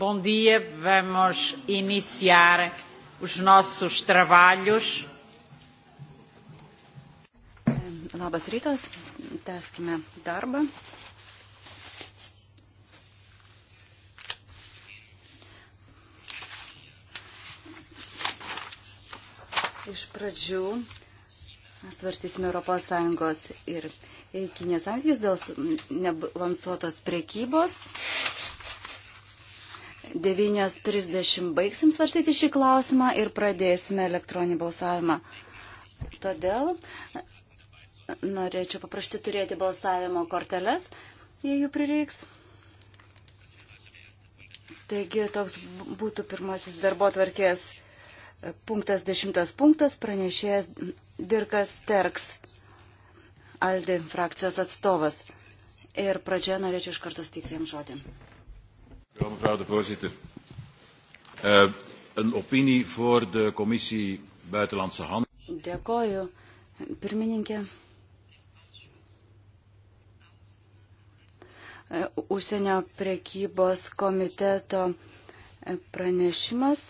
Bom dia, vamos iniciar os nossos trabalhos. Labas rytas, teskime darbą. Iš pradžių svarstysime ES ir Kinijos santykius dėl nebalansuotos prekybos. 9.30 baigsim svarstyti šį klausimą ir pradėsime elektroninį balsavimą. Todėl norėčiau paprašyti turėti balsavimo korteles, jei jų prireiks. Taigi toks būtų pirmasis darbo tvarkės punktas, dešimtas punktas, pranešėjas Dirkas Terks, Aldi frakcijos atstovas. Ir pradžioje norėčiau iš karto stikti jam žodį. Wel, mevrouw de voorzitter. Uh, een opinie voor de commissie Buitenlandse Handel. Dėkoju, pirmininkė. Eh, Užsienio prekybos komiteto eh, pranešimas.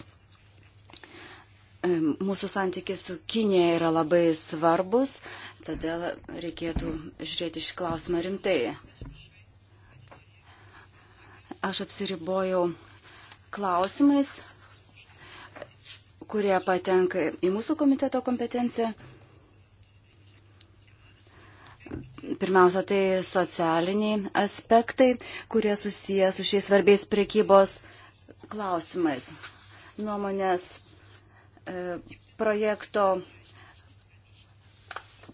Mūsų santykiai su Kinėje yra labai svarbus, todėl reikėtų žiūrėti šį klausimą rimtai. Aš apsiribojau klausimais, kurie patenka į mūsų komiteto kompetenciją. Pirmiausia, tai socialiniai aspektai, kurie susiję su šiais svarbiais priekybos klausimais. Nuomonės e, projekto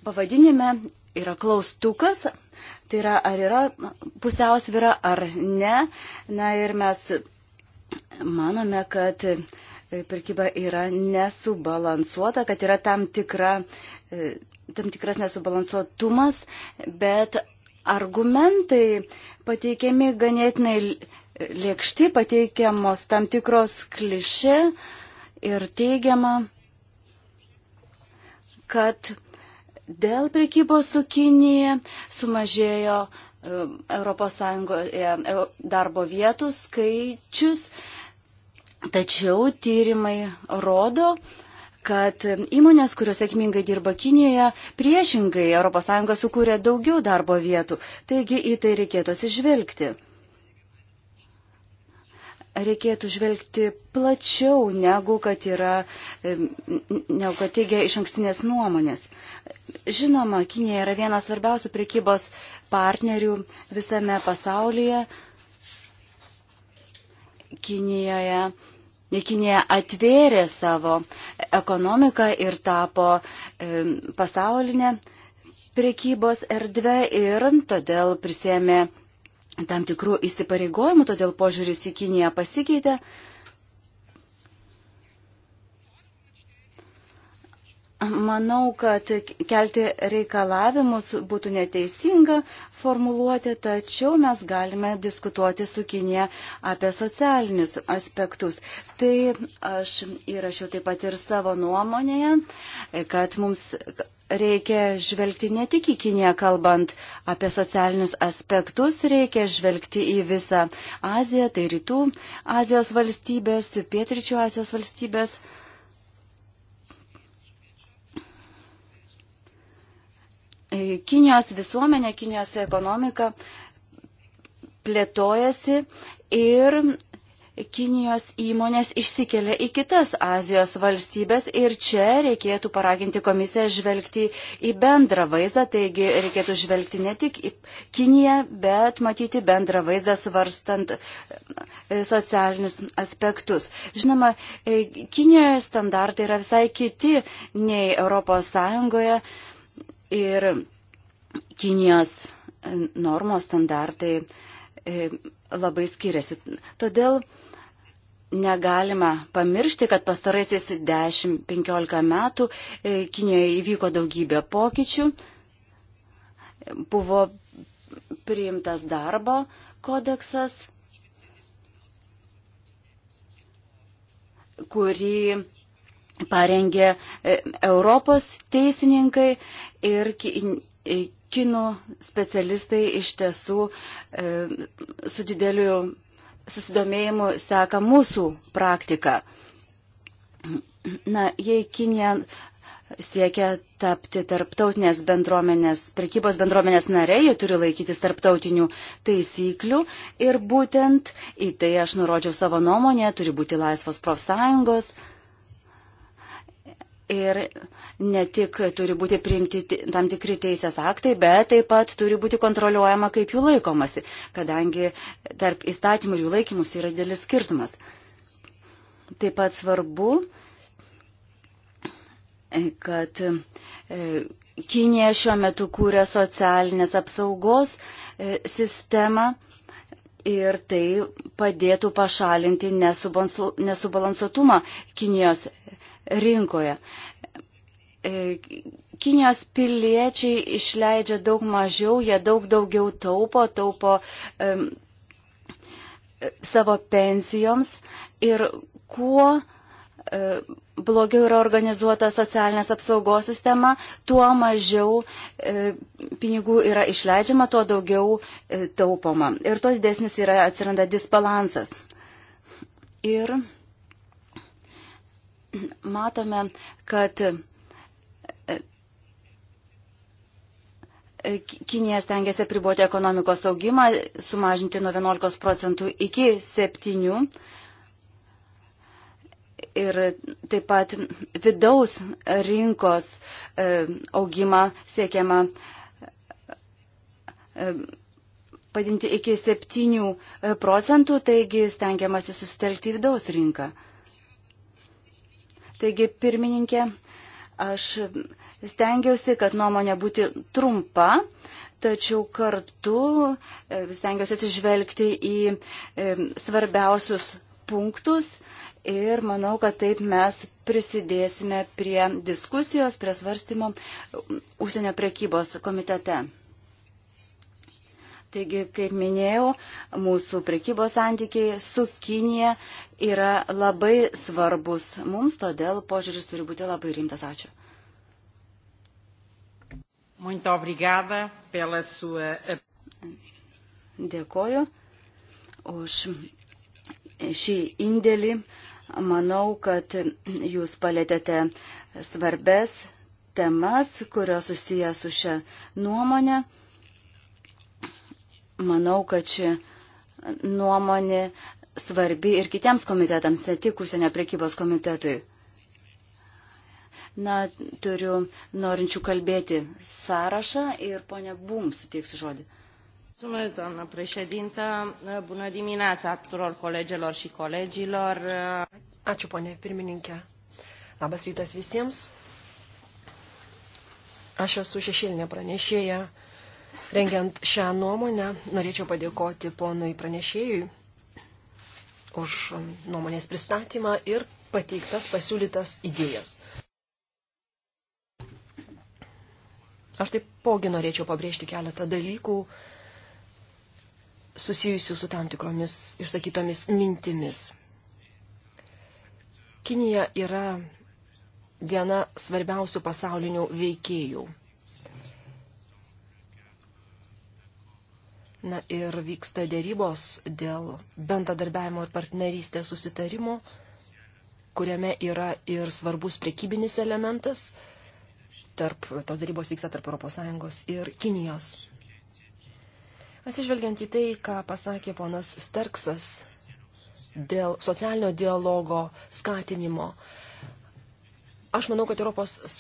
pavadinime yra klaustukas, tai yra ar yra pusiausvyra ar ne. Na ir mes manome, kad pirkyba yra nesubalansuota, kad yra tam, tikra, e, tam tikras nesubalansuotumas, bet argumentai pateikiami ganėtinai lėkšti, pateikiamos tam tikros klišė ir teigiama, kad Dėl prekybos su Kinija sumažėjo um, ES e, darbo vietų skaičius, tačiau tyrimai rodo, kad įmonės, kurios sėkmingai dirba Kinijoje, priešingai ES sukūrė daugiau darbo vietų, taigi į tai reikėtų atsižvelgti reikėtų žvelgti plačiau, negu kad yra, e, negu kad teigia iš ankstinės nuomonės. Žinoma, Kinija yra vienas svarbiausių prekybos partnerių visame pasaulyje. Kinijoje. Kinija atvėrė savo ekonomiką ir tapo e, pasaulinė prekybos erdvė ir todėl prisėmė tam tikrų įsipareigojimų, todėl požiūris į Kiniją pasikeitė. Manau, kad kelti reikalavimus būtų neteisinga formuluoti, tačiau mes galime diskutuoti su Kinė apie socialinius aspektus. Tai aš įrašiau taip pat ir savo nuomonėje, kad mums reikia žvelgti ne tik į Kiniją, kalbant apie socialinius aspektus, reikia žvelgti į visą Aziją, tai rytų Azijos valstybės, pietričių Azijos valstybės. E, Kinijos visuomenė, Kinijos ekonomika plėtojasi ir Kinijos įmonės išsikelia į kitas Azijos valstybės ir čia reikėtų paraginti komisiją žvelgti į bendrą vaizdą, taigi reikėtų žvelgti ne tik į Kiniją, bet matyti bendrą vaizdą svarstant e, socialinius aspektus. Žinoma, e, Kinijoje standartai yra visai kiti nei ES ir Kinijos e, normos standartai labai skiriasi. Todėl negalime pamiršti, kad pastaraisiais 10-15 metų e, Kinijoje įvyko daugybė pokyčių. Buvo priimtas darbo kodeksas, kurį parengė e, Europos teisininkai ir e, kinų specialistai iš tiesų su dideliu susidomėjimu seka mūsų praktika. Na, jei Kinija siekia tapti tarptautinės bendruomenės, prekybos bendruomenės nariai, jie turi laikytis tarptautinių taisyklių ir būtent į tai aš nurodžiau savo nuomonę, turi būti laisvos profsąjungos, Ir ne tik turi būti priimti tam tikri teisės aktai, bet taip pat turi būti kontroliuojama, kaip jų laikomasi, kadangi tarp įstatymų ir jų laikymus yra didelis skirtumas. Taip pat svarbu, e, kad e, Kinė šiuo metu kūrė socialinės apsaugos e, sistemą ir tai padėtų pašalinti nesubalansuotumą Kinijos rinkoje. E, Kinijos piliečiai išleidžia daug mažiau, jie daug daugiau taupo, taupo um, savo pensijoms ir kuo um, blogiau yra organizuota socialinės apsaugos sistema, tuo mažiau e, pinigų yra išleidžiama, tuo daugiau e, taupoma. Ir tuo didesnis yra atsiranda disbalansas. Ir matome, kad e, e, Kinija stengiasi priboti ekonomikos augimą, sumažinti nuo 11 procentų iki 7. Ir taip pat vidaus rinkos e, augimą siekiama padinti iki 7 procentų, taigi stengiamasi susitelkti vidaus rinką. Taigi, pirmininkė, aš stengiausi, kad nuomonė būti trumpa, tačiau kartu e, stengiausi atsižvelgti į e, svarbiausius punktus ir manau, kad taip mes prisidėsime prie diskusijos, prie svarstymo e, užsienio priekybos komitete. Taigi, kaip minėjau, mūsų prekybos santykiai su Kinija yra labai svarbus mums, todėl požiūris turi būti labai rimtas. Ačiū. Muito obrigada pela sua. Dėkoju už šį indėlį. Manau, kad jūs palėtėte svarbes temas, kurios susiję su šią nuomonę. Manau, kad ši nuomonė svarbi ir kitiems komitetams, ne tik užsienio prekybos komitetui. Na, turiu norinčių kalbėti sąrašą ir ponia Bum suteiksiu žodį. Mulțumesc, doamnă președintă. Bună dimineața tuturor colegelor și colegilor. Ačiū, ponė pirmininkė. Labas rytas visiems. Aš esu šešėlinė pranešėja Rengiant šią nuomonę, norėčiau padėkoti ponui pranešėjui už nuomonės pristatymą ir pateiktas pasiūlytas idėjas. Aš taipogi norėčiau pabrėžti keletą dalykų susijusių su tam tikromis išsakytomis mintimis. Kinija yra viena svarbiausių pasaulinių veikėjų Na ir vyksta dėrybos dėl bendradarbiavimo ir partnerystės susitarimo, kuriame yra ir svarbus priekybinis elementas. Tarp, tos dėrybos vyksta tarp ES ir Kinijos. Atsižvelgiant į tai, ką pasakė ponas Sterksas dėl socialinio dialogo skatinimo, aš manau, kad ES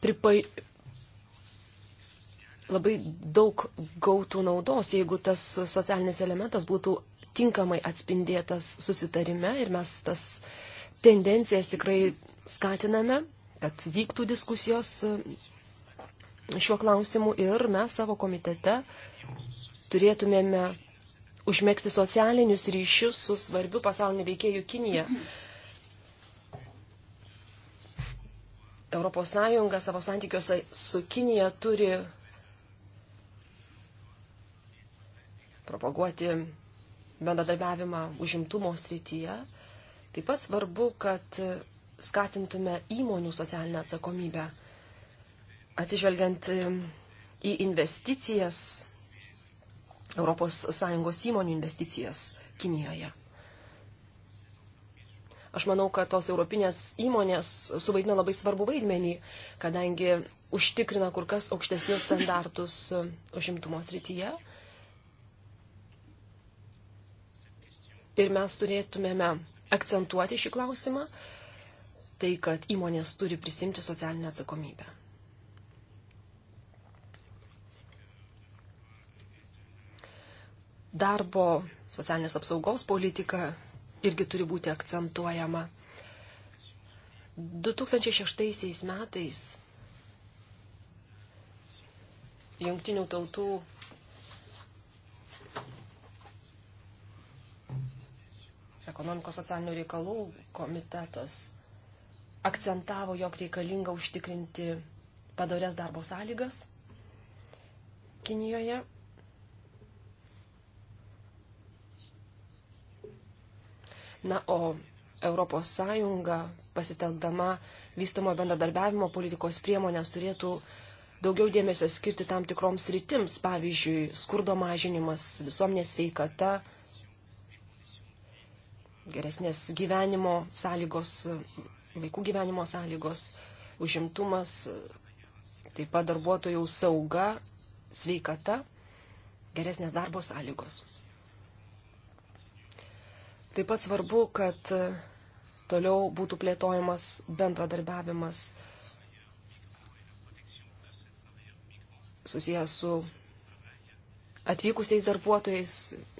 pripa, labai daug gautų naudos, jeigu tas socialinis elementas būtų tinkamai atspindėtas susitarime ir mes tas tendencijas tikrai skatiname, kad vyktų diskusijos e, šiuo klausimu ir mes savo komitete turėtumėme užmėgsti socialinius ryšius su svarbiu pasauliniu veikėju Kinija. ES savo santykiuose su Kinija turi propaguoti bendradarbiavimą užimtumo srityje. Taip pat svarbu, kad skatintume įmonių socialinę atsakomybę, atsižvelgiant į investicijas, ES įmonių investicijas Kinijoje. Aš manau, kad tos europinės įmonės suvaidina labai svarbu vaidmenį, kadangi užtikrina kur kas aukštesnius standartus užimtumos rytyje. Ir mes turėtumėme akcentuoti šį klausimą, tai kad įmonės turi prisimti socialinę atsakomybę. Darbo socialinės apsaugos politika irgi turi būti akcentuojama. 2006 metais Jungtinių tautų ekonomikos socialinių reikalų komitetas akcentavo, jog reikalinga užtikrinti padorės darbo sąlygas Kinijoje. Na, o Europos Sąjunga pasitelkdama vystomo bendradarbiavimo politikos priemonės turėtų daugiau dėmesio skirti tam tikroms rytims, pavyzdžiui, skurdo mažinimas, visuomenės veikata, geresnės gyvenimo sąlygos, vaikų gyvenimo sąlygos, užimtumas, taip pat darbuotojų sauga, sveikata, geresnės darbo sąlygos. Taip pat svarbu, kad toliau būtų plėtojamas bendradarbiavimas susijęs su atvykusiais darbuotojais,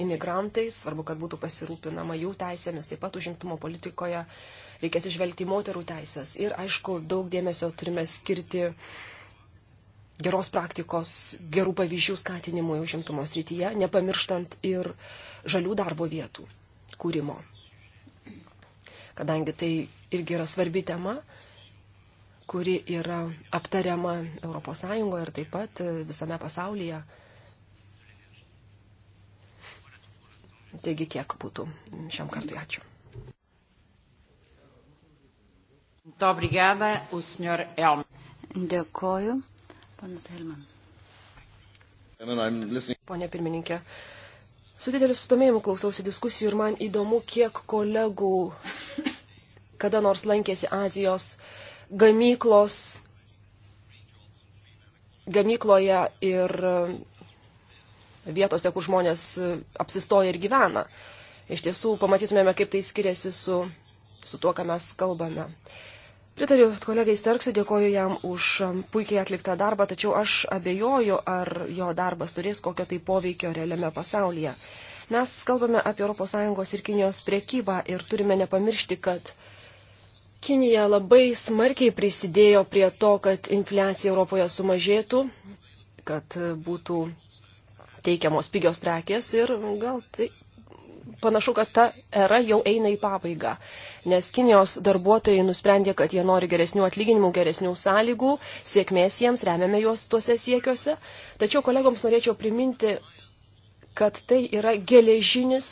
imigrantais, svarbu, kad būtų pasirūpinama jų teisėmis, taip pat užimtumo politikoje reikės išvelgti moterų teisės. Ir aišku, daug dėmesio turime skirti geros praktikos, gerų pavyzdžių skatinimui užimtumo srityje, nepamirštant ir žalių darbo vietų kūrimo. Kadangi tai irgi yra svarbi tema, kuri yra aptariama ES ir taip pat visame pasaulyje Taigi tiek būtų šiam kartui. Ačiū. Obrigada, o senhor Elman. Dėkoju, panas Helman. Pone pirmininkė, su dideliu susidomėjimu klausausi diskusijų ir man įdomu, kiek kolegų kada nors lankėsi Azijos gamyklos, gamykloje ir vietose, kur žmonės e, apsistoja ir gyvena. Iš tiesų pamatytumėme, kaip tai skiriasi su, su tuo, ką mes kalbame. Pritariu kolegai Sterksui, dėkoju jam už e, puikiai atliktą darbą, tačiau aš abejoju, ar jo darbas turės kokio tai poveikio realiame pasaulyje. Mes kalbame apie ES ir Kinijos priekybą ir turime nepamiršti, kad Kinija labai smarkiai prisidėjo prie to, kad infliacija Europoje sumažėtų, kad e, būtų teikiamos pigios prekės ir gal tai panašu, kad ta era jau eina į pabaigą, nes Kinijos darbuotojai nusprendė, kad jie nori geresnių atlyginimų, geresnių sąlygų, sėkmės jiems, remiame juos tuose siekiuose. Tačiau kolegoms norėčiau priminti, kad tai yra geležinis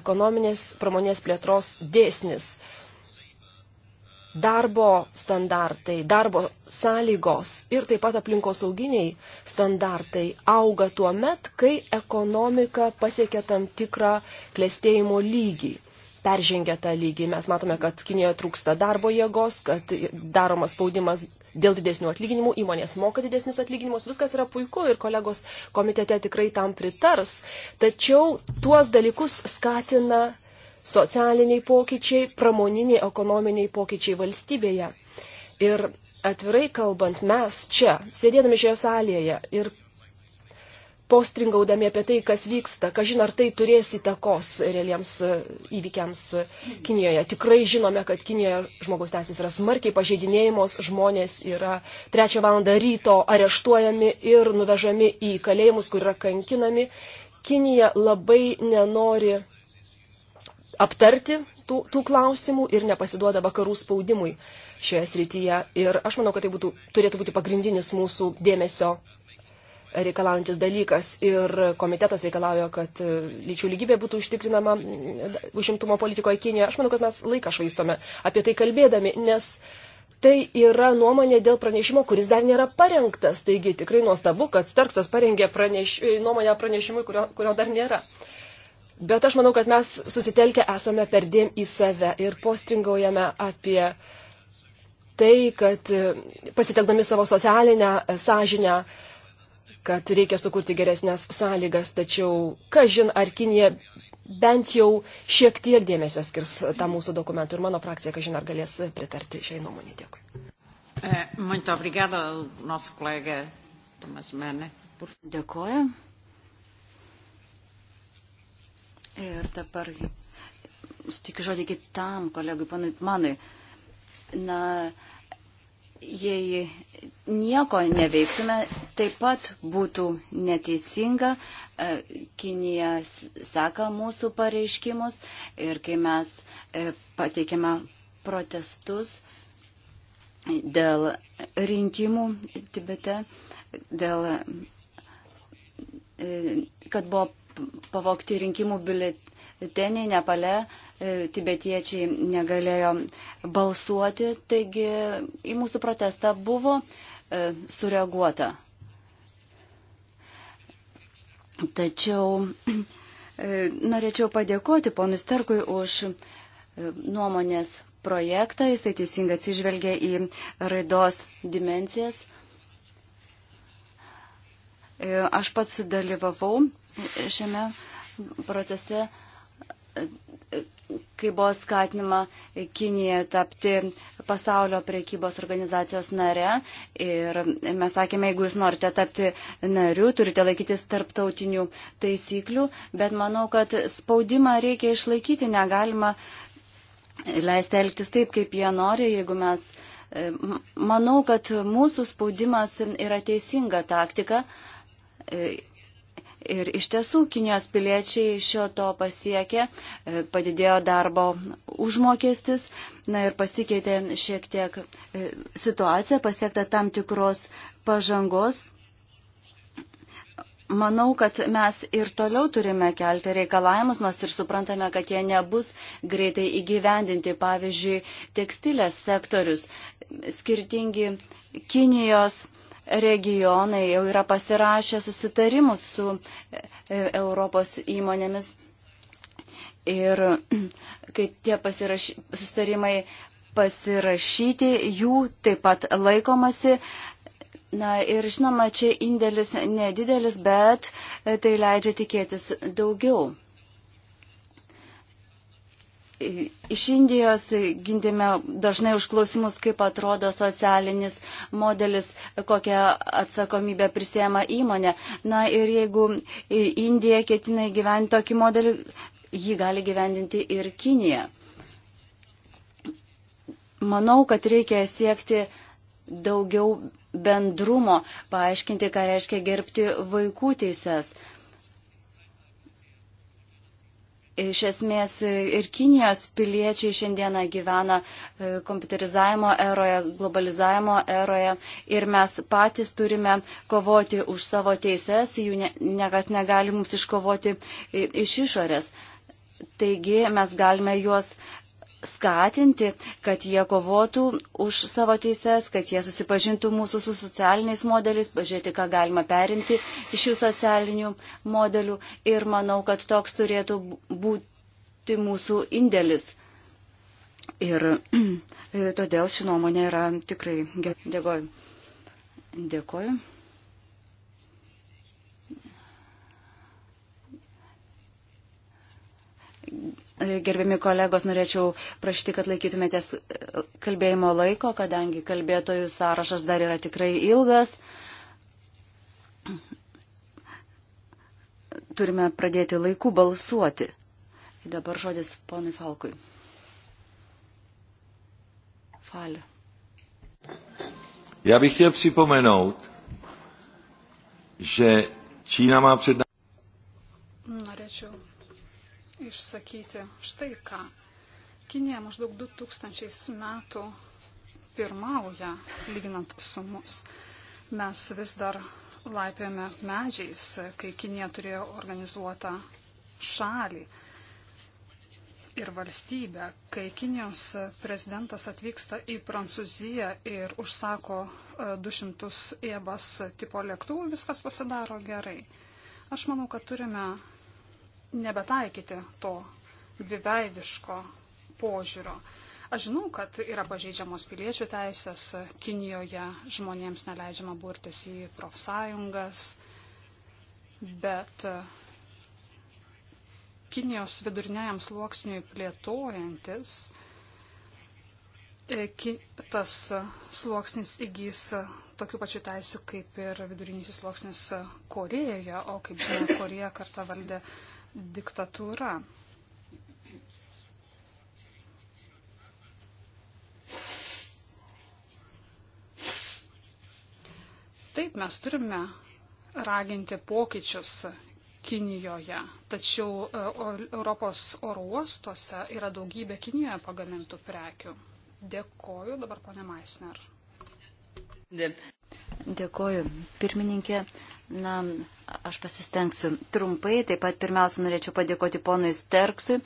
ekonominės pramonės plėtros dėsnis darbo standartai, darbo sąlygos ir taip pat aplinkosauginiai standartai auga tuo met, kai ekonomika pasiekia tam tikrą klėstėjimo lygį. Peržengia tą lygį. Mes matome, kad Kinijoje trūksta darbo jėgos, kad daromas spaudimas dėl didesnių atlyginimų, įmonės moka didesnius atlyginimus, viskas yra puiku ir kolegos komitete tikrai tam pritars. Tačiau tuos dalykus skatina socialiniai pokyčiai, pramoniniai, ekonominiai pokyčiai valstybėje. Ir atvirai kalbant, mes čia, sėdėdami šioje salėje ir postringaudami apie tai, kas vyksta, kažin ar tai turės įtakos realiems e, įvykiams Kinijoje. Tikrai žinome, kad Kinijoje žmogaus teisės yra smarkiai pažeidinėjimos, žmonės yra trečią valandą ryto areštuojami ir nuvežami į kalėjimus, kur yra kankinami. Kinija labai nenori aptarti tų, tų klausimų ir nepasiduoda vakarų spaudimui šioje srityje. Ir aš manau, kad tai būtų, turėtų būti pagrindinis mūsų dėmesio reikalaujantis dalykas. Ir komitetas reikalauja, kad e, lyčių lygybė būtų užtikrinama užimtumo politikoje Kinėje. Aš manau, kad mes laiką švaistome apie tai kalbėdami, nes tai yra nuomonė dėl pranešimo, kuris dar nėra parengtas. Taigi tikrai nuostabu, kad Starksas parengė praneš, nuomonę pranešimui, kurio, kurio dar nėra. Uh, Bet aš manau, kad mes susitelkę esame perdėm į save ir postingaujame apie tai, kad e, pasitelkdami savo socialinę e, sąžinę, kad reikia sukurti geresnės sąlygas, tačiau, kažin, ar Kinija bent jau šiek tiek dėmesio skirs tam mūsų dokumentui ir mano frakcija, kažin, ar galės pritarti šiai nuomonė. Dėkui. Eh, muito obrigada, nosso colega Tomas Mena. Dėkuoju. Ir dabar sutikiu žodį kitam kolegui, panui Manui. Na, jei nieko neveiktume, taip pat būtų neteisinga. E, Kinija seka mūsų pareiškimus ir kai mes e, pateikėme protestus dėl rinkimų Tibete, dėl, e, kad buvo pavokti rinkimų biuleteniai Nepale, e, tibetiečiai negalėjo balsuoti, taigi į mūsų protestą buvo e, sureaguota. Tačiau e, norėčiau padėkoti ponui Sterkui už nuomonės projektą, jisai teisingai atsižvelgia į raidos dimensijas. Aš pats dalyvavau šiame procese, kai buvo skatinama Kinija tapti pasaulio priekybos organizacijos nare. Ir mes sakėme, jeigu jūs norite tapti nariu, turite laikytis tarptautinių taisyklių, bet manau, kad spaudimą reikia išlaikyti, negalima leisti elgtis taip, kaip jie nori, jeigu mes. Manau, kad mūsų spaudimas yra teisinga taktika Ir iš tiesų Kinijos piliečiai šio to pasiekė, e, padidėjo darbo užmokestis, na ir pasikeitė šiek tiek e, situacija, pasiekta tam tikros pažangos. Manau, kad mes ir toliau turime kelti reikalavimus, nors ir suprantame, kad jie nebus greitai įgyvendinti. Pavyzdžiui, tekstilės sektorius, skirtingi Kinijos regionai jau yra pasirašę susitarimus su e, e, Europos įmonėmis. Ir kai tie pasiraš... susitarimai pasirašyti, jų taip pat laikomasi. Na ir žinoma, čia indėlis nedidelis, bet e, tai leidžia tikėtis daugiau iš Indijos gindėme dažnai užklausimus, kaip atrodo socialinis modelis, kokią atsakomybę prisėma įmonė. Na ir jeigu Indija ketina įgyventi tokį modelį, jį gali gyvendinti ir Kinija. Manau, kad reikia siekti daugiau bendrumo, paaiškinti, ką reiškia gerbti vaikų teises. Iš esmės e, ir Kinijos piliečiai šiandieną gyvena e, kompiuterizavimo eroje, globalizavimo eroje ir mes patys turime kovoti už savo teises, jų ne, niekas negali mums iškovoti e, iš išorės. Taigi mes galime juos skatinti, kad jie kovotų už savo teises, kad jie susipažintų mūsų su socialiniais modeliais, pažiūrėti, ką galima perimti iš jų socialinių modelių. Ir manau, kad toks turėtų būti mūsų indėlis. Ir todėl ši nuomonė yra tikrai gerai. Dėkoju. Dėkoju. Gerbiami kolegos, norėčiau prašyti, kad laikytumėtės e, kalbėjimo laiko, kadangi kalbėtojų sąrašas dar yra tikrai ilgas. Turime pradėti laiku balsuoti. Dabar žodis ponui Falkui. Fali. Já bych chtěl připomenout, že Čína má před námi. Norėčiau išsakyti štai ką. Kinija maždaug 2000 metų pirmauja, lyginant su mus. Mes vis dar laipėme medžiais, kai Kinija turėjo organizuotą šalį ir valstybę. Kai Kinijos prezidentas atvyksta į Prancūziją ir užsako 200 e, EBAS tipo lėktuvų, viskas pasidaro gerai. Aš manau, kad turime nebetaikyti to dviveidiško požiūrio. Aš žinau, kad yra pažeidžiamos piliečių teisės Kinijoje, žmonėms neleidžiama burtis į profsąjungas, bet Kinijos viduriniajam sluoksniui plėtojantis, e, tas sluoksnis įgys tokių pačių teisų kaip ir vidurinysis sluoksnis Korejoje, o kaip žinia, Koreja kartą valdė diktatūra. Taip, mes turime raginti pokyčius Kinijoje, tačiau e, Europos oro uostuose yra daugybė Kinijoje pagamintų prekių. Dėkoju dabar, ponė Maisner. Dėkoju, pirmininkė. Na, aš pasistengsiu trumpai. Taip pat pirmiausia, norėčiau padėkoti ponui Sterksui.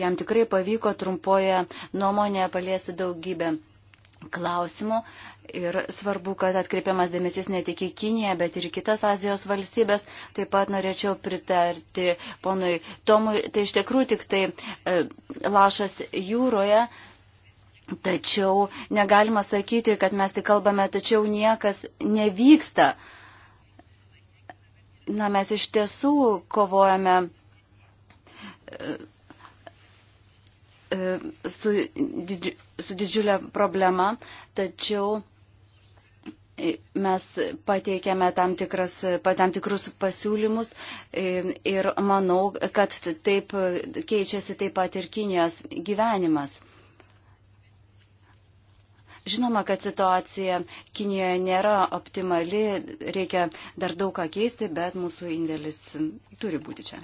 Jam tikrai pavyko trumpoje nuomonėje paliesti daugybę klausimų. Ir svarbu, kad atkreipiamas dėmesys ne tik į Kiniją, bet ir į kitas Azijos valstybės. Taip pat norėčiau pritarti ponui Tomui, tai iš tikrųjų tik tai e, lašas jūroje. Tačiau negalima sakyti, kad mes tik kalbame, tačiau niekas nevyksta. E, na, mes iš tiesų kovojame e, e, su, didži, su didžiulė problema, tačiau e, mes pateikėme tam, tikras, tam tikrus pasiūlymus ir manau, kad taip keičiasi taip pat ir Kinijos gyvenimas. Žinoma, kad situacija Kinijoje nėra optimali, reikia dar daug ką keisti, bet mūsų indėlis turi būti čia.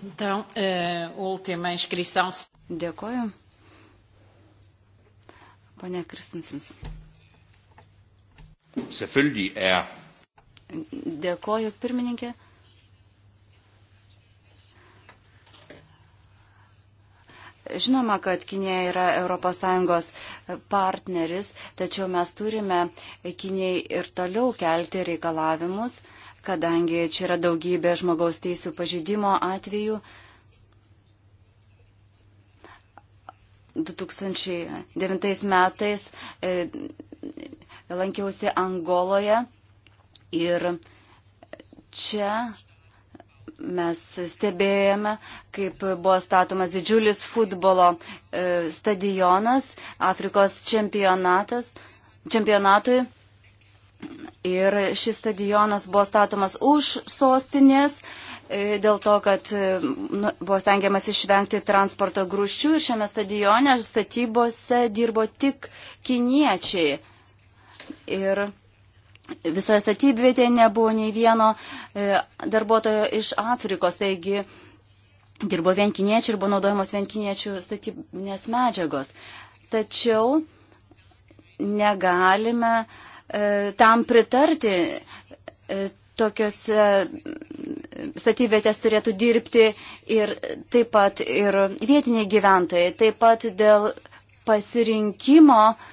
Então, uh, última inscrição. Dėkoju. Pane Kristensens. Selvfølgelig er. Dėkoju, pirmininkė. Uh, Žinoma, kad Kinėje yra ES partneris, tačiau mes turime Kinėje ir toliau kelti reikalavimus, kadangi čia yra daugybė žmogaus teisų pažydimo atvejų. 2009 metais e, lankiausi Angoloje ir čia mes stebėjome, kaip buvo statomas didžiulis futbolo e, stadionas Afrikos čempionatas, čempionatui. Ir šis stadionas buvo statomas už sostinės e, dėl to, kad e, nu, buvo stengiamas išvengti transporto grūščių ir šiame stadione statybose dirbo tik kiniečiai. Ir visoje statybvietėje nebuvo nei vieno e, darbuotojo iš Afrikos, taigi dirbo vienkiniečiai ir buvo naudojamos vienkiniečių statybinės medžiagos. Tačiau negalime e, tam pritarti. E, Tokios statybvietės turėtų dirbti ir taip pat ir vietiniai gyventojai, taip pat dėl pasirinkimo uh,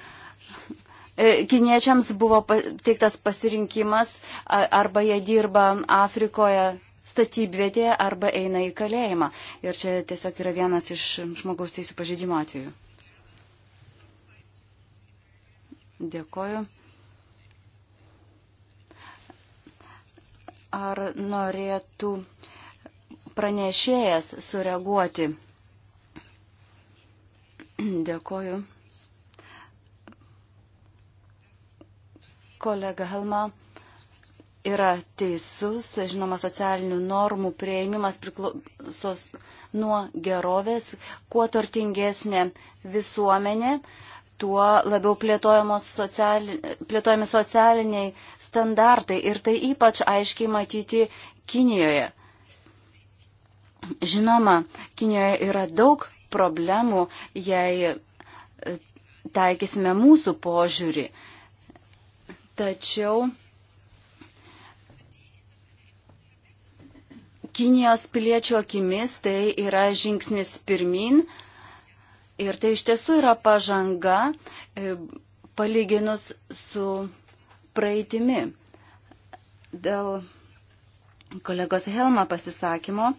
E, kiniečiams buvo teiktas pasirinkimas arba jie dirba Afrikoje statybvietėje arba eina į kalėjimą. Ir čia tiesiog yra vienas iš žmogaus teisų pažeidimo atvejų. Dėkoju. Ar norėtų pranešėjas sureaguoti? Dėkoju. kolega Helma yra teisus. Žinoma, socialinių normų prieimimas priklausos nuo gerovės. Kuo turtingesnė visuomenė, tuo labiau sociali, plėtojami socialiniai standartai. Ir tai ypač aiškiai matyti Kinijoje. Žinoma, Kinijoje yra daug problemų, jei taikysime mūsų požiūrį. Tačiau Kinijos piliečių akimis tai yra žingsnis pirmin ir tai iš tiesų yra pažanga e, palyginus su praeitimi. Dėl kolegos Helma pasisakymo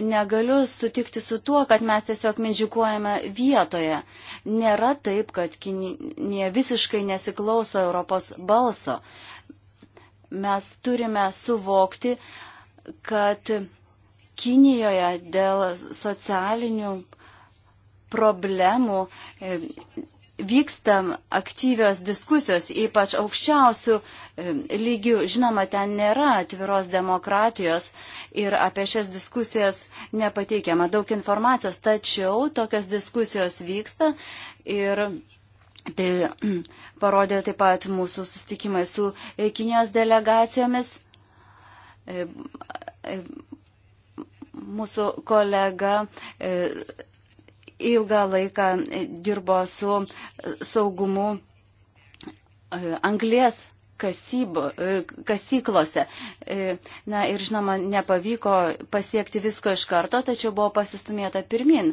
negaliu sutikti su tuo, kad mes tiesiog mindžikuojame vietoje. Nėra taip, kad Kinija visiškai nesiklauso Europos balso. Mes turime suvokti, kad Kinijoje dėl socialinių problemų vyksta aktyvios diskusijos, ypač aukščiausių e, lygių. Žinoma, ten nėra atviros demokratijos ir apie šias diskusijas nepateikiama daug informacijos, tačiau tokios diskusijos vyksta ir tai mm, parodė taip pat mūsų sustikimai su e, Kinijos delegacijomis. E, mūsų kolega ilgą laiką dirbo su e, saugumu e, anglės kasybo, e, kasyklose. Na ir žinoma, nepavyko pasiekti visko iš karto, tačiau buvo pasistumėta pirmin.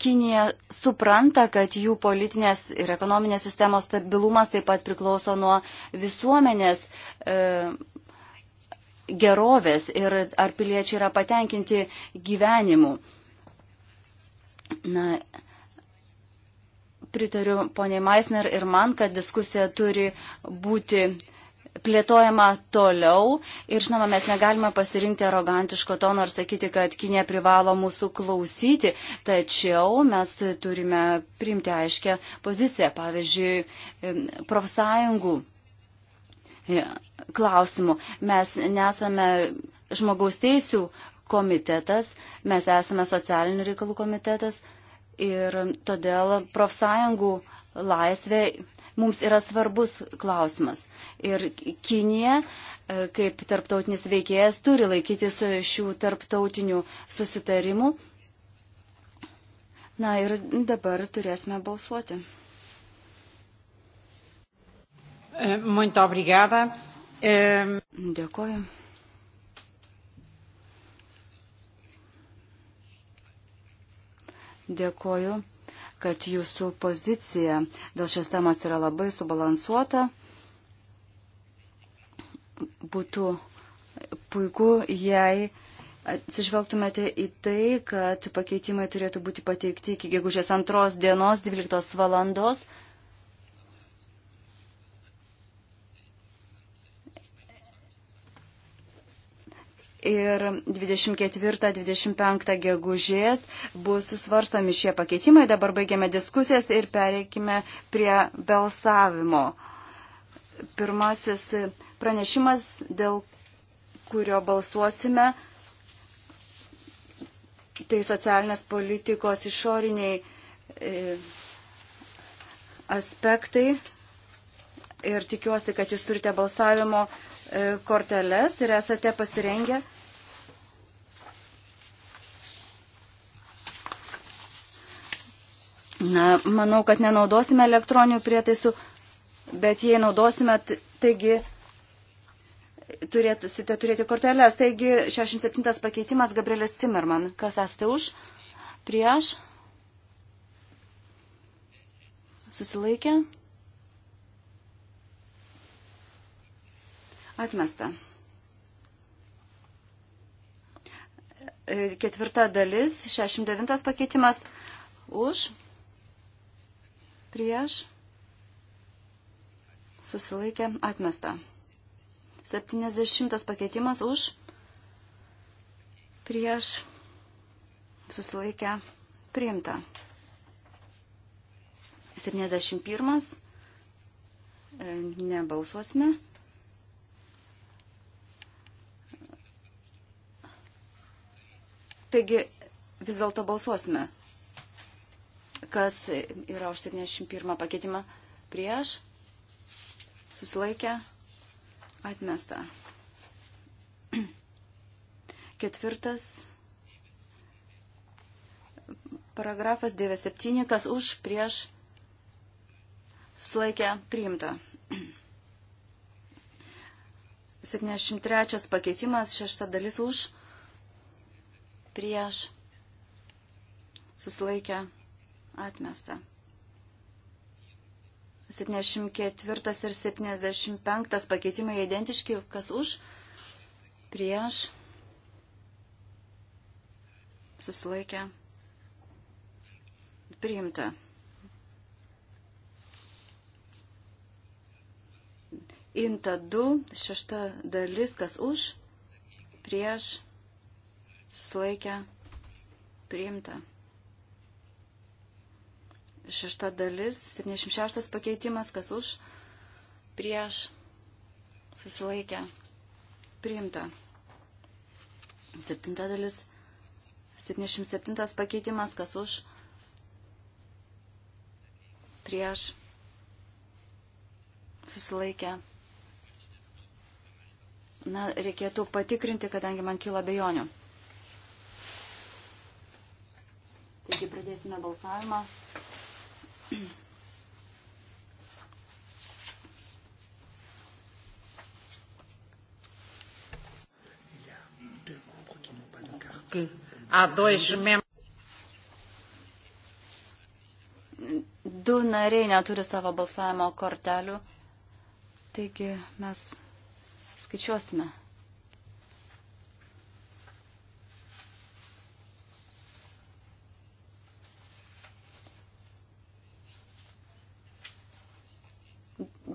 Kinija supranta, kad jų politinės ir ekonominės sistemos stabilumas taip pat priklauso nuo visuomenės gerovės ir ar piliečiai yra patenkinti gyvenimu. Na, pritariu poniai Maisner ir man, kad diskusija turi būti plėtojama toliau ir žinoma, mes negalime pasirinkti arogantiško tono ir sakyti, kad Kinė privalo mūsų klausyti, tačiau mes turime priimti aiškę poziciją, pavyzdžiui, profsąjungų E, klausimų. Mes nesame žmogaus teisų komitetas, mes esame socialinių reikalų komitetas ir todėl profsąjungų laisvė mums yra svarbus klausimas. Ir Kinija, e, kaip tarptautinis veikėjas, turi laikytis šių tarptautinių susitarimų. Na ir dabar turėsime balsuoti. Eh, muito obrigada. Eh, Dėkoju. Dėkoju, kad jūsų pozicija dėl šios temos yra labai subalansuota. Būtų puiku, jei atsižvelgtumėte į tai, kad pakeitimai turėtų būti pateikti iki gegužės antros dienos 12 valandos. ir 24-25 gegužės bus svarstomi šie pakeitimai. Dabar baigiame diskusijas ir pereikime prie balsavimo. Pirmasis pranešimas, dėl kurio balsuosime, tai socialinės politikos išoriniai e, aspektai. Ir tikiuosi, kad jūs turite balsavimo E, korteles ir esate pasirengę Na, manau, kad nenaudosime elektroninių prietaisų, bet jei naudosime, taigi turėtusite turėti korteles. Taigi 67 pakeitimas Gabrielės Zimmerman. Kas esate už? Prieš? Susilaikė? Atmesta. E, ketvirta dalis, 69 pakeitimas. Už, prieš, susilaikė, atmesta. 70 pakeitimas už, prieš, susilaikė, priimta. 71 e, nebalsuosime. Taigi vis dėlto balsuosime. Kas yra už 71 pakeitimą prieš? Susilaikę? Atmesta. Ketvirtas paragrafas 97, kas už prieš susilaikę priimta. 73 pakeitimas, šešta dalis už prieš, susilaikę, atmesta. 74 ir 75 pakeitimai identiški, kas už, prieš, susilaikę, priimta. Inta 2, šešta dalis, kas už, prieš, susilaikę, priimta. Šešta dalis, 76 pakeitimas, kas už, prieš, susilaikę, priimta. Septinta dalis, 77 pakeitimas, kas už, prieš, susilaikę. Na, reikėtų patikrinti, kadangi man kilo bejonių. Taigi pradėsime balsavimą. A dois membros. Du nariai neturi savo balsavimo kortelių, taigi mes skaičiuosime.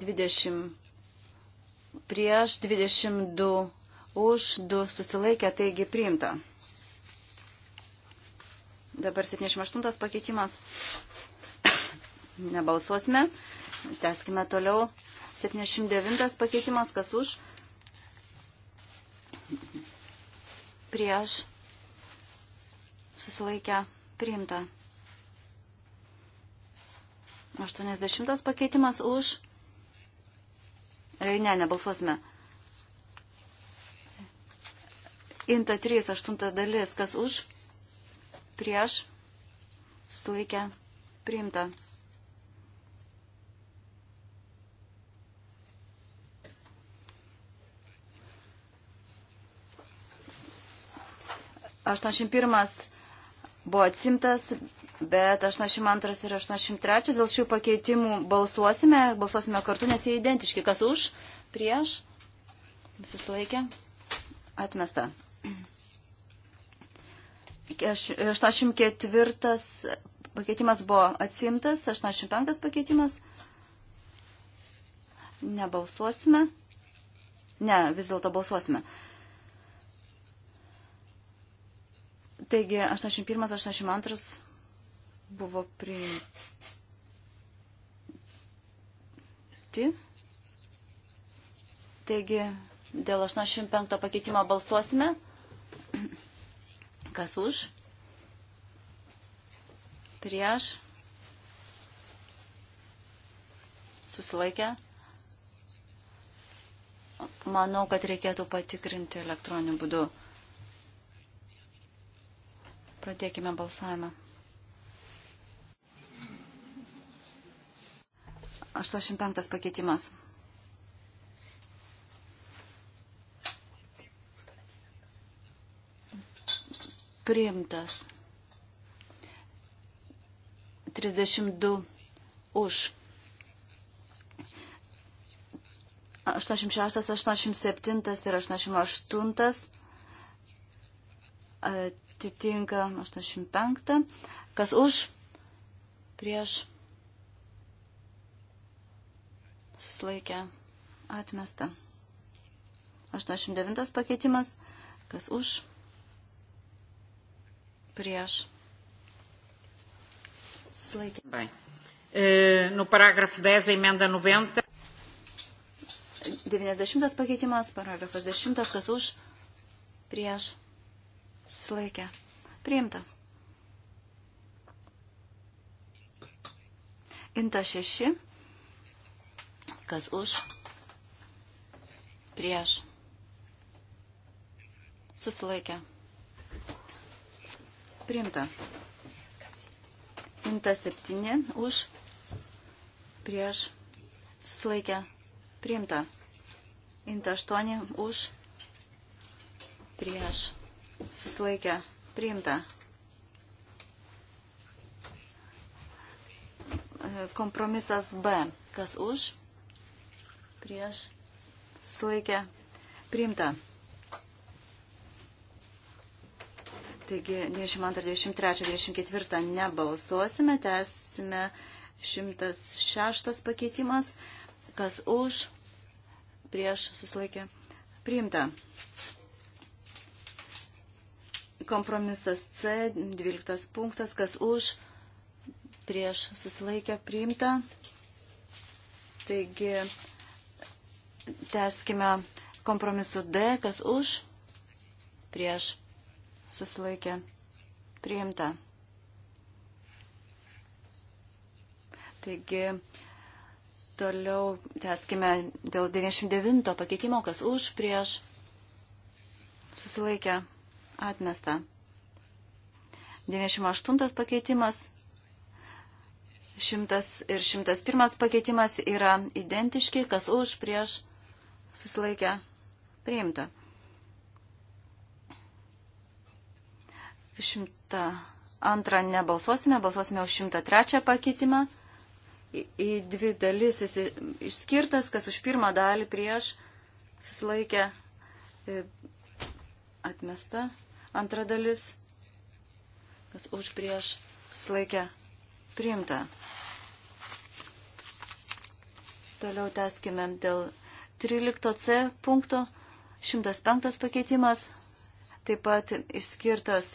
20 prieš, 22 už, 2 susilaikė, taigi priimta. Dabar 78 pakeitimas. Nebalsuosime. Teskime toliau. 79 pakeitimas, kas už? Prieš. Susilaikę. Priimta. 80 pakeitimas už. E, ne, nebalsuosime. Inta 3, 8 dalis. Kas už? Prieš? Susilaikę? Priimta. Aštuoniasdešimt pirmas buvo atsimtas, bet 82 ir 83 dėl šių pakeitimų balsuosime, balsuosime kartu, nes jie identiški. Kas už, prieš, susilaikė, atmesta. 84 pakeitimas buvo atsimtas, 85 pakeitimas. Nebalsuosime. Ne, vis dėlto balsuosime. Taigi 81, 82 buvo priimti. Taigi, dėl 85 pakeitimo balsuosime. Kas už? Prieš? Susilaikę? Manau, kad reikėtų patikrinti elektroniniu būdu. Pradėkime balsavimą. 85 pakeitimas. Priimtas. 32 už. 86, 87 ir 88 atitinka 85. Kas už? Prieš susilaikė atmesta. 89 pakeitimas, kas už, prieš, susilaikė. Bye. Eh, no parágrafo 10, emenda 90. 90 pakeitimas, paragrafas 10, kas už, prieš, susilaikė. Priimta. Inta 6 Kas už? Prieš. Susilaikę. Priimta. Imta septyni už. Prieš. Susilaikę. Priimta. Imta aštuoni už. Prieš. Susilaikę. Priimta. kompromisas B. Kas už? prieš sulaikę priimta. Taigi 22, 23, 24 nebalsuosime, tęsime 106 pakeitimas, kas už, prieš susilaikė priimta. Kompromisas C, 12 punktas, kas už, prieš susilaikė priimta. Taigi Teskime kompromisu D, kas už, prieš, susilaikė, priimta. Taigi, toliau teskime dėl 99 pakeitimo, kas už, prieš, susilaikė, atmesta. 98 pakeitimas, 100 ir 101 pakeitimas yra identiški, kas už, prieš, susilaikė susilaikę, priimta. 102 nebalsuosime, balsuosime už 103 pakeitimą. Į, į dvi dalis jis išskirtas, kas už pirmą dalį prieš susilaikė e, atmesta. Antra dalis, kas už prieš susilaikė priimta. Toliau teskime dėl 13c punkto 105 pakeitimas, taip pat išskirtas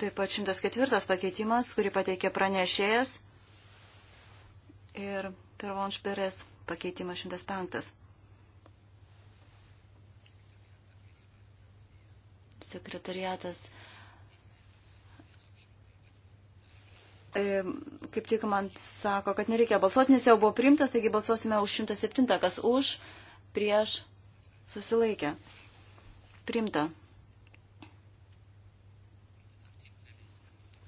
taip pat 104 pakeitimas, kurį pateikė pranešėjas ir pirvonšperės pakeitimas 105. Sekretariatas E, kaip tik man sako, kad nereikia balsuoti, nes jau buvo priimtas, taigi balsuosime už 107, kas už, prieš, susilaikė. Priimta.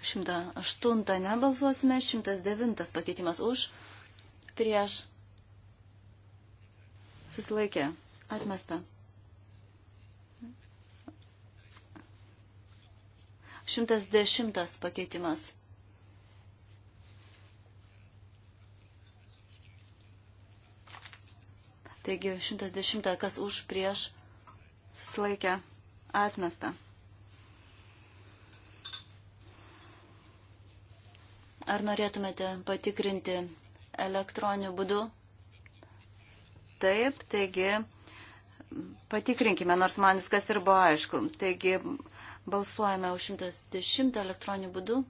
108 nebalsuosime, 109 pakeitimas už, prieš, susilaikė, atmesta. 110 pakeitimas Taigi 110 kas už prieš susilaikę atmesta. Ar norėtumėte patikrinti elektroniniu būdu? Taip, taigi patikrinkime, nors man viskas ir buvo aišku. Taigi balsuojame už 110 elektroniniu būdu.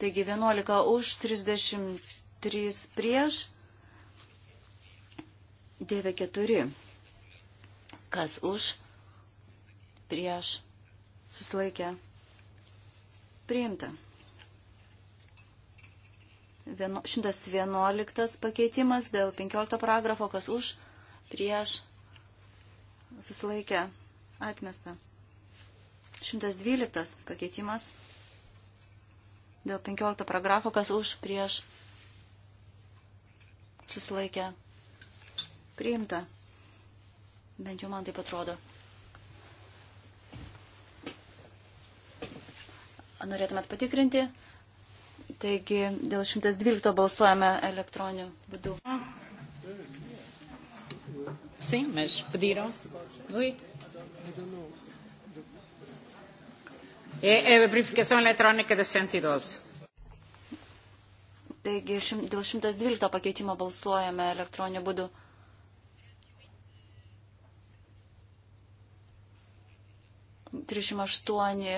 Taigi 11 už, 33 prieš, 94. Kas už, prieš, susilaikė, priimta. 111 pakeitimas dėl 15 paragrafo, kas už, prieš, susilaikė, atmesta. 112 pakeitimas, Dėl 15 paragrafo, kas už prieš susilaikę priimta. Bent jau man taip atrodo. Norėtumėt patikrinti? Taigi dėl 112 balsuojame elektroniniu būdu. Sim, mas pediram. Oui. I don't know. E, e, verificação eletrônica da 112. Taigi šim, dėl 112 pakeitimo balsuojame elektroniniu būdu. Trišim aštuoni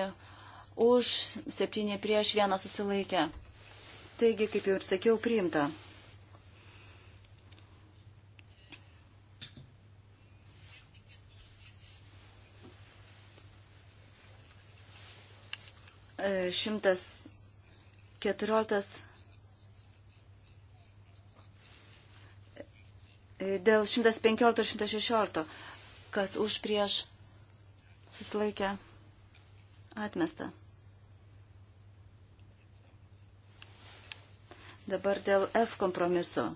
už, septyni prieš, vieną susilaikę. Taigi, kaip jau ir sakiau, priimta. 114 dėl 115 ir 116, kas už prieš susilaikę atmestą. Dabar dėl F kompromiso.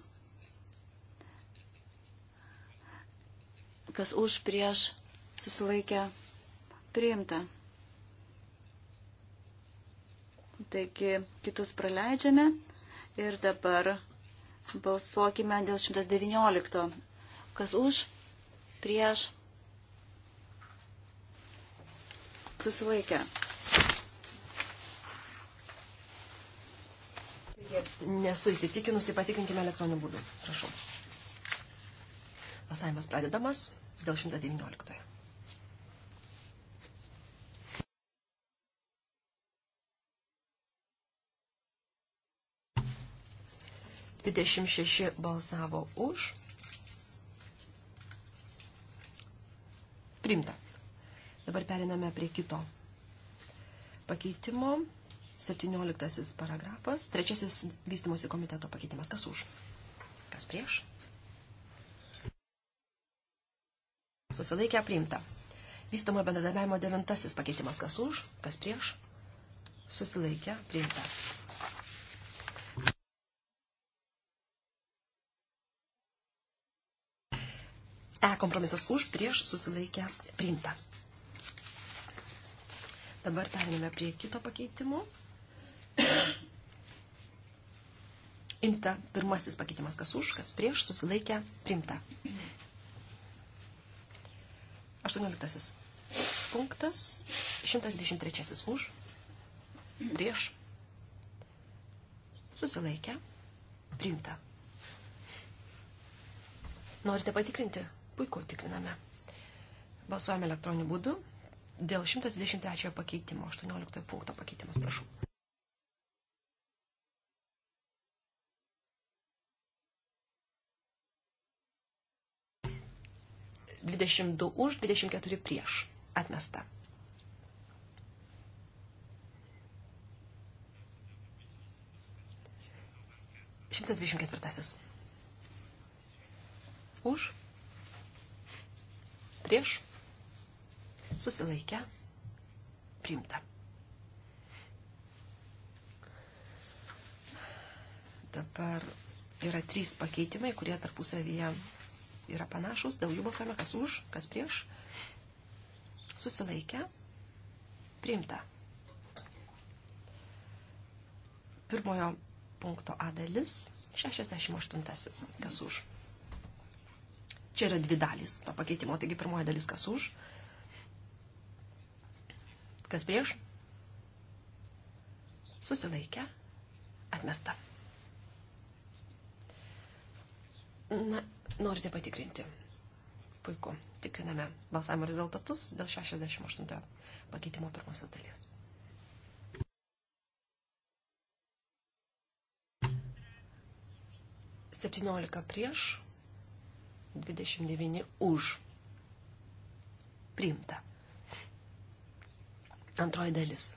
Kas už prieš susilaikę priimta. Taigi kitus praleidžiame ir dabar balsuokime dėl 119. Kas už, prieš, susilaikę. Nesu įsitikinusi, patikrinkime elektroniniu būdu. Prašau. Pasavimas pradedamas dėl 119. 26 balsavo už. Primta. Dabar periname prie kito pakeitimo. 17 paragrafas, trečiasis vystimosi komiteto pakeitimas. Kas už? Kas prieš? Susilaikę priimta. Vystomo bendradarbiavimo devintasis pakeitimas. Kas už? Kas prieš? Susilaikę priimta. E kompromisas už, prieš, susilaikę, priimta. Dabar periname prie kito pakeitimo. Inta pirmasis pakeitimas, kas už, kas prieš, susilaikę, priimta. 18 punktas, 123 už, prieš, susilaikę, priimta. Norite patikrinti? Puiku, tikriname. Balsuojame elektroniniu būdu dėl 123 pakeitimo, 18 punkto pakeitimas, prašau. Dvidešimt du už, dvidešimt keturi prieš. Atmesta. Šimtas dvidešimt ketvirtasis. Už prieš, susilaikę, priimta. Dabar yra trys pakeitimai, kurie tarpusavyje yra panašus, dėl jų balsuojame kas už, kas prieš, susilaikę, priimta. Pirmojo punkto A dalis, 68. Kas už? Čia yra dvi dalys to pakeitimo. Taigi pirmoji dalis kas už, kas prieš, susilaikę, atmesta. Na, norite patikrinti. Puiku. Tikriname balsavimo rezultatus dėl 68 pakeitimo pirmosios dalies. Septyniolika prieš, 29 už. Priimta. Antroji dalis.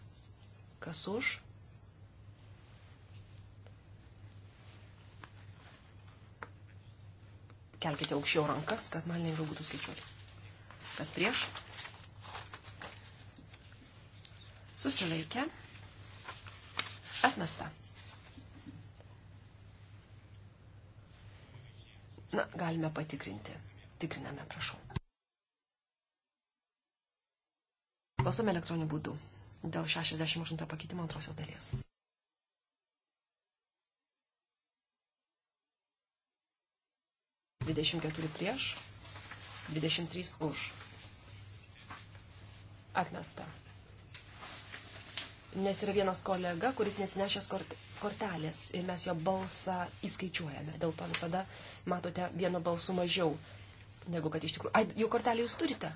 Kas už? Kelkite aukščiau rankas, kad man lengviau būtų skaičiuoti. Kas prieš? Susilaikę. Atmesta. Na, galime patikrinti. Tikriname, prašau. Balsuome elektroniniu būdu dėl 68 pakeitimo antrosios dalies. Dvidešimt keturi prieš, dvidešimt trys už. Atmesta nes yra vienas kolega, kuris neatsinešęs kortelės ir mes jo balsą įskaičiuojame. Dėl to visada matote vieno balsų mažiau, negu kad iš tikrųjų. Ai, jų kortelę jūs turite.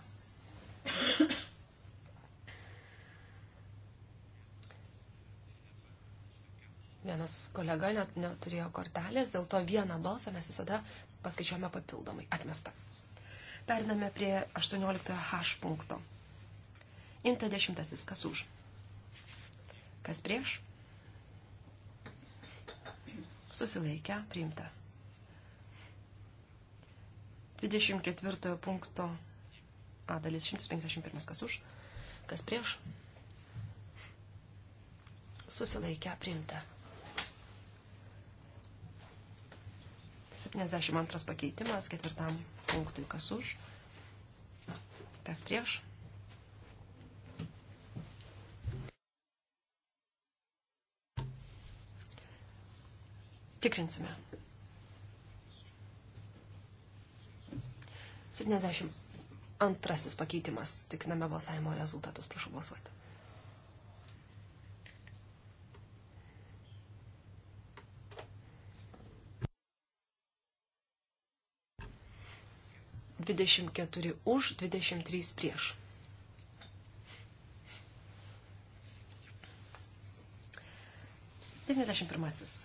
Vienas kolega net neturėjo kortelės, dėl to vieną balsą mes visada paskaičiuojame papildomai. Atmesta. Periname prie 18 H punkto. Inta dešimtasis, kas už? Kas prieš? Susilaikę, priimta. 24 punkto A dalis 151 kas už, kas prieš. Susilaikę, priimta. 72 pakeitimas ketvirtam punktui kas už, kas prieš Tikrinsime. 72 pakeitimas. Tikriname balsavimo rezultatus. Prašau balsuoti. Dvidešimt keturi už, dvidešimt trys prieš. Devyniasdešimt pirmasis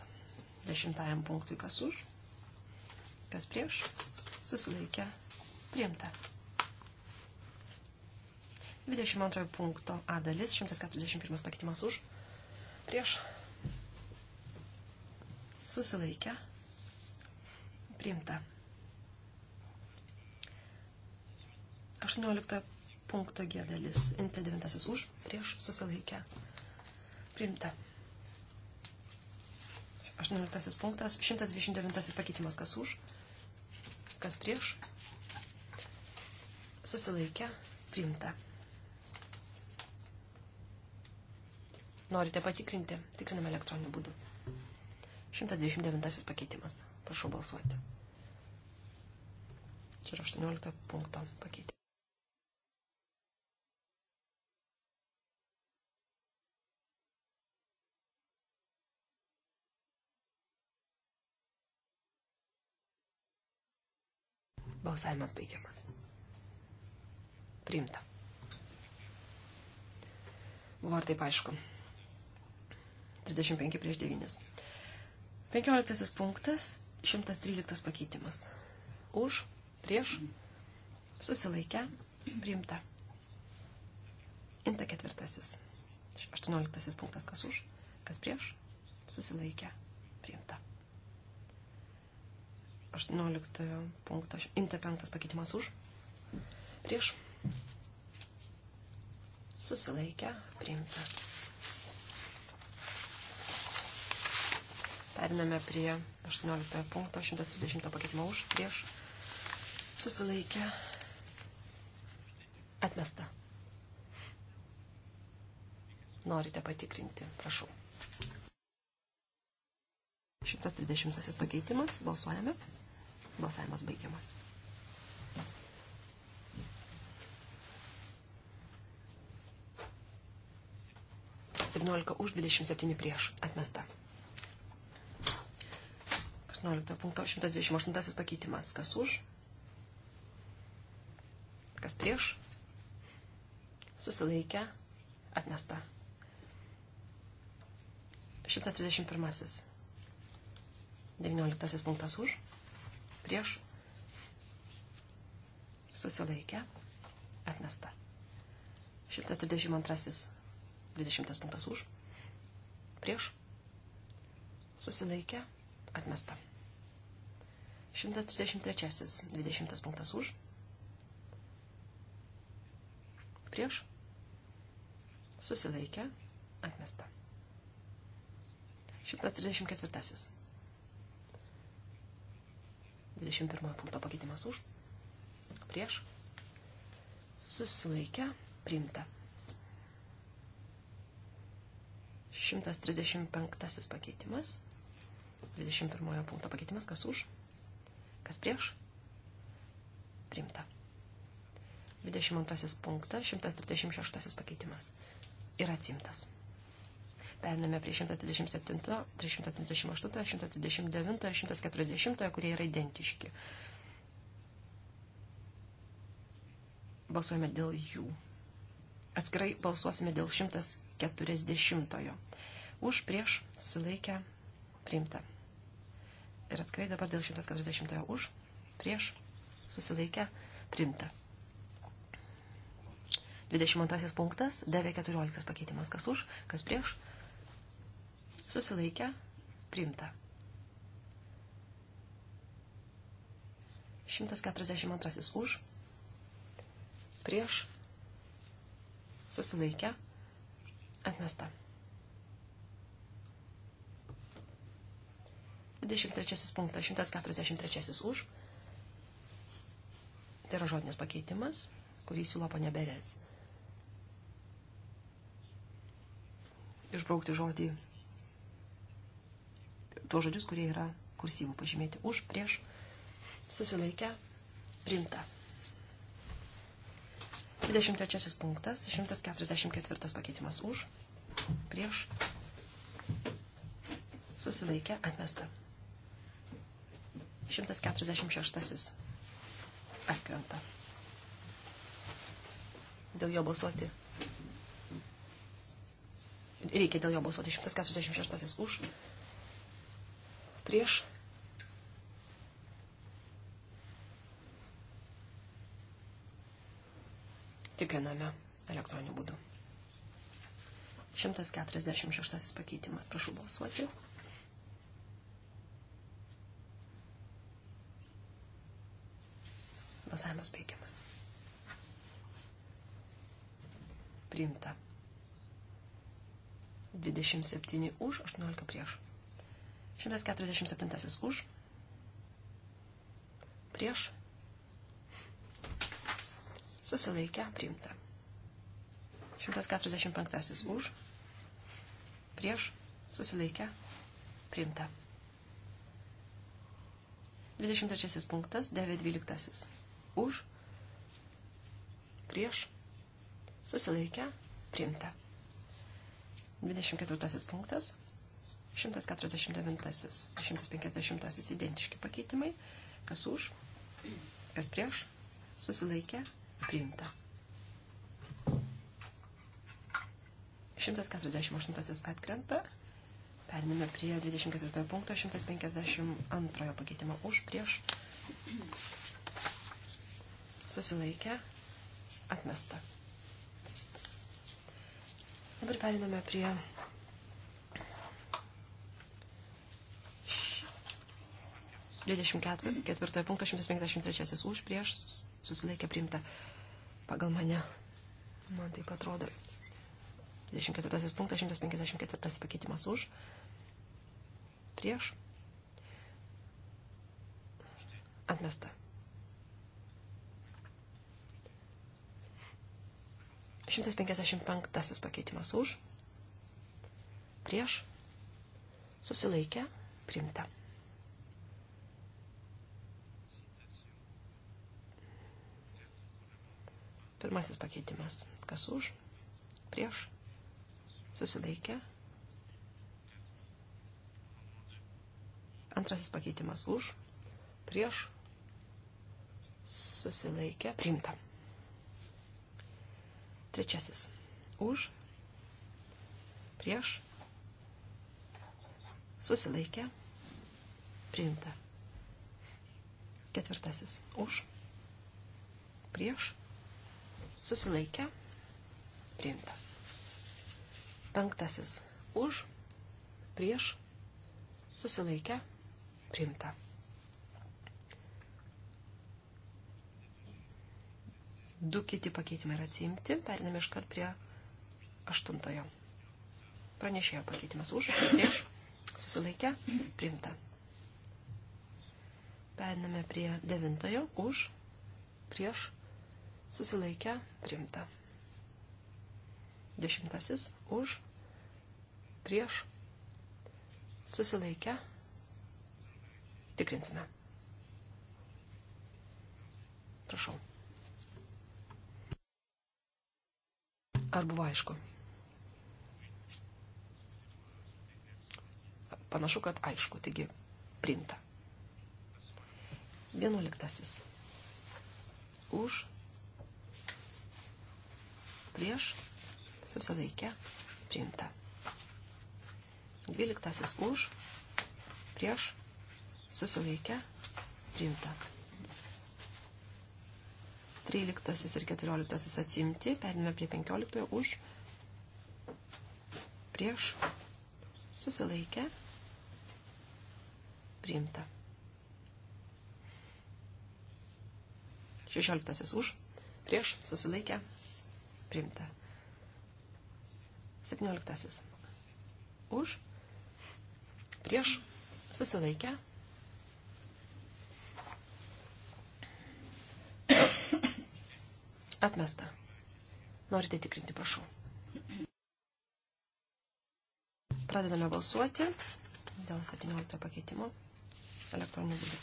Dešimtajam punktui kas už, kas prieš, susilaikė, priimta. 22 punkto A dalis, 141 pakeitimas už, prieš, susilaikė, priimta. 18 punkto G dalis, int 9 už, prieš, susilaikė, priimta. 18 punktas, 129 pakeitimas, kas už, kas prieš, susilaikę, priimta. Norite patikrinti? Tikriname elektroniniu būdu. 129 pakeitimas. Prašau balsuoti. Čia yra 18 punkto pakeitimas. Balsavimas baigiamas. Priimta. Buvo ir taip aišku. 35 prieš 9. 15 punktas, 113 pakeitimas. Už, prieš, susilaikę, priimta. Inta ketvirtasis. 18 punktas, kas už, kas prieš, susilaikę, priimta. 18 punkto, inte 5 pakeitimas už, prieš, susilaikę, priimta. Periname prie 18 punkto, 130 pakeitimo už, prieš, susilaikę, atmesta. Norite patikrinti, prašau. 130 pakeitimas, balsuojame. Balsavimas baigiamas. Septyniolika už, 27 prieš. Atmesta. 18.128 pakeitimas. Kas už? Kas prieš? Susilaikę. Atmesta. 131. 19 punktas už prieš susilaikę atmesta. 132. 20 punktas už. Prieš. Susilaikę. Atmesta. 133. 20 punktas už. Prieš. Susilaikę. Atmesta. 134. 21 punkto pakeitimas už, prieš, susilaikę, priimta. 135 pakeitimas, 21 punkto pakeitimas, kas už, kas prieš, priimta. 22 punktas, 136 pakeitimas yra atsimtas. Pername prie 137, 338, 139 ir 140, kurie yra identiški. Balsuojame dėl jų. Atskirai balsuosime dėl 140. Už prieš susilaikę priimta. Ir atskirai dabar dėl 140. Už prieš susilaikę priimta. 22 punktas, DV14 pakeitimas. Kas už, kas prieš, susilaikę, priimta. 142 už, prieš, susilaikę, atmesta. 23 punktas, 143 už. Tai yra žodinis pakeitimas, kurį siūlo paneberės. Išbraukti žodį tuos žodžius, kurie yra kursyvų pažymėti už, prieš, susilaikę, priimta. 23 punktas, 144 pakeitimas už, prieš, susilaikę, atmesta. 146 atkrenta. Dėl jo balsuoti. Reikia dėl jo balsuoti. 146 už, prieš. Tikriname elektroniniu būdu. 146 pakeitimas. Prašau balsuoti. Balsavimas baigiamas. Priimta. 27 už, 18 prieš. 147 už. Prieš. Susilaikę priimta. 145 už. Prieš. Susilaikę priimta. 23 punktas, 9.12. Už, prieš, susilaikę, priimta. 24 punktas, 149, 150 identiški pakeitimai. Kas už, kas prieš, susilaikė, priimta. 148 atkrenta. Perinime prie 24 punkto 152 pakeitimo už prieš susilaikę atmestą. Dabar periname prie 24 punktas 153 už prieš susilaikė priimta pagal mane. Man taip atrodo. 24 punktas 154 pakeitimas už prieš atmesta. 155 pakeitimas už prieš susilaikė priimta. Pirmasis pakeitimas. Kas už? Prieš? Susilaikė? Antrasis pakeitimas už? Prieš? Susilaikė? Priimta. Trečiasis. Už? Prieš? Susilaikė? Priimta. Ketvirtasis. Už? Prieš? Susilaikę. Priimta. Penktasis. Už. Prieš. Susilaikę. Priimta. Du kiti pakeitimai yra atsimti. Periname iškart prie aštuntojo. Pranešėjo pakeitimas už, prieš, susilaikę, priimta. Periname prie devintojo, už, prieš, susilaikę primta. Dešimtasis už, prieš, susilaikę, tikrinsime. Prašau. Ar buvo aišku? Panašu, kad aišku, taigi primta. Vienuoliktasis. Už, prieš, susilaikė, priimta. Dvyliktasis už, prieš, susilaikė, priimta. Tryliktasis ir keturioliktasis atsimti, perėmė prie penkioliktojo už, prieš, susilaikė, priimta. Šešioliktasis už, prieš, susilaikė, priimta. Primta. 17. Už. Prieš. Susilaikę. Atmesta. Norite tikrinti, prašau. Pradedame balsuoti dėl 17 pakeitimo elektroniniu būdu.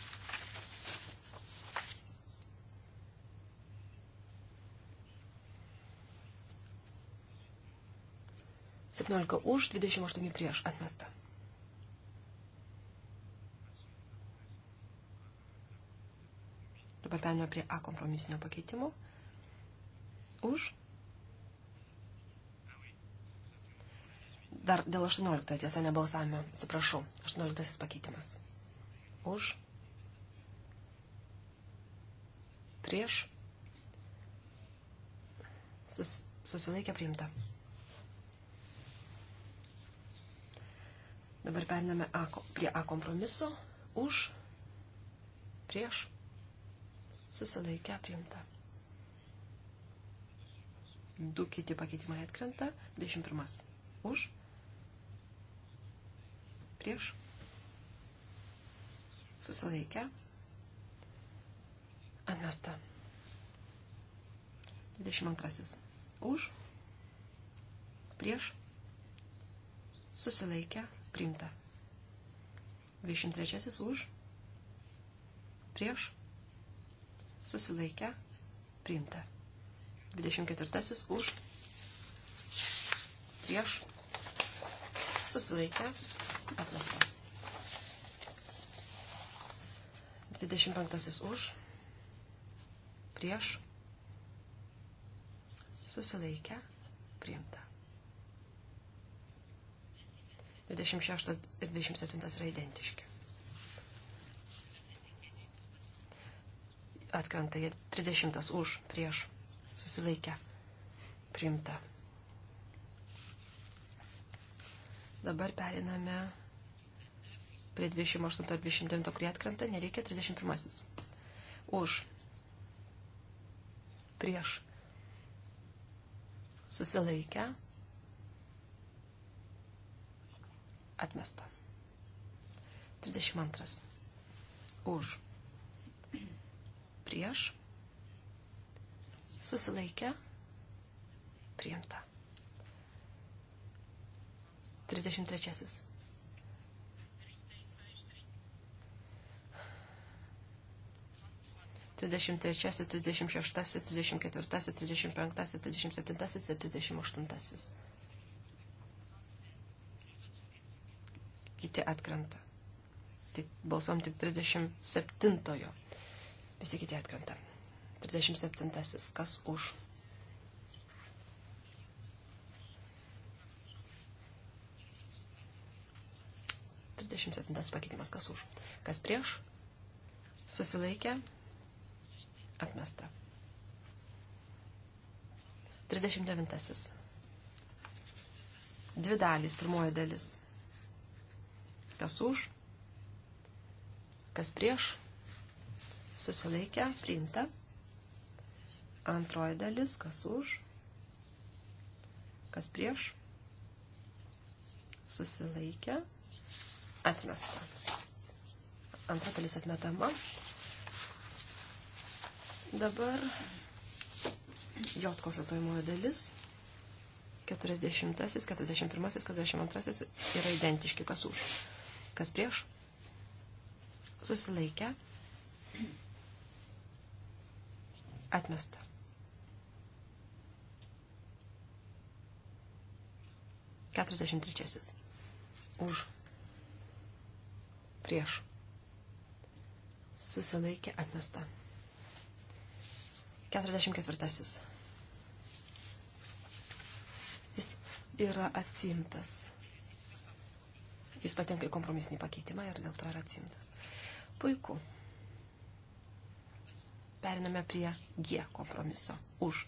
17 už, 28 prieš atmesta. Dabar perėmėme prie A kompromisinio pakeitimo. Už. Dar dėl 18, tiesa, nebalsavime. Atsiprašau, 18 pakeitimas. Už. Prieš. Sus, susilaikę priimta. Dabar periname A, prie A kompromiso. Už, prieš, susilaikę priimta. Du kiti pakeitimai atkrenta. 21. Už, prieš, susilaikę, atmesta. 22. Už, prieš, susilaikę, priimta. 23 už, prieš, susilaikę, priimta. 24 už, prieš, susilaikę, atmesta. 25 už, prieš, susilaikę, priimta. 26 ir 27 yra identiški. Atkrenta 30 už prieš susilaikę priimta. Dabar periname prie 28 ar 29, kurie atkrenta, nereikia 31. Už prieš susilaikę Atmesta. 32. Už. Prieš. Susilaikę. Priimta. 33. Trisdešimt trečiasis, trisdešimt šeštasis, trisdešimt ketvirtasis, trisdešimt penktasis, trisdešimt septintasis ir trisdešimt aštuntasis. kiti atkrenta. Tik balsuom tik 37-ojo. Visi kiti atkrenta. 37-asis. Kas už? Trisdešimt septintas pakeitimas, kas už. Kas prieš? Susilaikė? Atmesta. Trisdešimt devintasis. Dvi dalys, pirmoji dalis kas už, kas prieš, susilaikę, priimta. Antroji dalis, kas už, kas prieš, susilaikę, atmesta. Antra dalis atmetama. Dabar Jotkos atojimojo dalis. 40, 41, 42 yra identiški, kas už. Kas prieš? Susilaikę. Atmesta. Keturiasdešimt trečiasis. Už. Prieš. Susilaikė atmesta. Keturiasdešimt ketvirtasis. Jis yra atsimtas. Jis patenka į kompromisinį pakeitimą ir dėl to yra atsimtas. Puiku. Periname prie G kompromiso. Už.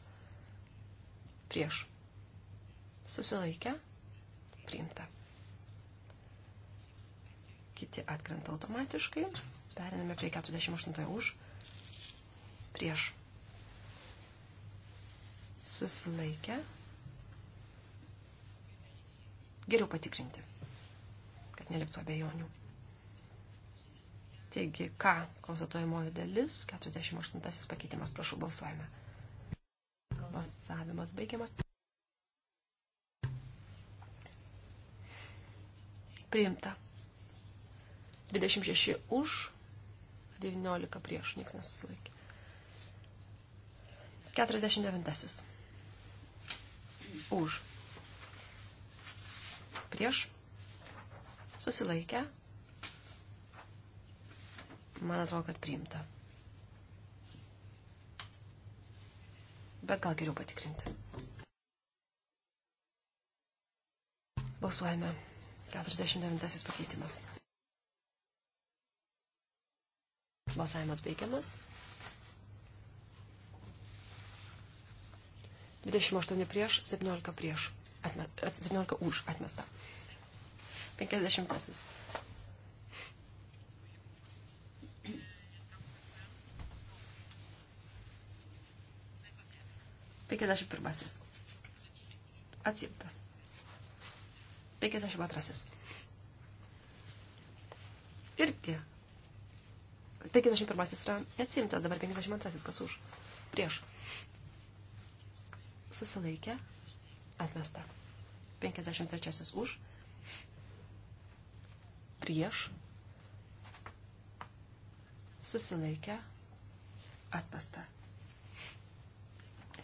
Prieš. Susilaikę. Priimta. Kiti atkrenta automatiškai. Periname prie 48 už. Prieš. Susilaikę. Geriau patikrinti kad neliktų abejonių. Taigi, ką konstatuojamoji dalis, 48 pakeitimas, prašau, balsuojame. Balsavimas baigiamas. Priimta. 26 už, 19 prieš, nieks nesusilaikė. 49. Už. Prieš. Susilaikę. Man atrodo, kad priimta. Bet gal geriau patikrinti. Balsuojame. 49 pakeitimas. Balsavimas baigiamas. 28 prieš, 17 prieš, atme, 17 už atmesta. 50. Penkiasdešimt pirmasis. Atsimtas. Penkiasdešimt antrasis. Irgi. Penkiasdešimt pirmasis yra atsimtas, dabar penkiasdešimt antrasis. Kas už? Prieš. Susilaikė. Atmesta. Penkiasdešimt trečiasis už prieš, susilaikę, atmesta.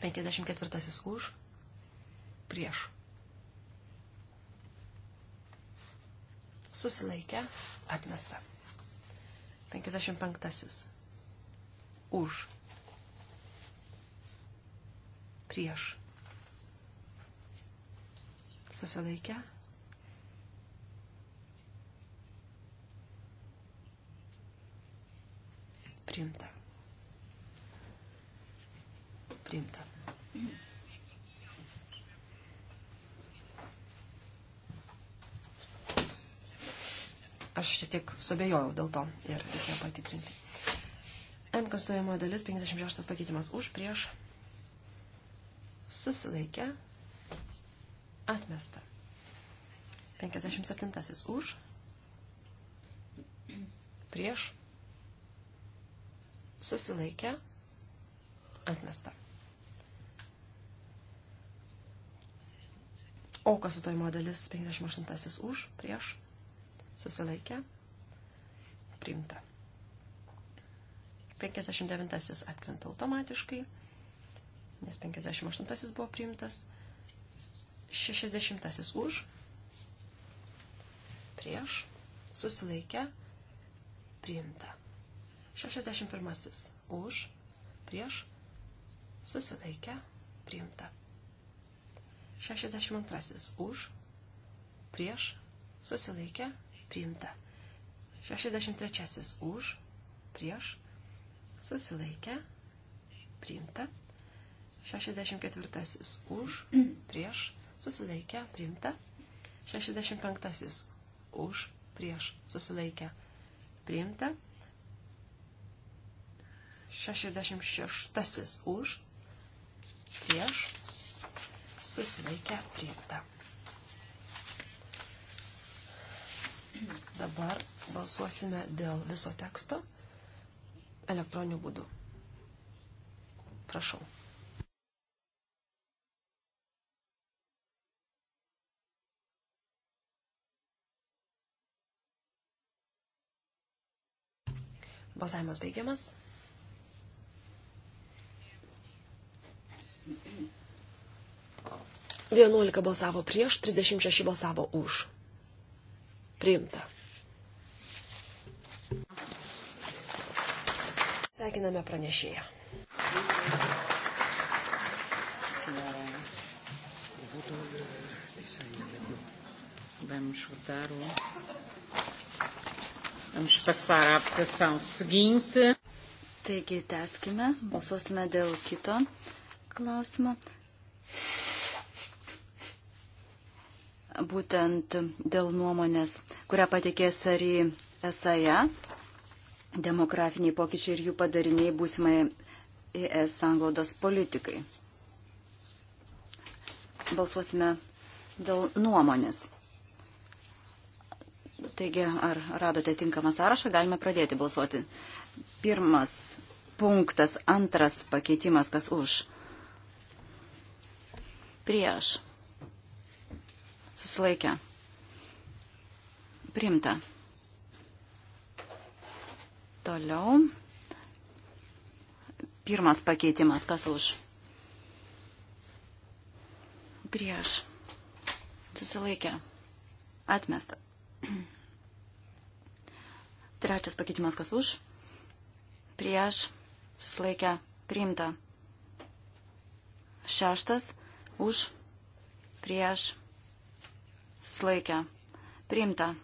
54 už, prieš. Susilaikę, atmesta. 55 už, prieš. Susilaikę, atmesta Priimta. Priimta. Aš šiek tiek subejojau dėl to ir reikėjo patikrinti. M konstituojama dalis 56 pakeitimas už prieš susilaikę atmesta. 57 už prieš susilaikė, atmesta. O kasutojimo dalis 58 už, prieš, susilaikė, priimta. 59 atkrenta automatiškai, nes 58 buvo priimtas. 60 už, prieš, susilaikė, priimta. 61. Už, prieš, susilaikę, priimta. 62. Už, prieš, susilaikę, priimta. 63. Už, prieš, susilaikę, priimta. 64. Už, prieš, susilaikę, priimta. 65. Už, prieš, susilaikę, priimta. 66 už, prieš, susilaikę priimta. Dabar balsuosime dėl viso teksto elektroniniu būdu. Prašau. Balsavimas baigiamas. 11 balsavo prieš, 36 balsavo už. Priimta. Sveikiname pranešėją. Vamos votar o. Vamos passar à votação seguinte. Taigi, teskime, balsuosime dėl kito klausimo būtent dėl nuomonės, kurią patikė Sari Esaja, e, demografiniai pokyčiai ir jų padariniai būsimai ES sanglaudos politikai. Balsuosime dėl nuomonės. Taigi, ar radote tinkamą sąrašą, galime pradėti balsuoti. Pirmas punktas, antras pakeitimas, kas už. Prieš Susilaikė. Primta. Toliau. Pirmas pakeitimas. Kas už? Prieš. Susilaikė. Atmesta. Trečias pakeitimas. Kas už? Prieš. Susilaikė. Priimta. Šeštas. Už. Prieš Slaikę. Priimta.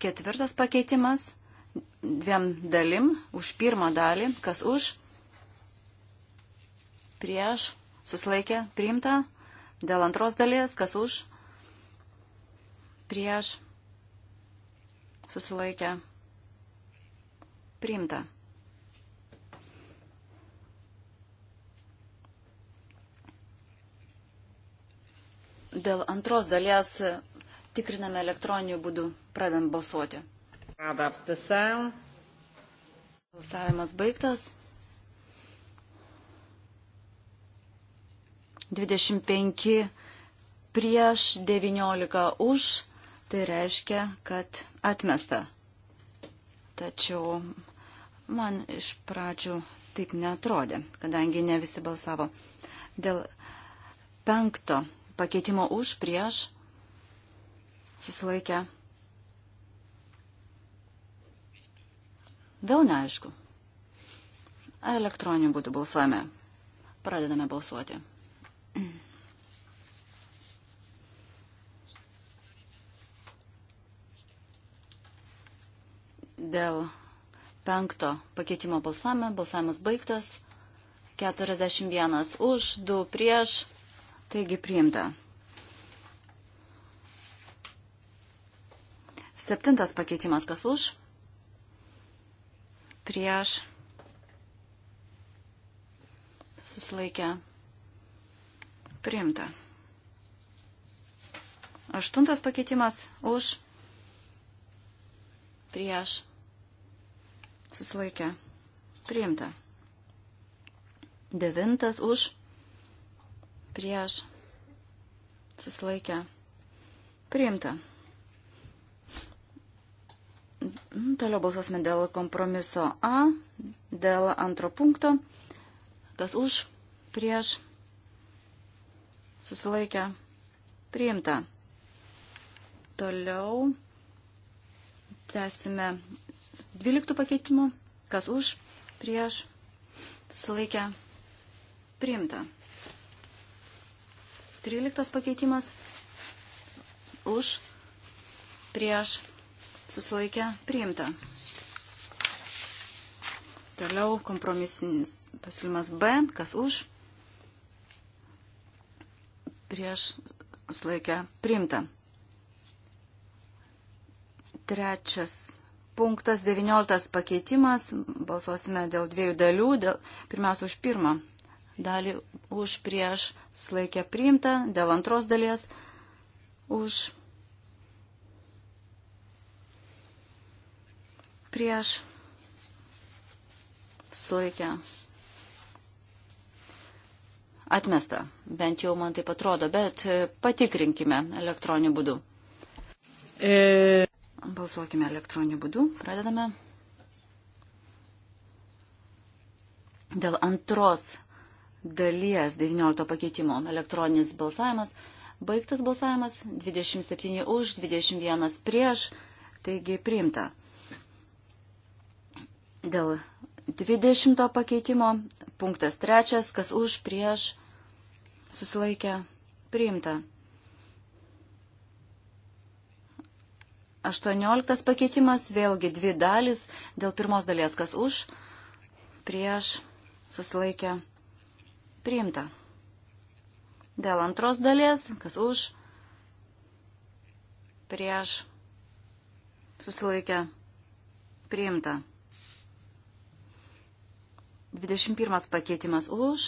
Ketvirtas pakeitimas. Dviem dalim. Už pirmą dalį. Kas už? Prieš. Suslaikė. Priimta. Dėl antros dalies. Kas už? Prieš. Susilaikė. Priimta. Dėl antros dalies tikriname elektroniniu būdu, pradant balsuoti. Balsavimas baigtas. 25 prieš 19 už, tai reiškia, kad atmesta. Tačiau man iš pradžių taip netrodė, kadangi ne visi balsavo. Dėl penkto pakeitimo už, prieš, susilaikę. Vėl neaišku. Elektroniniu būdu balsuojame. Pradedame balsuoti. Dėl penkto pakeitimo balsavime balsavimas baigtas. 41 už, 2 prieš, Taigi priimta. Septintas pakeitimas kas už? Prieš. Susilaikę. Priimta. Aštuntas pakeitimas už. Prieš. Susilaikę. Priimta. Devintas už prieš susilaikę priimta. Toliau balsuosime dėl kompromiso A, dėl antro punkto, kas už prieš susilaikę priimta. Toliau tęsime 12 pakeitimų, kas už prieš susilaikę priimta. 13 pakeitimas už prieš susilaikę priimta. Toliau kompromisinis pasiūlymas B, kas už prieš susilaikę priimta. Trečias punktas 19 pakeitimas. Balsuosime dėl dviejų dalių. Dėl, pirmiausia, už pirmą dalį už prieš sulaikė priimta, dėl antros dalies už prieš sulaikė atmesta, bent jau man tai atrodo, bet patikrinkime elektroniniu būdu. E... Balsuokime elektroniniu būdu, pradedame. Dėl antros dalies 19 pakeitimo elektroninis balsavimas. Baigtas balsavimas 27 už, 21 prieš, taigi priimta. Dėl 20 pakeitimo punktas 3, kas už, prieš, susilaikė, priimta. 18 pakeitimas, vėlgi dvi dalis, dėl pirmos dalies, kas už, prieš, susilaikė, Priimta. Dėl antros dalies, kas už, prieš, susilaikę, priimta. 21 pakeitimas už,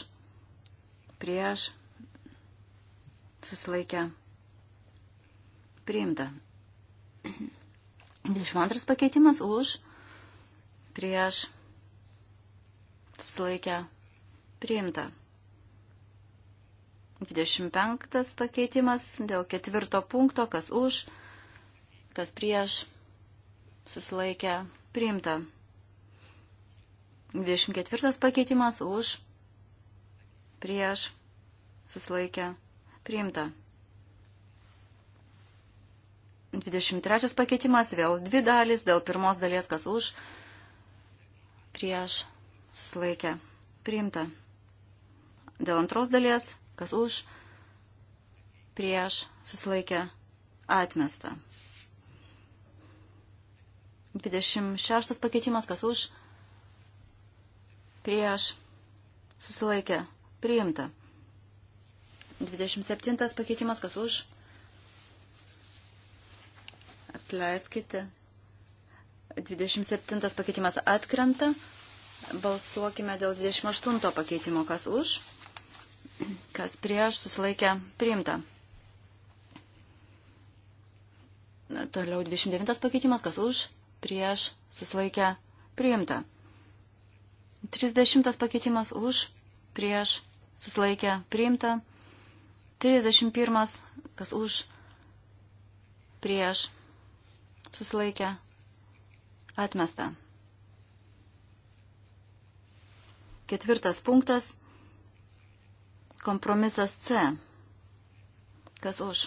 prieš, susilaikę, priimta. 22 pakeitimas už, prieš, susilaikę, priimta. 25 pakeitimas dėl ketvirto punkto, kas už, kas prieš, susilaikė, priimta. 24 pakeitimas už, prieš, susilaikė, priimta. 23 pakeitimas, vėl dvi dalys, dėl pirmos dalies, kas už, prieš, susilaikė, priimta. Dėl antros dalies kas už, prieš, susilaikė, atmesta. 26 pakeitimas, kas už, prieš, susilaikė, priimta. 27 pakeitimas, kas už, atleiskite. 27 pakeitimas atkrenta, balsuokime dėl 28 pakeitimo, kas už, kas prieš susilaikė priimta. Toliau 29 pakeitimas, kas už, prieš susilaikė priimta. 30 pakeitimas už, prieš susilaikė priimta. 31 kas už, prieš susilaikė atmesta. Ketvirtas punktas Kompromisas C. Kas už?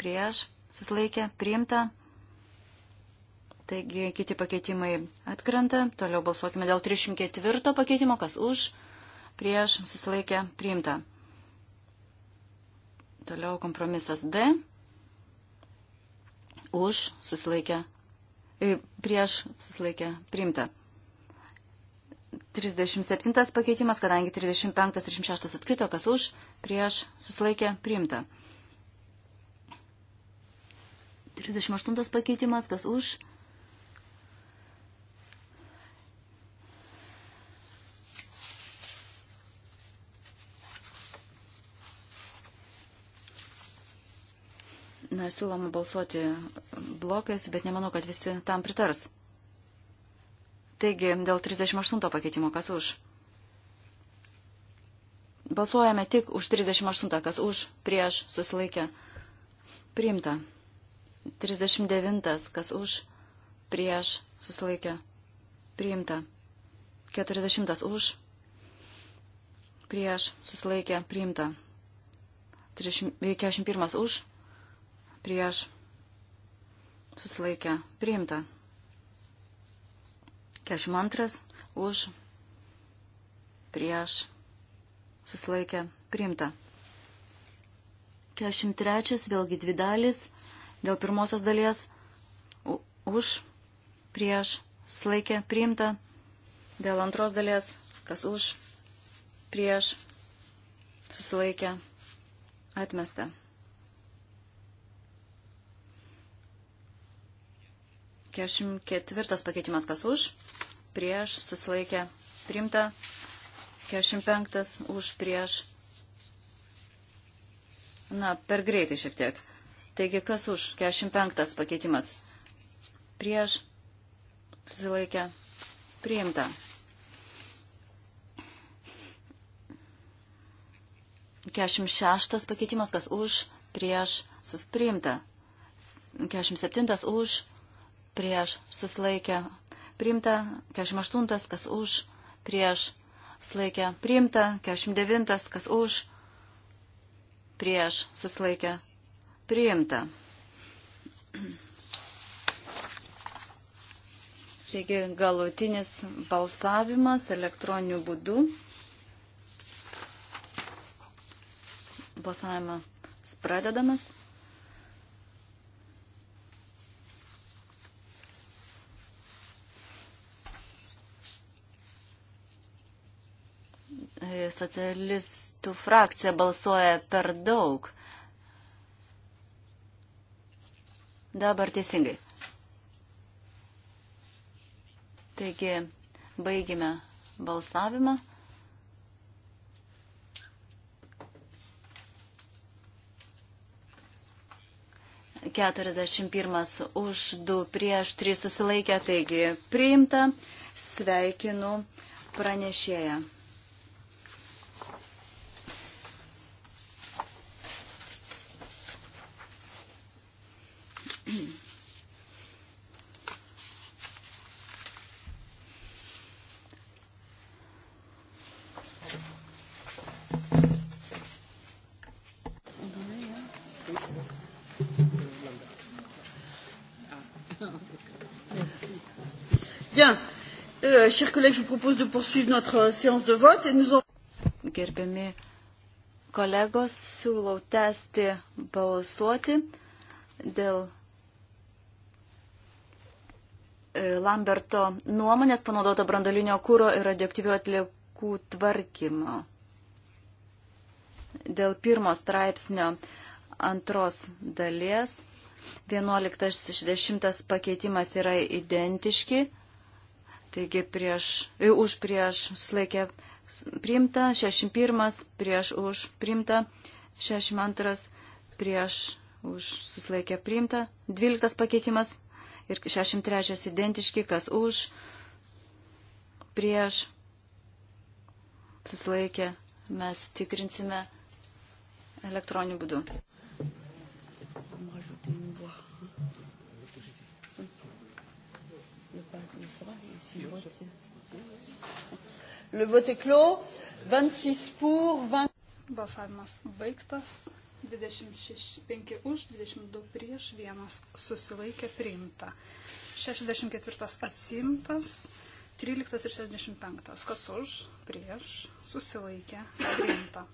Prieš. Susilaikė. Priimta. Taigi kiti pakeitimai atkrenta. Toliau balsuokime dėl 304 pakeitimo. Kas už? Prieš. Susilaikė. Priimta. Toliau kompromisas D. Už. Susilaikė. E, prieš. Susilaikė. Priimta. 37 pakeitimas, kadangi 35-36 atkrito, kas už, prieš, susilaikė, priimta. 38 pakeitimas, kas už. Na, siūloma balsuoti blokais, bet nemanau, kad visi tam pritars. Taigi, dėl 38 pakeitimo, kas už? Balsuojame tik už 38, kas už, prieš, susilaikė. Priimta. 39, kas už, prieš, susilaikė. Priimta. 40 už, prieš, susilaikė. Priimta. 41 už, prieš, susilaikė. Priimta. 42 už prieš susilaikę priimta. 43 vėlgi dvi dalis dėl pirmosios dalies už prieš susilaikę priimta. Dėl antros dalies kas už prieš susilaikę atmesta. 44 pakeitimas kas už, prieš, susilaikė priimta, 45 už prieš. Na, per greitai šiek tiek. Taigi, kas už 45 pakeitimas? Prieš susilaikė priimta. 46 pakeitimas, kas už, prieš, susprimta. 47 už, prieš, susilaikė, priimta, 48, kas už, prieš, susilaikė, priimta, 49, kas už, prieš, susilaikė, priimta. Taigi galutinis balsavimas elektroniniu būdu. Balsavimas pradedamas. socialistų frakcija balsuoja per daug. Dabar teisingai. Taigi, baigime balsavimą. Keturiasdešimt pirmas už du prieš trys susilaikę, taigi priimta. Sveikinu pranešėją. Chers collègues, je vous propose de poursuivre notre euh, séance de vote et nous aurons. Gerbiami kolegos, siūlau tęsti balsuoti dėl e, Lamberto nuomonės panaudoto brandolinio kūro ir radioaktyvių atliekų tvarkymo. Dėl pirmos straipsnio antros dalies 11.60 pakeitimas yra identiški Taigi prieš, e, už prieš susilaikė priimta, 61 prieš už priimta, 62 prieš už susilaikė priimta, 12 pakeitimas ir 63 identiški, kas už prieš susilaikė. Mes tikrinsime elektroniniu būdu. Le vote est clos. 26 pour, 20. Balsavimas baigtas. 26 už, 22 prieš, 1 susilaikė priimta. 64 atsimtas, 13 ir 65. Kas už, prieš, susilaikė priimta.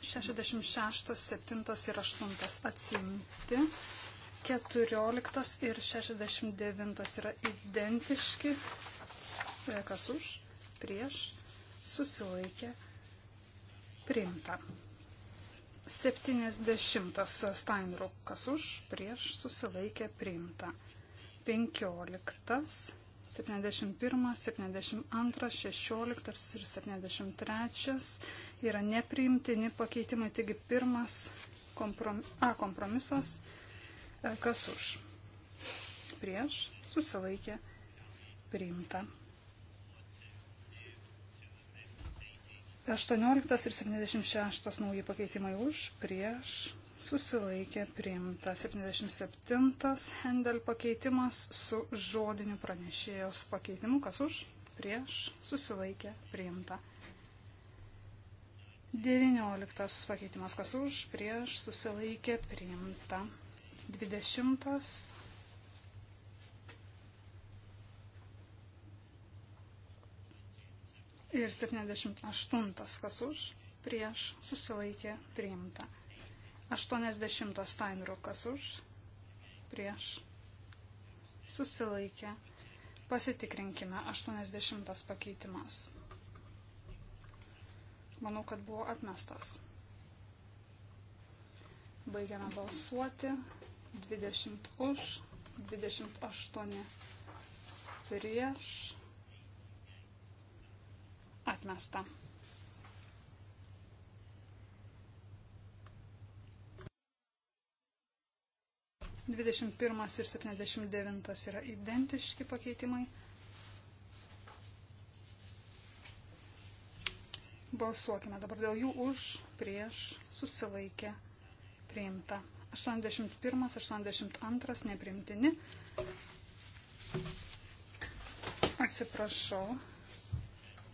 66, 7 ir 8 atsimti. 14 ir 69 yra identiški kas už, prieš, susilaikė, priimta. 70 Steinruk, kas už, prieš, susilaikė, priimta. 15, 71, 72, 16 ir 73 yra nepriimtini pakeitimai, taigi pirmas komprom, A kompromisas, e, kas už, prieš, susilaikė, priimta. 18 ir 76 nauji pakeitimai už, prieš, susilaikė priimta. 77 Hendel pakeitimas su žodiniu pranešėjos pakeitimu, kas už, prieš, susilaikė priimta. 19 pakeitimas, kas už, prieš, susilaikė priimta. 20 ir 78, kas už, prieš, susilaikė, priimta. 80 Steinro, kas už, prieš, susilaikė. Pasitikrinkime 80 pakeitimas. Manau, kad buvo atmestas. Baigiame balsuoti. 20 už, 28 prieš Atmesta. Dvidešimt pirmas ir septyniasdešimt devintas yra identiški pakeitimai. Balsuokime dabar dėl jų už, prieš, susilaikė, priimta. 81, 82 neprimtini. Atsiprašau,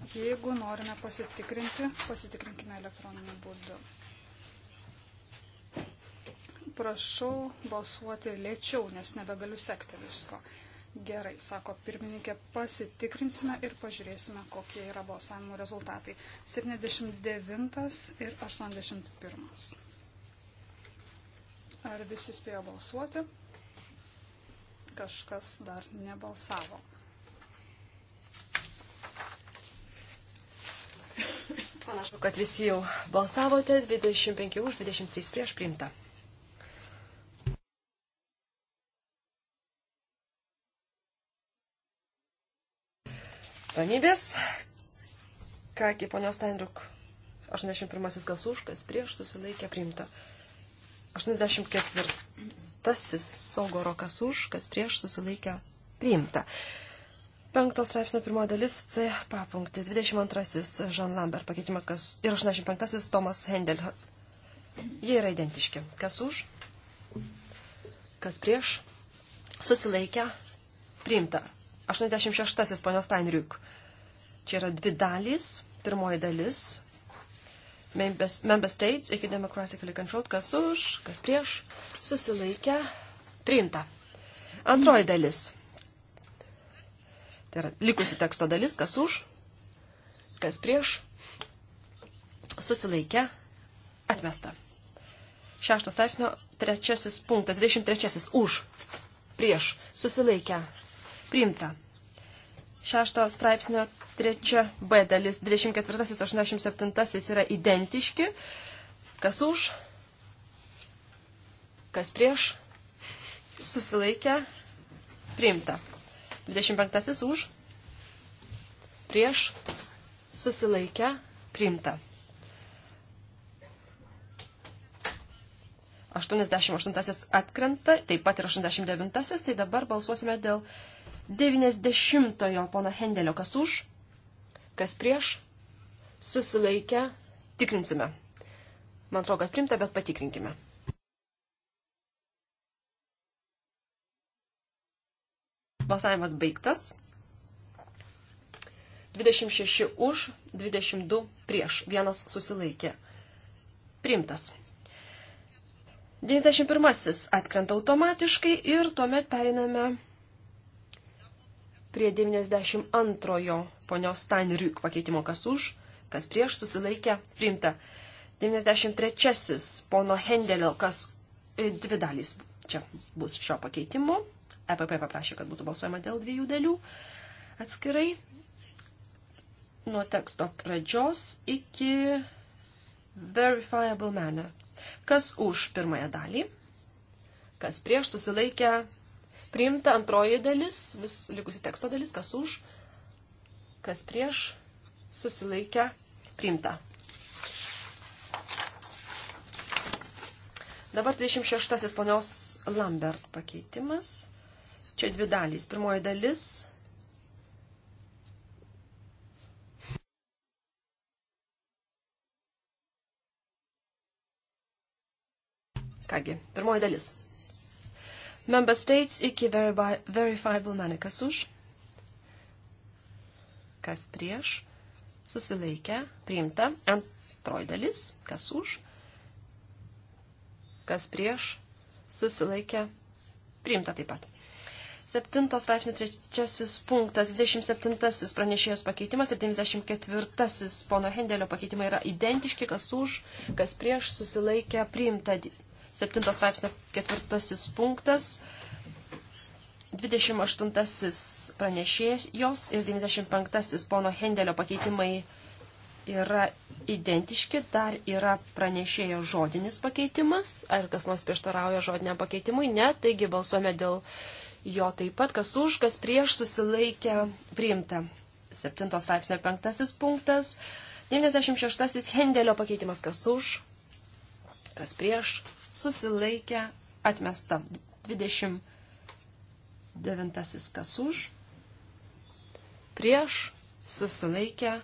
Jeigu norime pasitikrinti, pasitikrinkime elektroniniu būdu. Prašau balsuoti lėčiau, nes nebegaliu sekti visko. Gerai, sako pirmininkė, pasitikrinsime ir pažiūrėsime, kokie yra balsavimo rezultatai. 79 ir 81. Ar visi spėjo balsuoti? Kažkas dar nebalsavo. Panašu, kad visi jau balsavote, 25 už, 23 prieš priimta. Ramybės. Kągi, ponios Steinruk, 81 kas už, kas prieš susilaikė priimta. 84 saugo rokas už, kas prieš susilaikė priimta. Penktos straipsnio pirmo dalis C papunktis, 22 Žan Lambert pakeitimas kas, ir 85 Tomas Hendel. Jie yra identiški. Kas už, kas prieš, susilaikę, priimta. 86 ponios Steinriuk. Čia yra dvi dalys. Pirmoji dalis Member States iki Democratically Controlled, kas už, kas prieš, susilaikę, priimta. Antroji dalis Tai yra likusi teksto dalis, kas už, kas prieš, susilaikė, atmesta. Šeštas straipsnio trečiasis punktas, 23 už, prieš, susilaikę, priimta. Šešto straipsnio trečia B dalis, 24-87 yra identiški, kas už, kas prieš, susilaikę, priimta. 25 už, prieš, susilaikę, priimta. 88 atkrenta, taip pat ir 89, tai dabar balsuosime dėl 90-ojo pono Hendelio, kas už, kas prieš, susilaikę, tikrinsime. Man atrodo, kad primta, bet patikrinkime. Balsavimas baigtas. 26 už, 22 prieš, vienas susilaikė. Priimtas. 91 atkrenta automatiškai ir tuomet periname prie 92 ponios Steinriuk pakeitimo, kas už, kas prieš susilaikė, priimta. 93 pono Hendelio, kas e, dvi dalys čia bus šio pakeitimo EPP paprašė, kad būtų balsuojama dėl dviejų dalių atskirai nuo teksto pradžios iki verifiable manner. Kas už pirmąją dalį, kas prieš susilaikę priimta antroji dalis, vis likusi teksto dalis, kas už, kas prieš susilaikę priimta. Dabar 26 ponios Lambert pakeitimas. Čia dvi dalys. Pirmoji dalis. Kągi, pirmoji dalis. Member States iki verifiable money. Kas už? Kas prieš? Susilaikę. Priimta. Antroji dalis. Kas už? Kas prieš? Susilaikę. Priimta taip pat. 7 straipsnio 3 punktas, 27 pranešėjos pakeitimas ir 94 pono Hendelio pakeitimai yra identiški, kas už, kas prieš susilaikė priimta 7 straipsnio 4 punktas, 28 pranešėjos ir 95 pono Hendelio pakeitimai yra identiški, dar yra pranešėjo žodinis pakeitimas, ar kas nors prieštarauja žodiniam pakeitimui, ne, taigi balsuome dėl Jo taip pat, kas už, kas prieš susilaikė priimta. 7 straipsnio 5 punktas. 96 Hendelio pakeitimas, kas už, kas prieš susilaikė atmesta. 29 kas už, prieš susilaikė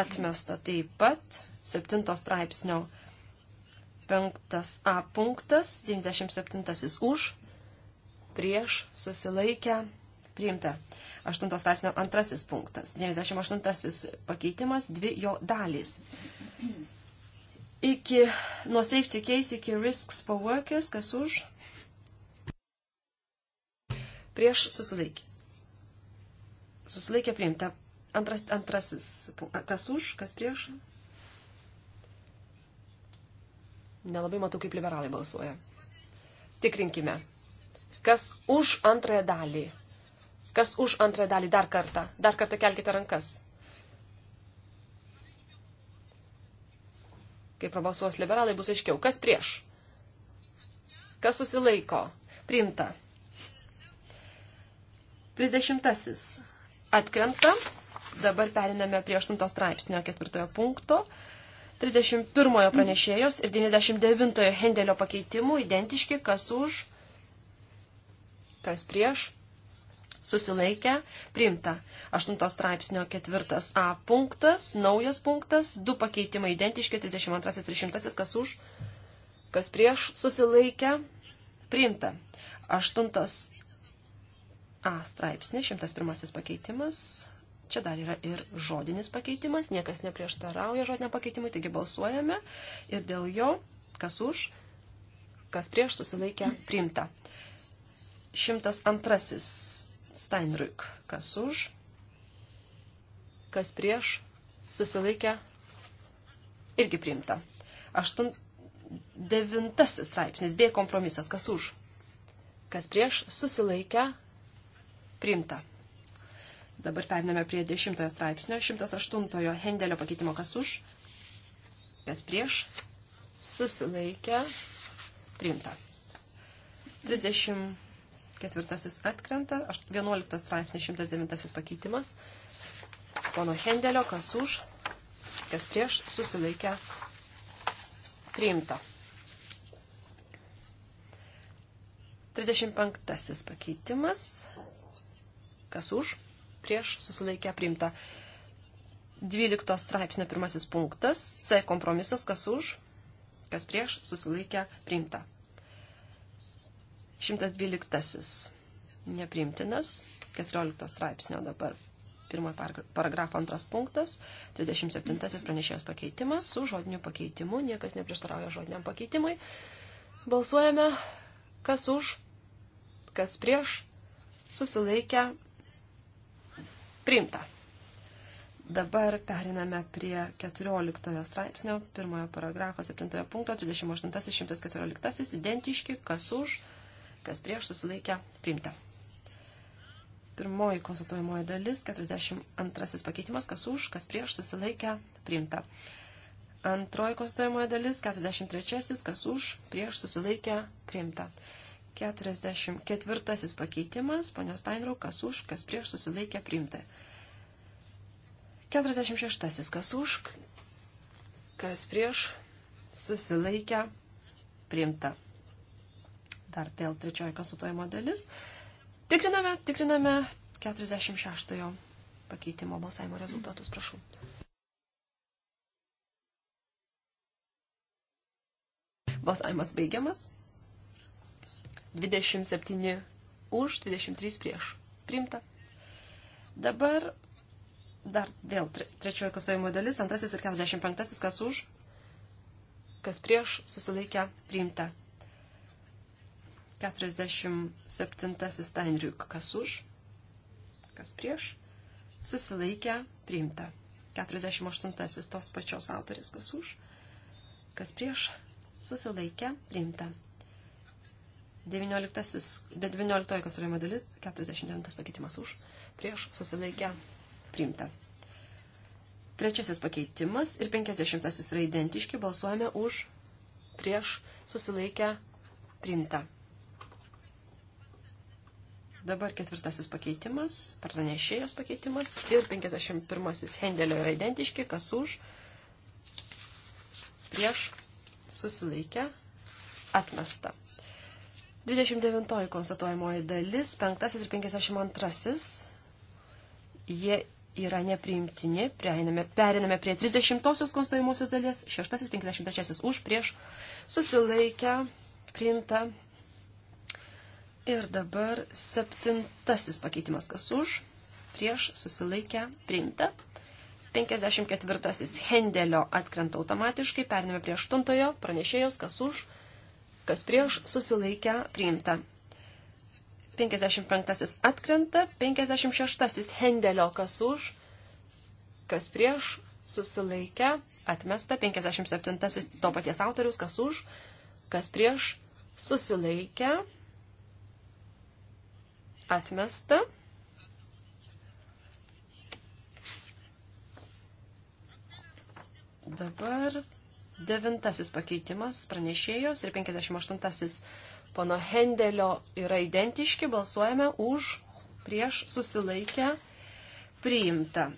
atmesta taip pat 7 straipsnio 5a punktas, 97 už, prieš, susilaikę, priimta. 8 straipsnio antrasis punktas. 98 pakeitimas, dvi jo dalys. Iki, nuo safety case iki risks for workers, kas už? Prieš susilaikė. Susilaikė priimta. Antras, antrasis, kas už, kas prieš? Nelabai matau, kaip liberalai balsuoja. Tikrinkime. Kas už antrąją dalį? Kas už antrąją dalį dar kartą? Dar kartą kelkite rankas. Kai prabalsuos liberalai, bus aiškiau. Kas prieš? Kas susilaiko? Primta. 30. Atkrenta. Dabar periname prie 8 straipsnio 4 punkto. 31 pranešėjos ir 99 Hendelio pakeitimų identiški, kas už, kas prieš, susilaikę, priimta. 8 straipsnio 4a punktas, naujas punktas, du pakeitimai identiški, 32-300, kas už, kas prieš, susilaikę, priimta. 8a straipsnis, 101 pakeitimas. Čia dar yra ir žodinis pakeitimas, niekas neprieštarauja žodiniam pakeitimui, taigi balsuojame ir dėl jo, kas už, kas prieš susilaikę, priimta. 102 Steinrück. Kas už, kas prieš, susilaikę, irgi priimta. 8, 9 straipsnis B kompromisas. Kas už, kas prieš, susilaikę, priimta. Dabar periname prie 10 straipsnio, 108 Hendelio pakeitimo. Kas už, kas prieš, susilaikę, priimta. 30. Ketvirtasis atkrenta. 11 straipsnis 109 pakeitimas. Pono Hendelio, kas už, kas prieš, susilaikę priimta. 35 pakeitimas. Kas už, prieš, susilaikę priimta. 12 straipsnio pirmasis punktas. C kompromisas, kas už, kas prieš, susilaikę priimta. 112. Nepriimtinas. 14 straipsnio dabar. Pirmojo paragrafo antras punktas. 37. Pranešėjos pakeitimas. Su žodiniu pakeitimu. Niekas neprieštarauja žodiniam pakeitimui. Balsuojame, kas už, kas prieš. Susilaikę. Priimta. Dabar periname prie 14 straipsnio, 1 paragrafo, 7 punkto, 38, 114, identiški, kas už, kas prieš susilaikė priimta. Pirmoji konstatuojamoji dalis, 42 pakeitimas, kas už, kas prieš susilaikė priimta. Antroji konstatuojamoji dalis, 43, kas už, prieš susilaikė priimta. 44 pakeitimas, ponios Steinrau, kas už, kas prieš susilaikė priimta. 46 kas už, kas prieš susilaikė priimta dar dėl trečiojo konsultuojimo dalis. Tikriname, tikriname 46 pakeitimo balsavimo rezultatus, prašau. Balsavimas baigiamas. 27 už, 23 prieš. Primta. Dabar dar vėl tre, trečioji kastojimo dalis, antrasis ir 45, kas už, kas prieš susilaikę priimta. 47 Steinriuk, kas už, kas prieš, susilaikę, priimta. 48 tos pačios autorės, kas už, kas prieš, susilaikę, priimta. 19, 19 konstruojama dalis, 49 pakeitimas už, prieš, susilaikę, priimta. Trečiasis pakeitimas ir 50 yra identiški, balsuojame už, prieš, susilaikę, priimta. Dabar ketvirtasis pakeitimas, pranešėjos pakeitimas ir 51 Hendelio yra identiški, kas už, prieš, susilaikę, atmesta. 29 konstatuojamoji dalis, 5 ir 52, jie yra nepriimtini, prieiname, periname prie 30 konstatuojamosios dalies, 6 ir 53 už, prieš, susilaikę, priimta, Ir dabar septintasis pakeitimas, kas už, prieš susilaikę priimta. 54 Hendelio atkrenta automatiškai, perinėme prie 8 pranešėjos, kas už, kas prieš susilaikę priimta. 55 atkrenta, 56 Hendelio kas už, kas prieš susilaikę atmesta, 57 to paties autorius kas už, kas prieš susilaikę Atmesta. Dabar devintasis pakeitimas pranešėjos ir 58-asis pono Hendelio yra identiški, balsuojame už, prieš, susilaikę, priimta.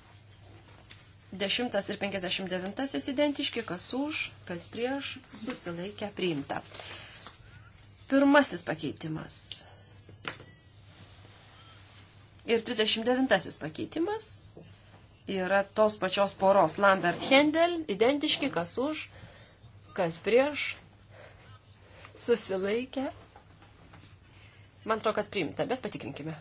Dešimtas ir 59-asis identiški, kas už, kas prieš, susilaikę, priimta. Pirmasis pakeitimas. Ir 39 pakeitimas yra tos pačios poros Lambert Hendel, identiški, kas už, kas prieš, susilaikė. Man atrodo, kad priimta, bet patikrinkime.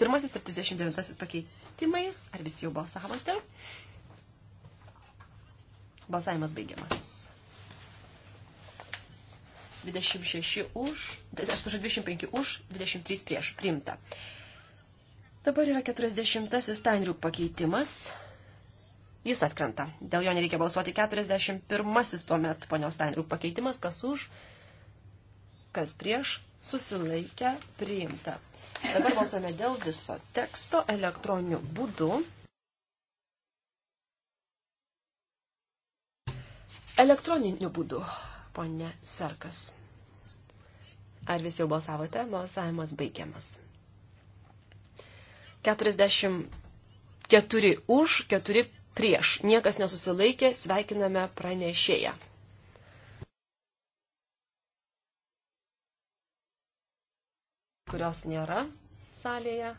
Pirmasis ir 39 pakeitimai. Ar visi jau balsavote? Balsavimas baigiamas. 26 už, atsiprašau, 25 už, 23 prieš, priimta. Dabar yra 40-asis Tainrių pakeitimas. Jis atkrenta. Dėl jo nereikia balsuoti 41-asis tuomet ponios Tainrių pakeitimas, kas už, kas prieš, susilaikę, priimta. Dabar balsuojame dėl viso teksto elektroniniu būdu. elektroniniu būdu ponė Sarkas. Ar visi jau balsavote? Balsavimas baigiamas. 44 už, 4 prieš. Niekas nesusilaikė, sveikiname pranešėją. kurios nėra salėje,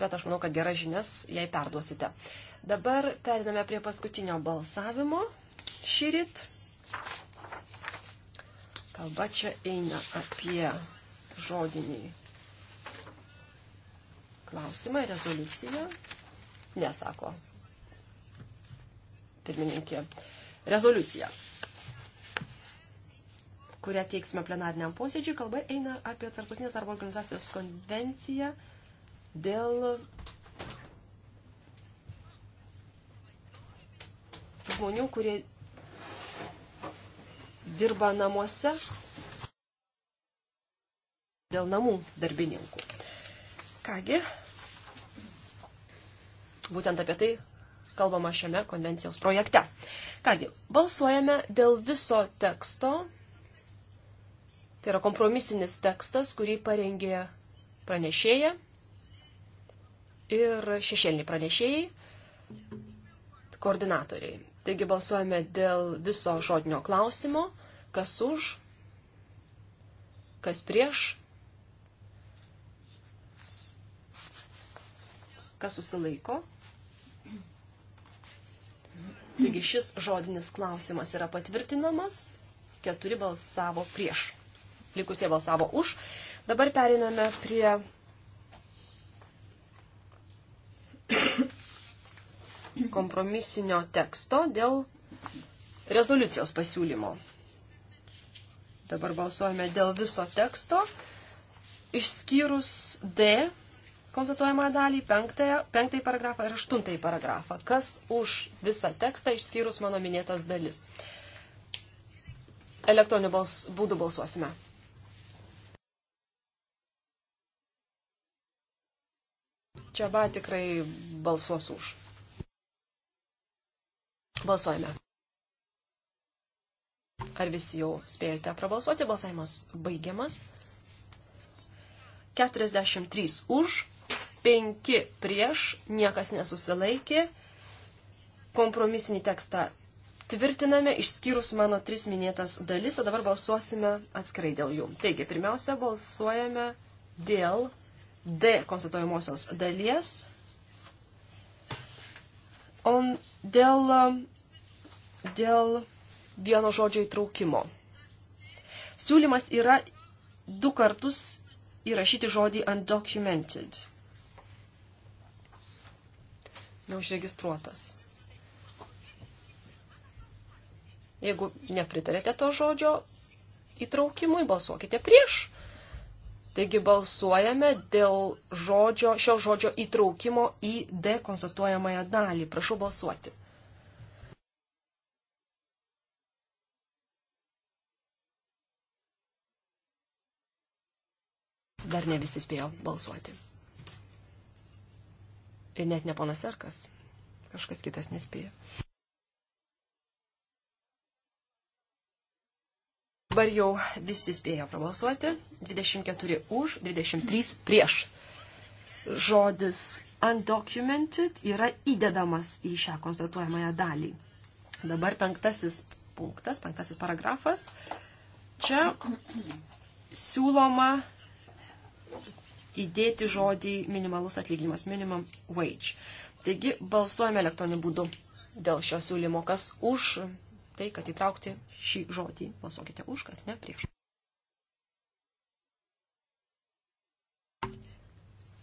bet aš manau, kad geras žinias jai perduosite. Dabar periname prie paskutinio balsavimo šį rytą. Kalba čia eina apie žodinį klausimą, rezoliuciją. Nesako. Pirmininkė. Rezoliucija, kurią teiksime plenariniam posėdžiui, kalba eina apie Tartutinės darbo organizacijos konvenciją dėl žmonių, kurie dirba namuose dėl namų darbininkų. Kągi, būtent apie tai kalbama šiame konvencijos projekte. Kągi, balsuojame dėl viso teksto. Tai yra kompromisinis tekstas, kurį parengė pranešėja ir šešėliniai pranešėjai, koordinatoriai. Taigi balsuojame dėl viso žodinio klausimo, kas už, kas prieš, kas susilaiko. Taigi šis žodinis klausimas yra patvirtinamas, keturi balsavo prieš, likusie balsavo už. Dabar periname prie kompromisinio teksto dėl rezoliucijos pasiūlymo. Dabar balsuojame dėl viso teksto, išskyrus D konstatuojamą dalį, penktąją, penktąjį paragrafą ir aštuntąjį paragrafą. Kas už visą tekstą išskyrus mano minėtas dalis. Elektroniniu bals, būdu balsuosime. Čia ba tikrai balsuos už. Balsuojame. Ar visi jau spėjote prabalsuoti? Balsavimas baigiamas. 43 už, 5 prieš, niekas nesusilaikė. Kompromisinį tekstą tvirtiname, išskyrus mano tris minėtas dalis, o dabar balsuosime atskrai dėl jų. Taigi, pirmiausia, balsuojame dėl D konstatuojamosios dalies. On, dėl dėl vieno žodžio įtraukimo. Siūlymas yra du kartus įrašyti žodį undocumented. Neužregistruotas. Jeigu nepritarėte to žodžio įtraukimui, balsuokite prieš. Taigi balsuojame dėl žodžio, šio žodžio įtraukimo į D konstatuojamąją dalį. Prašau balsuoti. Dar ne visi spėjo balsuoti. Ir net ne ponas Erkas. Kažkas kitas nespėjo. Dabar jau visi spėjo prabalsuoti. 24 už, 23 prieš. Žodis undocumented yra įdedamas į šią konstatuojamąją dalį. Dabar penktasis punktas, penktasis paragrafas. Čia siūloma įdėti žodį minimalus atlyginimas, minimum wage. Taigi balsuojame elektroniniu būdu dėl šio siūlymo, kas už tai, kad įtraukti šį žodį. Balsuokite už, kas ne prieš.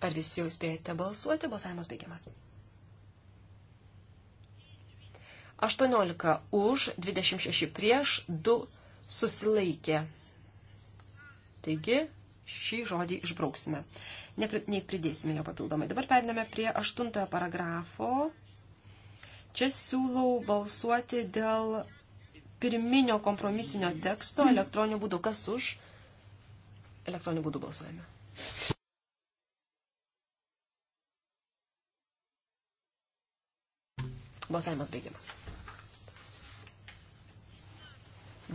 Ar visi jau spėjote balsuoti? Balsavimas baigiamas. 18 už, 26 prieš, 2 susilaikė. Taigi, šį žodį išbrauksime. Nei pridėsime jo papildomai. Dabar periname prie aštuntojo paragrafo. Čia siūlau balsuoti dėl pirminio kompromisinio teksto elektroniniu būdu. Kas už? Elektroniniu būdu balsuojame. Balsavimas baigiamas.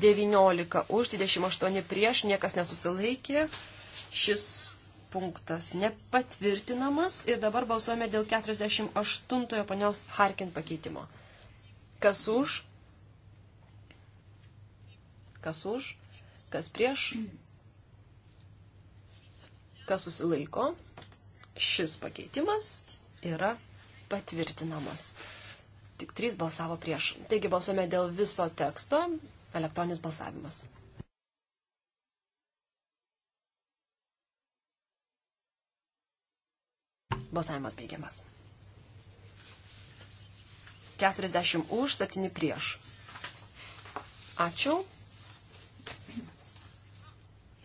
19 už, 28 prieš, niekas nesusilaikė. Šis punktas nepatvirtinamas ir dabar balsuojame dėl 48 panios Harkin pakeitimo. Kas už? Kas už? Kas prieš? Kas susilaiko? Šis pakeitimas yra patvirtinamas. Tik trys balsavo prieš. Taigi balsuojame dėl viso teksto. Elektroninis balsavimas. Balsavimas baigiamas. 40 už, 7 prieš. Ačiū.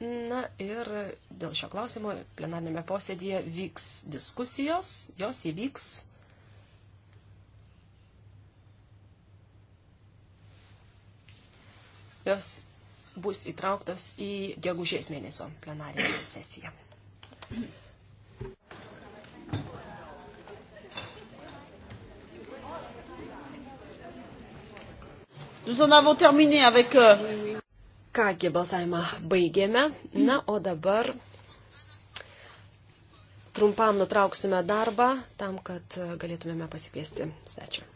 Na ir dėl šio klausimo plenarnėme posėdėje vyks diskusijos, jos įvyks. Jos bus įtrauktos į gegužės mėnesio plenarinę sesiją. Euh, Kągi balsavimą baigėme. Na, o dabar trumpam nutrauksime darbą tam, kad e, galėtumėme pasikviesti svečią.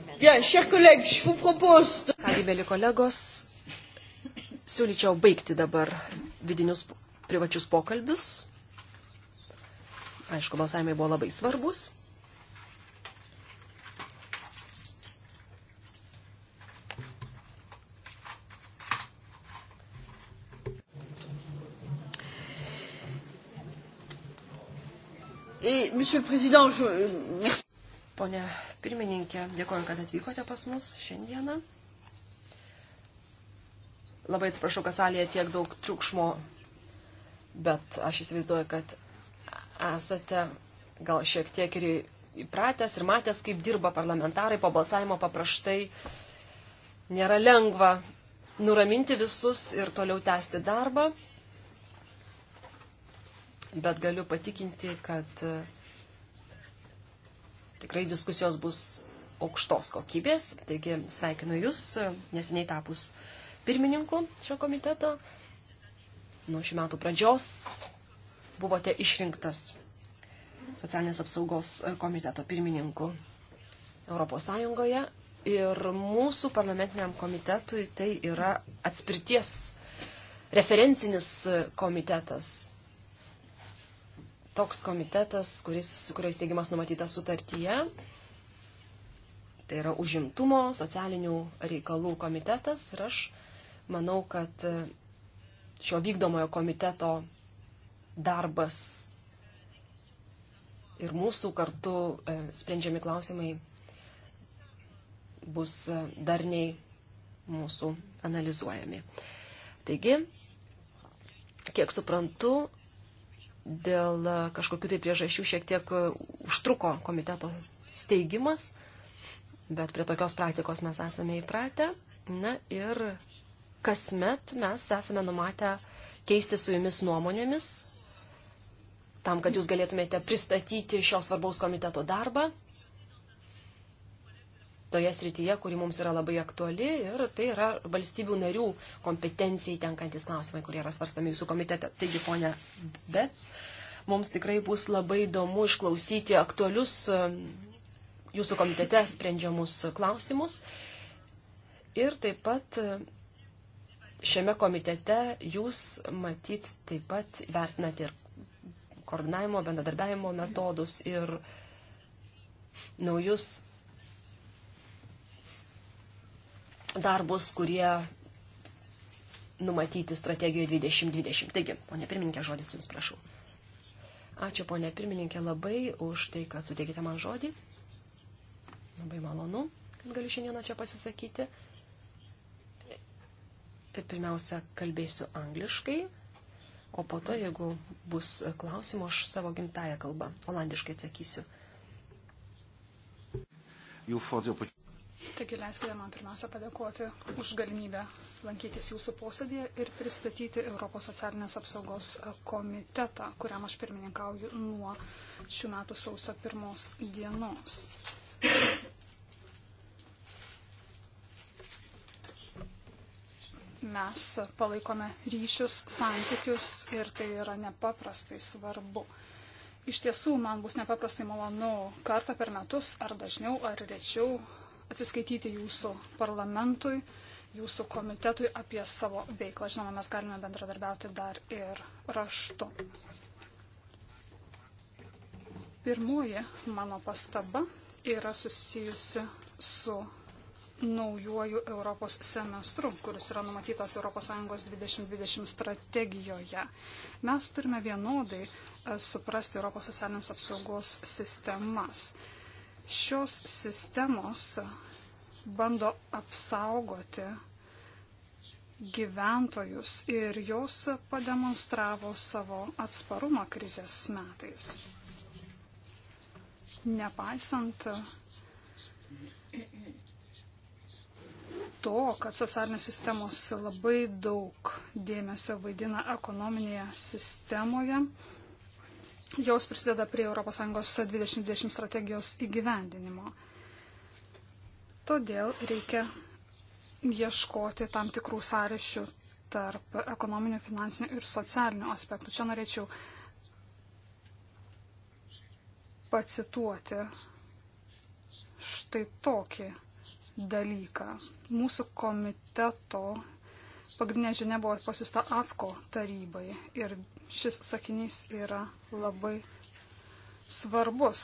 Kągi, mėly kolegos, siūlyčiau baigti dabar vidinius privačius pokalbius. Aišku, balsavimai buvo labai svarbus. Et, Monsieur le Président, je... Merci. Ponia Pirmininkė, dėkoju, kad atvykote pas mus šiandieną. Labai atsiprašau, kad salėje tiek daug triukšmo, bet aš įsivaizduoju, kad esate gal šiek tiek ir įpratęs ir matęs, kaip dirba parlamentarai po balsavimo paprastai. Nėra lengva nuraminti visus ir toliau tęsti darbą, bet galiu patikinti, kad tikrai diskusijos bus aukštos kokybės. Taigi sveikinu Jūs, e, neseniai tapus pirmininku šio komiteto. Nuo šių metų pradžios buvote išrinktas socialinės apsaugos e, komiteto pirmininku Europos Sąjungoje. Ir mūsų parlamentiniam komitetui tai yra atspirties referencinis e, komitetas toks komitetas, kuris, kurio įsteigimas numatytas sutartyje. Tai yra užimtumo, socialinių reikalų komitetas ir aš manau, kad e, šio vykdomojo komiteto darbas ir mūsų kartu e, sprendžiami klausimai bus e, darniai mūsų analizuojami. Taigi, kiek suprantu, dėl e, kažkokių tai priežasčių šiek tiek e, užtruko komiteto steigimas, bet prie tokios praktikos mes esame įpratę. Na ir kasmet mes esame numatę keisti su jumis nuomonėmis, tam, kad jūs galėtumėte pristatyti šios svarbaus komiteto darbą toje srityje, kuri mums yra labai aktuali ir tai yra valstybių narių kompetencijai tenkantis klausimai, kurie yra svarstami jūsų komitete. Taigi, ponia Bets, mums tikrai bus labai įdomu išklausyti aktualius um, jūsų komitete sprendžiamus klausimus. Ir taip pat um, šiame komitete jūs matyt taip pat vertinate ir koordinavimo, bendradarbiavimo metodus ir naujus darbus, kurie numatyti strategijoje 2020. Taigi, ponė pirmininkė, žodis jums prašau. Ačiū, ponė pirmininkė, labai už tai, kad suteikite man žodį. Labai malonu, kad galiu šiandieną čia pasisakyti. Ir pirmiausia, kalbėsiu angliškai, o po to, jeigu bus klausimų, aš savo gimtają kalbą, olandiškai atsakysiu. You for the opportunity. Taigi leiskite man pirmiausia padėkoti už galimybę lankytis jūsų posėdėje ir pristatyti Europos socialinės apsaugos komitetą, kuriam aš pirmininkauju nuo šių metų sausio pirmos dienos. Mes palaikome ryšius, santykius ir tai yra nepaprastai svarbu. Iš tiesų, man bus nepaprastai malonu kartą per metus ar dažniau ar rečiau atsiskaityti jūsų parlamentui, jūsų komitetui apie savo veiklą. Žinoma, mes galime bendradarbiauti dar ir raštu. Pirmoji mano pastaba yra susijusi su naujuoju Europos semestru, kuris yra numatytas ES 2020 strategijoje. Mes turime vienodai e, suprasti Europos socialinės apsaugos sistemas. Šios sistemos bando apsaugoti gyventojus ir jos pademonstravo savo atsparumą krizės metais. Nepaisant to, kad socialinės sistemos labai daug dėmesio vaidina ekonominėje sistemoje, jos prisideda prie ES 2020 strategijos įgyvendinimo. Todėl reikia ieškoti tam tikrų sąryšių tarp ekonominių, finansinių ir socialinių aspektų. Čia norėčiau pacituoti štai tokį dalyką. Mūsų komiteto Pagrindinė žinia buvo pasista AFKO tarybai ir šis sakinys yra labai svarbus.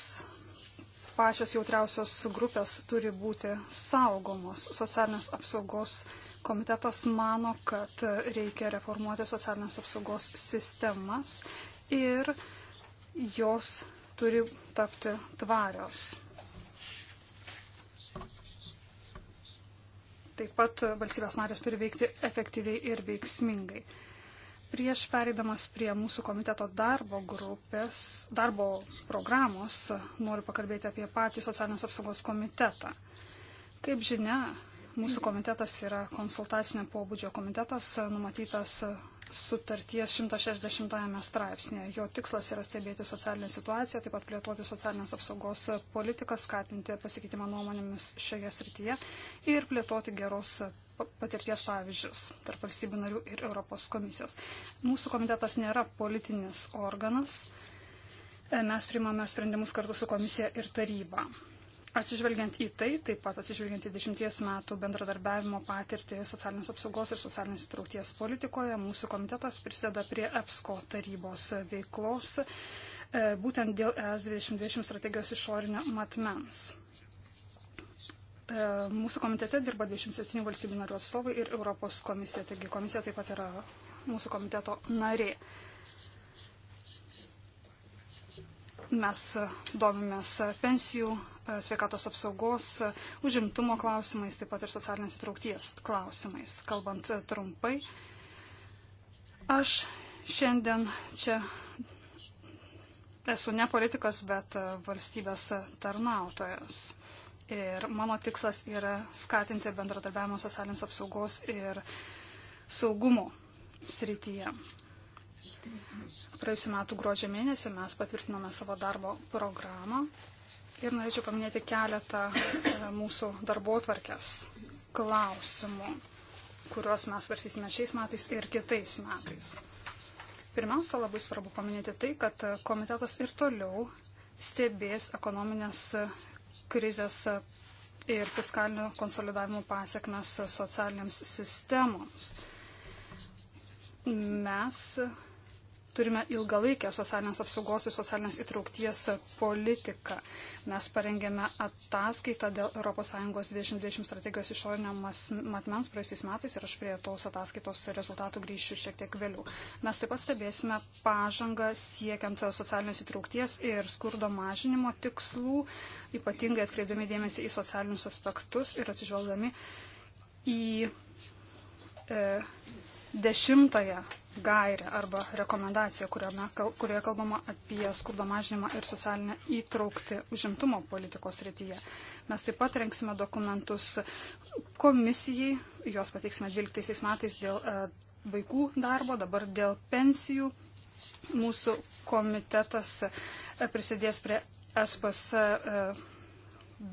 Pačios jautriausios grupės turi būti saugomos. Socialinės apsaugos komitetas mano, kad reikia reformuoti socialinės apsaugos sistemas ir jos turi tapti tvarios. Taip pat valstybės narės turi veikti efektyviai ir veiksmingai. Prieš pereidamas prie mūsų komiteto darbo grupės, darbo programos, noriu pakalbėti apie patį socialinės apsaugos komitetą. Kaip žinia, mūsų komitetas yra konsultacinio pobūdžio komitetas, numatytas sutarties 160 straipsnėje. Jo tikslas yra stebėti socialinę situaciją, taip pat plėtoti socialinės apsaugos politiką, skatinti pasikeitimą nuomonėmis šioje srityje ir plėtoti geros patirties pavyzdžius tarp valstybių narių ir Europos komisijos. Mūsų komitetas nėra politinis organas. Mes primame sprendimus kartu su komisija ir taryba. Atsižvelgiant į tai, taip pat atsižvelgiant į dešimties metų bendradarbiavimo patirtį socialinės apsaugos ir socialinės įtraukties politikoje, mūsų komitetas prisideda prie EPSCO tarybos veiklos e, būtent dėl ES 2020 strategijos išorinio matmens. E, mūsų komitete dirba 27 valstybių narių atstovai ir Europos komisija, taigi komisija taip pat yra mūsų komiteto narė. Mes domimės pensijų sveikatos apsaugos, užimtumo klausimais, taip pat ir socialinės įtraukties klausimais. Kalbant trumpai, aš šiandien čia esu ne politikas, bet valstybės tarnautojas. Ir mano tikslas yra skatinti bendradarbiavimo socialinės apsaugos ir saugumo srityje. Praėjusiu metu gruodžio mėnesį mes patvirtinome savo darbo programą Ir norėčiau paminėti keletą e, mūsų darbo tvarkės klausimų, kuriuos mes varsysime šiais metais ir kitais metais. Pirmiausia, labai svarbu paminėti tai, kad komitetas ir toliau stebės ekonominės krizės ir fiskalinio konsolidavimo pasiekmes socialiniams sistemoms. Mes turime ilgalaikę socialinės apsaugos ir socialinės įtraukties politiką. Mes parengėme ataskaitą dėl ES 2020 strategijos išorinio matmens praėjusiais metais ir aš prie tos ataskaitos rezultatų grįšiu šiek tiek vėliau. Mes taip pat stebėsime pažangą siekiant socialinės įtraukties ir skurdo mažinimo tikslų, ypatingai atkreipdami dėmesį į socialinius aspektus ir atsižvelgdami į e, dešimtąją gairę arba rekomendaciją, kuriame, kurioje kalbama apie skurdo mažinimą ir socialinę įtraukti užimtumo politikos rytyje. Mes taip pat renksime dokumentus komisijai, juos pateiksime 12 metais dėl e, vaikų darbo, dabar dėl pensijų. Mūsų komitetas e, prisidės prie SPS e,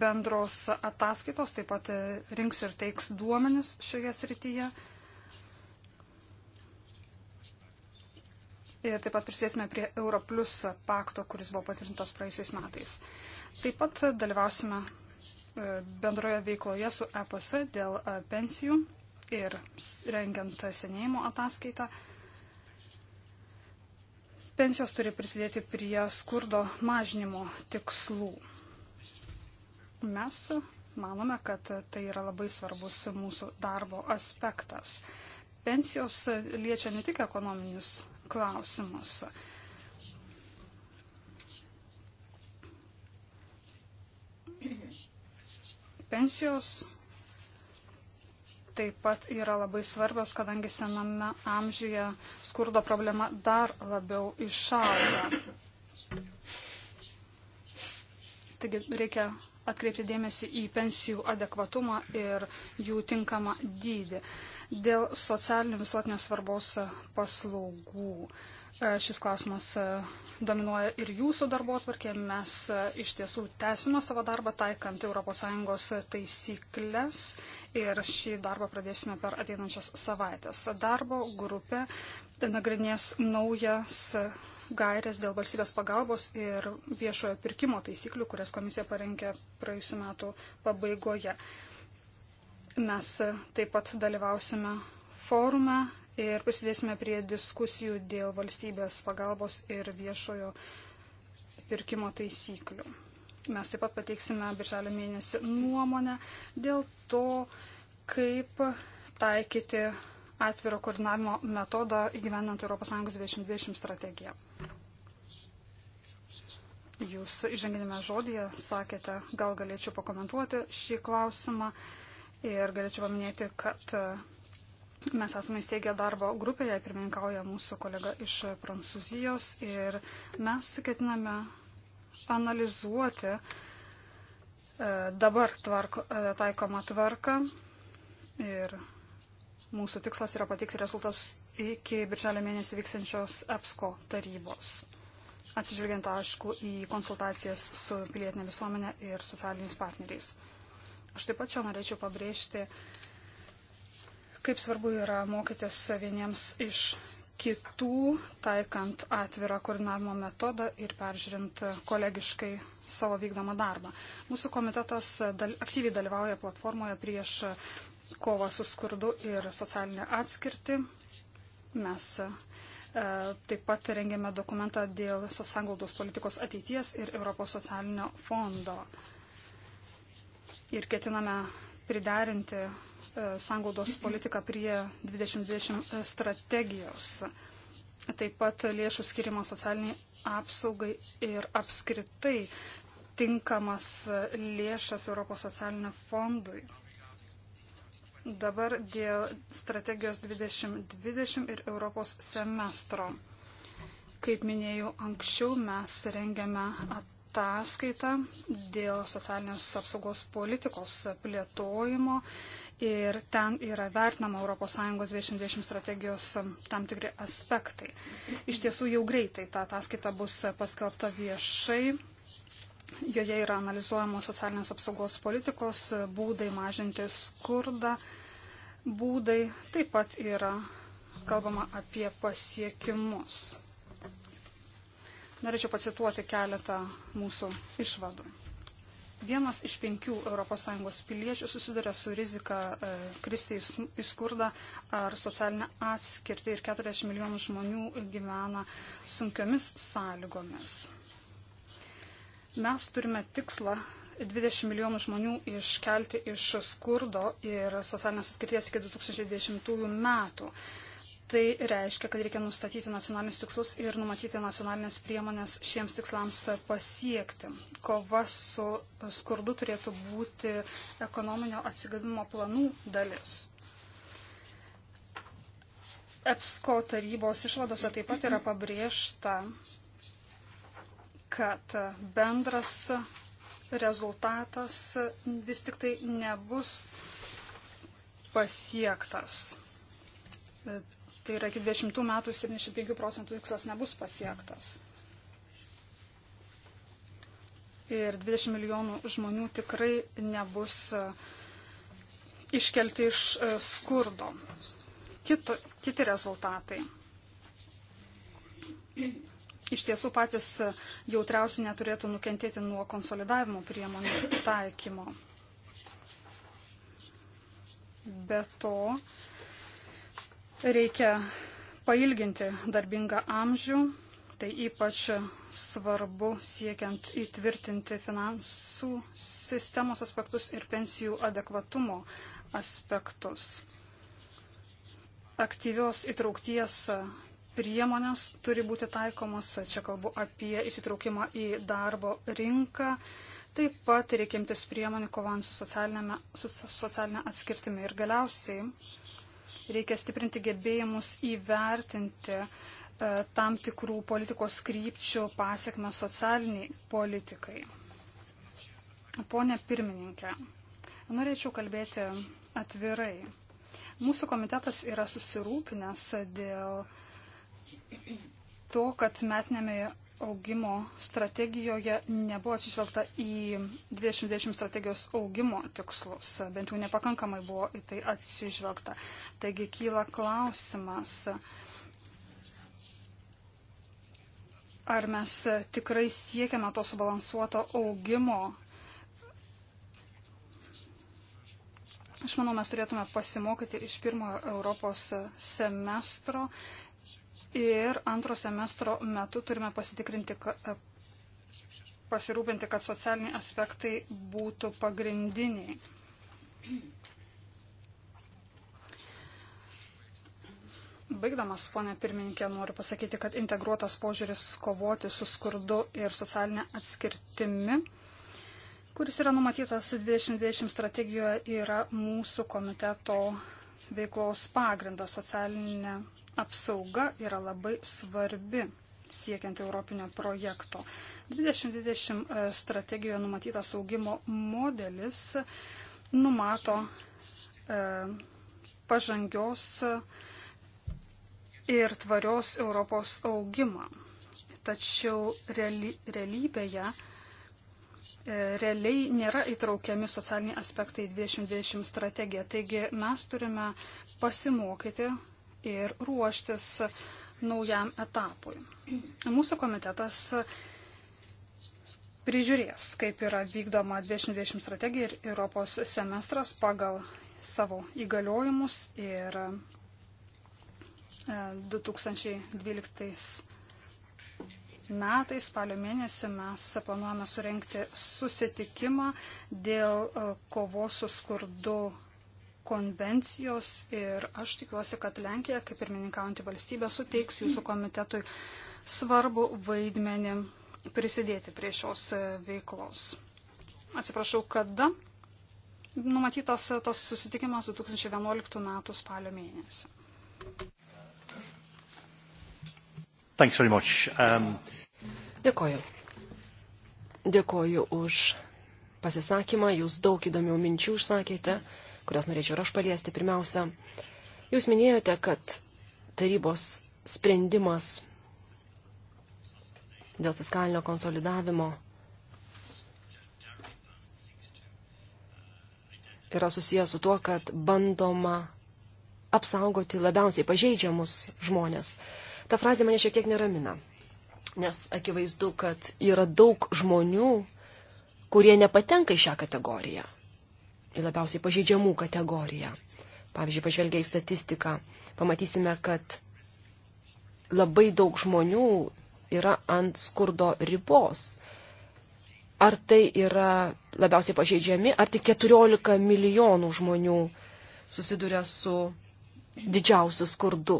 bendros ataskaitos, taip pat rinks ir teiks duomenis šioje srityje. ir taip pat prisėsime prie Europlus pakto, kuris buvo patvirtintas praėjusiais metais. Taip pat dalyvausime e, bendroje veikloje su EPS dėl e, pensijų ir rengiant senėjimo ataskaitą. Pensijos turi prisidėti prie skurdo mažinimo tikslų. Mes manome, kad tai yra labai svarbus mūsų darbo aspektas. Pensijos liečia ne tik ekonominius klausimus. Pensijos taip pat yra labai svarbios, kadangi sename amžiuje skurdo problema dar labiau išauga. Taigi reikia atkreipti dėmesį į pensijų adekvatumą ir jų tinkamą dydį. Dėl socialinių visuotinės svarbos paslaugų. E, šis klausimas e, dominuoja ir jūsų darbo atvarkė. Mes e, iš tiesų tęsime savo darbą taikant ES taisyklės ir šį darbą pradėsime per ateinančias savaitės. Darbo grupė nagrinės naujas gairės dėl valstybės pagalbos ir viešojo pirkimo taisyklių, kurias komisija parengė praėjusiu metu pabaigoje. Mes taip pat dalyvausime forume ir prisidėsime prie diskusijų dėl valstybės pagalbos ir viešojo pirkimo taisyklių. Mes taip pat pateiksime birželio mėnesį nuomonę dėl to, kaip taikyti atviro koordinavimo metodą įgyvenant ES 2020 strategiją. Jūs įženginėme žodėje, sakėte, gal galėčiau pakomentuoti šį klausimą ir galėčiau paminėti, kad e, mes esame įsteigę darbo grupėje, pirmininkauja mūsų kolega iš Prancūzijos ir mes ketiname analizuoti e, dabar tvarko, e, taikomą tvarką ir Mūsų tikslas yra pateikti rezultatus iki birželio mėnesį vyksiančios EPSCO tarybos. Atsižvelgiant, aišku, į konsultacijas su pilietinė visuomenė ir socialiniais partneriais. Aš taip pat čia norėčiau pabrėžti, kaip svarbu yra mokytis vieniems iš kitų, taikant atvirą koordinavimo metodą ir peržiūrint kolegiškai savo vykdomą darbą. Mūsų komitetas dal, aktyviai dalyvauja platformoje prieš kovą su skurdu ir socialinę atskirtį. Mes e, taip pat rengėme dokumentą dėl sąnglaudos politikos ateities ir Europos socialinio fondo. Ir ketiname priderinti e, sąnglaudos politiką prie 2020 e, strategijos. Taip pat lėšų skirimas socialiniai apsaugai ir apskritai tinkamas lėšas Europos socialinio fondui. Dabar dėl strategijos 2020 ir Europos semestro. Kaip minėjau anksčiau, mes rengiame ataskaitą dėl socialinės apsaugos politikos plėtojimo ir ten yra vertinama ES 2020 strategijos tam tikri aspektai. Iš tiesų jau greitai ta ataskaita bus paskelbta viešai Joje yra analizuojamos socialinės apsaugos politikos, būdai mažinti skurdą, būdai taip pat yra kalbama apie pasiekimus. Norėčiau pacituoti keletą mūsų išvadų. Vienas iš penkių ES piliečių susiduria su rizika e, kristi į skurdą ar socialinę atskirtį ir 40 milijonų žmonių gyvena sunkiomis sąlygomis. Mes turime tikslą 20 milijonų žmonių iškelti iš skurdo ir socialinės atskirties iki 2020 metų. Tai reiškia, kad reikia nustatyti nacionalinius tikslus ir numatyti nacionalinės priemonės šiems tikslams pasiekti. Kova su skurdu turėtų būti ekonominio atsigavimo planų dalis. EPSCO tarybos išvadose taip pat yra pabrėžta, kad bendras rezultatas vis tik tai nebus pasiektas. Tai yra iki 20 metų 75 procentų tikslas nebus pasiektas. Ir 20 milijonų žmonių tikrai nebus e, iškelti iš e, skurdo. Kito, kiti rezultatai iš tiesų patys jautriausi neturėtų nukentėti nuo konsolidavimo priemonių taikymo. Be to, reikia pailginti darbingą amžių. Tai ypač svarbu siekiant įtvirtinti finansų sistemos aspektus ir pensijų adekvatumo aspektus. Aktyvios įtraukties priemonės turi būti taikomos. Čia kalbu apie įsitraukimą į darbo rinką. Taip pat reikia imtis priemonių kovant su, su socialinė atskirtimi. Ir galiausiai reikia stiprinti gebėjimus įvertinti e, tam tikrų politikos krypčių pasiekmes socialiniai politikai. Pone pirmininkė, norėčiau kalbėti atvirai. Mūsų komitetas yra susirūpinęs dėl to, kad metinėme augimo strategijoje nebuvo atsižvelgta į 2020 strategijos augimo tikslus, bent jau nepakankamai buvo į tai atsižvelgta. Taigi kyla klausimas, ar mes tikrai siekiame to subalansuoto augimo. Aš manau, mes turėtume pasimokyti iš pirmojo Europos semestro ir antro semestro metu turime pasitikrinti, e, pasirūpinti, kad socialiniai aspektai būtų pagrindiniai. Baigdamas, ponė pirmininkė, noriu pasakyti, kad integruotas požiūris kovoti su skurdu ir socialinė atskirtimi, kuris yra numatytas 2020 strategijoje, yra mūsų komiteto veiklos pagrindas. Socialinė apsauga yra labai svarbi siekiant Europinio projekto. 2020 e, strategijoje numatytas augimo modelis numato e, pažangios ir tvarios Europos augimą. Tačiau reali, realybėje e, realiai nėra įtraukiami socialiniai aspektai 2020 strategiją. Taigi mes turime pasimokyti ir ruoštis naujam etapui. Mūsų komitetas prižiūrės, kaip yra vykdoma 2020 strategija ir Europos semestras pagal savo įgaliojimus ir 2012 e, metais, spalio mėnesį, mes planuojame surenkti susitikimą dėl e, kovos su skurdu konvencijos ir aš tikiuosi, kad Lenkija, kaip pirmininkaujantį valstybę, suteiks jūsų komitetui svarbu vaidmenį prisidėti prie šios e, veiklos. Atsiprašau, kada numatytas e, tas susitikimas 2011 m. spalio mėnesį. Um... Dėkoju. Dėkoju už pasisakymą, jūs daug įdomių minčių užsakėte. Mm kurias norėčiau ir aš paliesti. Pirmiausia, jūs minėjote, kad tarybos sprendimas dėl fiskalinio konsolidavimo yra susijęs su tuo, kad bandoma apsaugoti labiausiai pažeidžiamus žmonės. Ta frazė mane šiek tiek neramina, nes akivaizdu, kad yra daug žmonių, kurie nepatenka į šią kategoriją labiausiai pažeidžiamų kategoriją. Pavyzdžiui, pažvelgia į statistiką, pamatysime, kad labai daug žmonių yra ant skurdo ribos. Ar tai yra labiausiai pažeidžiami, ar tik 14 milijonų žmonių susiduria su didžiausiu skurdu?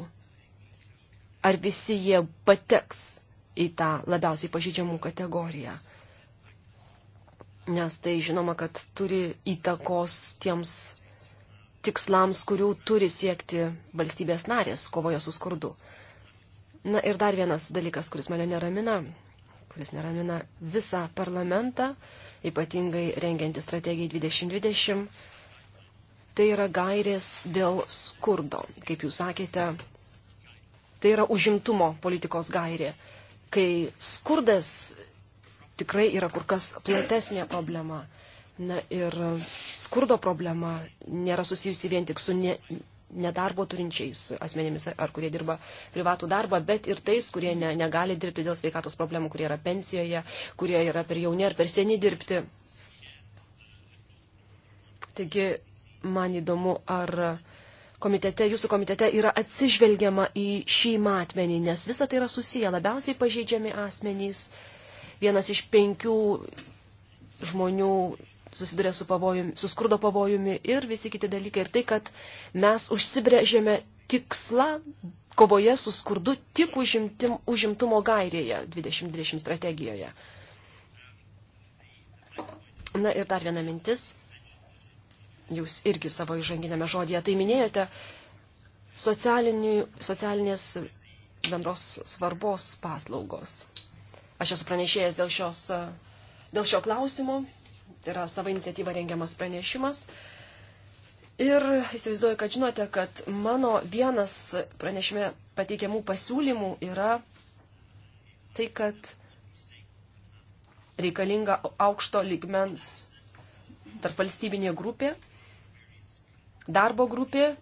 Ar visi jie pateks į tą labiausiai pažeidžiamų kategoriją? nes tai žinoma, kad turi įtakos tiems tikslams, kurių turi siekti valstybės narės kovoje su skurdu. Na ir dar vienas dalykas, kuris mane neramina, kuris neramina visą parlamentą, ypatingai rengianti strategiją 2020, tai yra gairės dėl skurdo. Kaip jūs sakėte, tai yra užimtumo politikos gairė, kai skurdas tikrai yra kur kas platesnė problema. Na ir skurdo problema nėra susijusi vien tik su ne, nedarbo turinčiais asmenėmis, ar kurie dirba privatų darbą, bet ir tais, kurie ne, negali dirbti dėl sveikatos problemų, kurie yra pensijoje, kurie yra per jauni ar per seni dirbti. Taigi, man įdomu, ar komitete, jūsų komitete yra atsižvelgiama į šį matmenį, nes visa tai yra susiję. Labiausiai pažeidžiami asmenys vienas iš penkių žmonių susiduria su, pavojumi, su skurdo pavojumi ir visi kiti dalykai. Ir tai, kad mes užsibrėžėme tikslą kovoje su skurdu tik užimtim, užimtumo gairėje 2020 strategijoje. Na ir dar viena mintis. Jūs irgi savo įžanginėme žodėje tai minėjote. Socialinės bendros svarbos paslaugos. Aš esu pranešėjęs dėl, šios, dėl šio klausimo, tai yra savo iniciatyva rengiamas pranešimas. Ir įsivaizduoju, kad žinote, kad mano vienas pranešime pateikiamų pasiūlymų yra tai, kad reikalinga aukšto ligmens tarp valstybinė grupė, darbo grupė,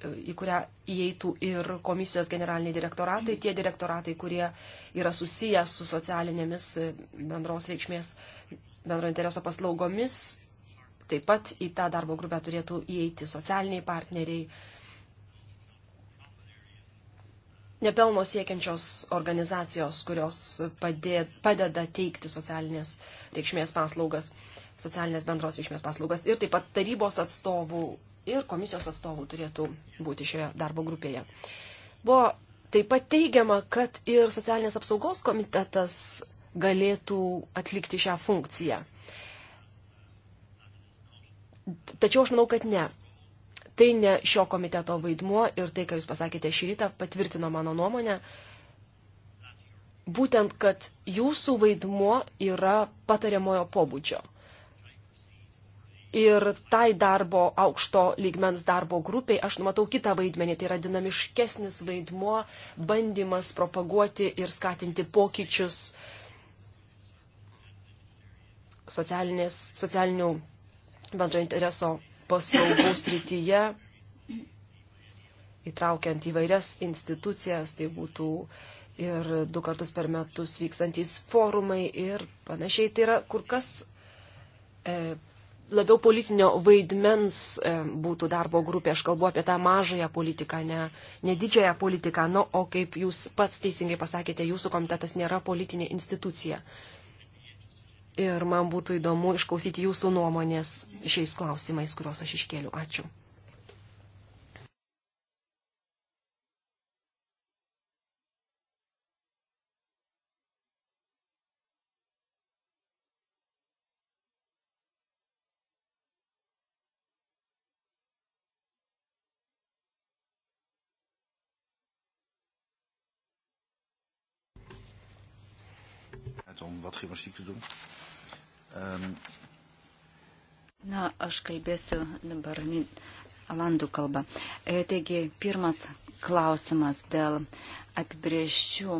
į kurią įeitų ir komisijos generaliniai direktoratai, tie direktoratai, kurie yra susiję su socialinėmis e, bendros reikšmės, bendro intereso paslaugomis. Taip pat į tą darbo grupę turėtų įeiti socialiniai partneriai, nepelno siekiančios organizacijos, kurios padė, padeda teikti socialinės reikšmės paslaugas, socialinės bendros reikšmės paslaugas ir taip pat tarybos atstovų ir komisijos atstovų turėtų būti šioje darbo grupėje. Buvo taip pat teigiama, kad ir socialinės apsaugos komitetas galėtų atlikti šią funkciją. Tačiau aš manau, kad ne. Tai ne šio komiteto vaidmuo ir tai, ką Jūs pasakėte šį rytą, patvirtino mano nuomonę. Būtent, kad Jūsų vaidmuo yra patariamojo pobūdžio Ir tai darbo aukšto lygmens darbo grupiai aš numatau kitą vaidmenį, tai yra dinamiškesnis vaidmuo, bandymas propaguoti ir skatinti pokyčius socialinių bendro intereso paslaugų srityje, įtraukiant įvairias institucijas, tai būtų ir du kartus per metus vykstantys forumai ir panašiai. Tai yra kur kas e, labiau politinio vaidmens e, būtų darbo grupė. Aš kalbu apie tą mažąją politiką, ne, ne didžiąją politiką. Na, o kaip jūs pats teisingai pasakėte, jūsų komitetas nėra politinė institucija. Ir man būtų įdomu išklausyti jūsų nuomonės šiais klausimais, kuriuos aš iškėliau. Ačiū. wat gymnastiek te doen. Um. Na, aš kalbėsiu dabar alandų kalba. E, taigi, pirmas klausimas dėl apibrieščių,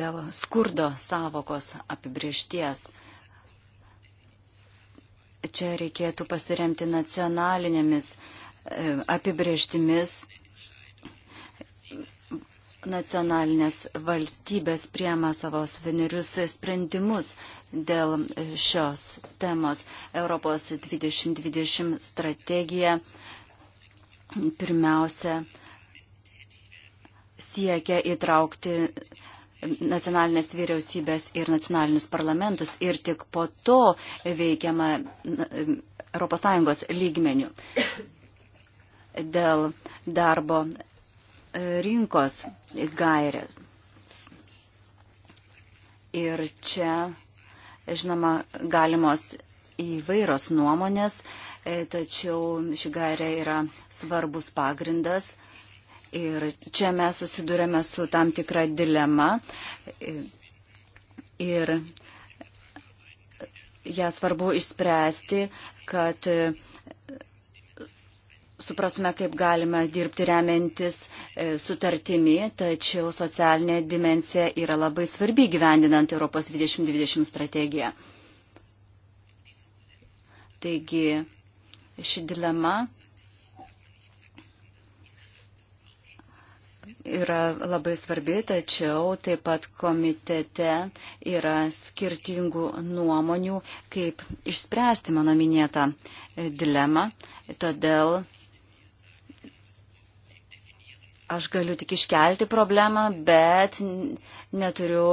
dėl skurdo savokos apibriešties. Čia reikėtų pasiremti nacionalinėmis e, apibrieštimis nacionalinės valstybės priema savo suverenius sprendimus dėl šios temos. Europos 2020 strategija pirmiausia siekia įtraukti nacionalinės vyriausybės ir nacionalinius parlamentus ir tik po to veikiama ES lygmenių dėl darbo rinkos gairės. Ir čia, žinoma, galimos įvairios nuomonės, e, tačiau ši gairė yra svarbus pagrindas. Ir čia mes susidurėme su tam tikra dilema. Ir ją svarbu išspręsti, kad suprasme, kaip galima dirbti remiantis e, sutartimi, tačiau socialinė dimensija yra labai svarbi gyvendinant Europos 2020 strategiją. Taigi ši dilema yra labai svarbi, tačiau taip pat komitete yra skirtingų nuomonių, kaip išspręsti mano minėtą e, dilemą. Todėl Aš galiu tik iškelti problemą, bet neturiu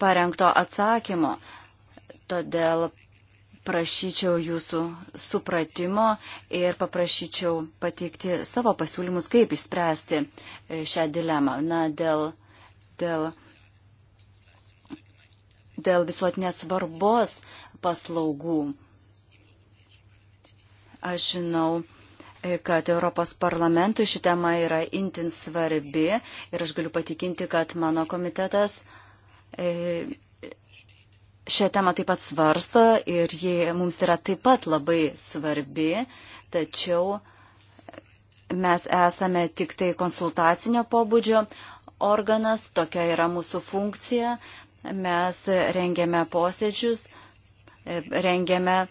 parengto atsakymo. Todėl prašyčiau jūsų supratimo ir paprašyčiau pateikti savo pasiūlymus, kaip išspręsti e, šią dilemą. Na, dėl, dėl, dėl visuotinės svarbos paslaugų. Aš žinau, kad Europos parlamentui ši tema yra intin svarbi ir aš galiu patikinti, kad mano komitetas e, šią temą taip pat svarsto ir ji mums yra taip pat labai svarbi, tačiau mes esame tik tai konsultacinio pobūdžio organas, tokia yra mūsų funkcija, mes rengiame posėdžius, e, rengiame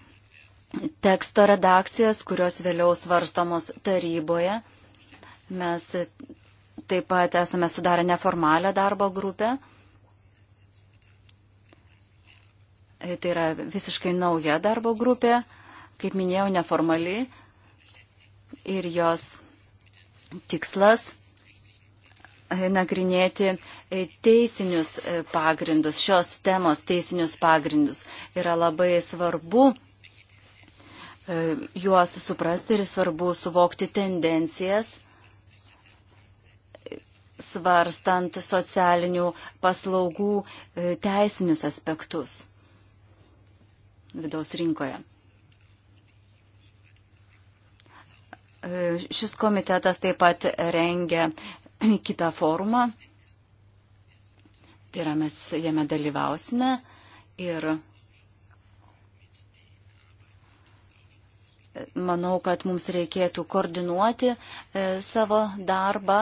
teksto redakcijas, kurios vėliau svarstomos taryboje. Mes taip pat esame sudarę neformalią darbo grupę. Tai yra visiškai nauja darbo grupė, kaip minėjau, neformali. Ir jos tikslas nagrinėti teisinius pagrindus, šios temos teisinius pagrindus. Yra labai svarbu E, juos suprasti ir svarbu suvokti tendencijas, svarstant socialinių paslaugų e, teisinius aspektus vidaus rinkoje. E, šis komitetas taip pat rengia kitą forumą. Tai yra mes jame dalyvausime ir manau, kad mums reikėtų koordinuoti e, savo darbą,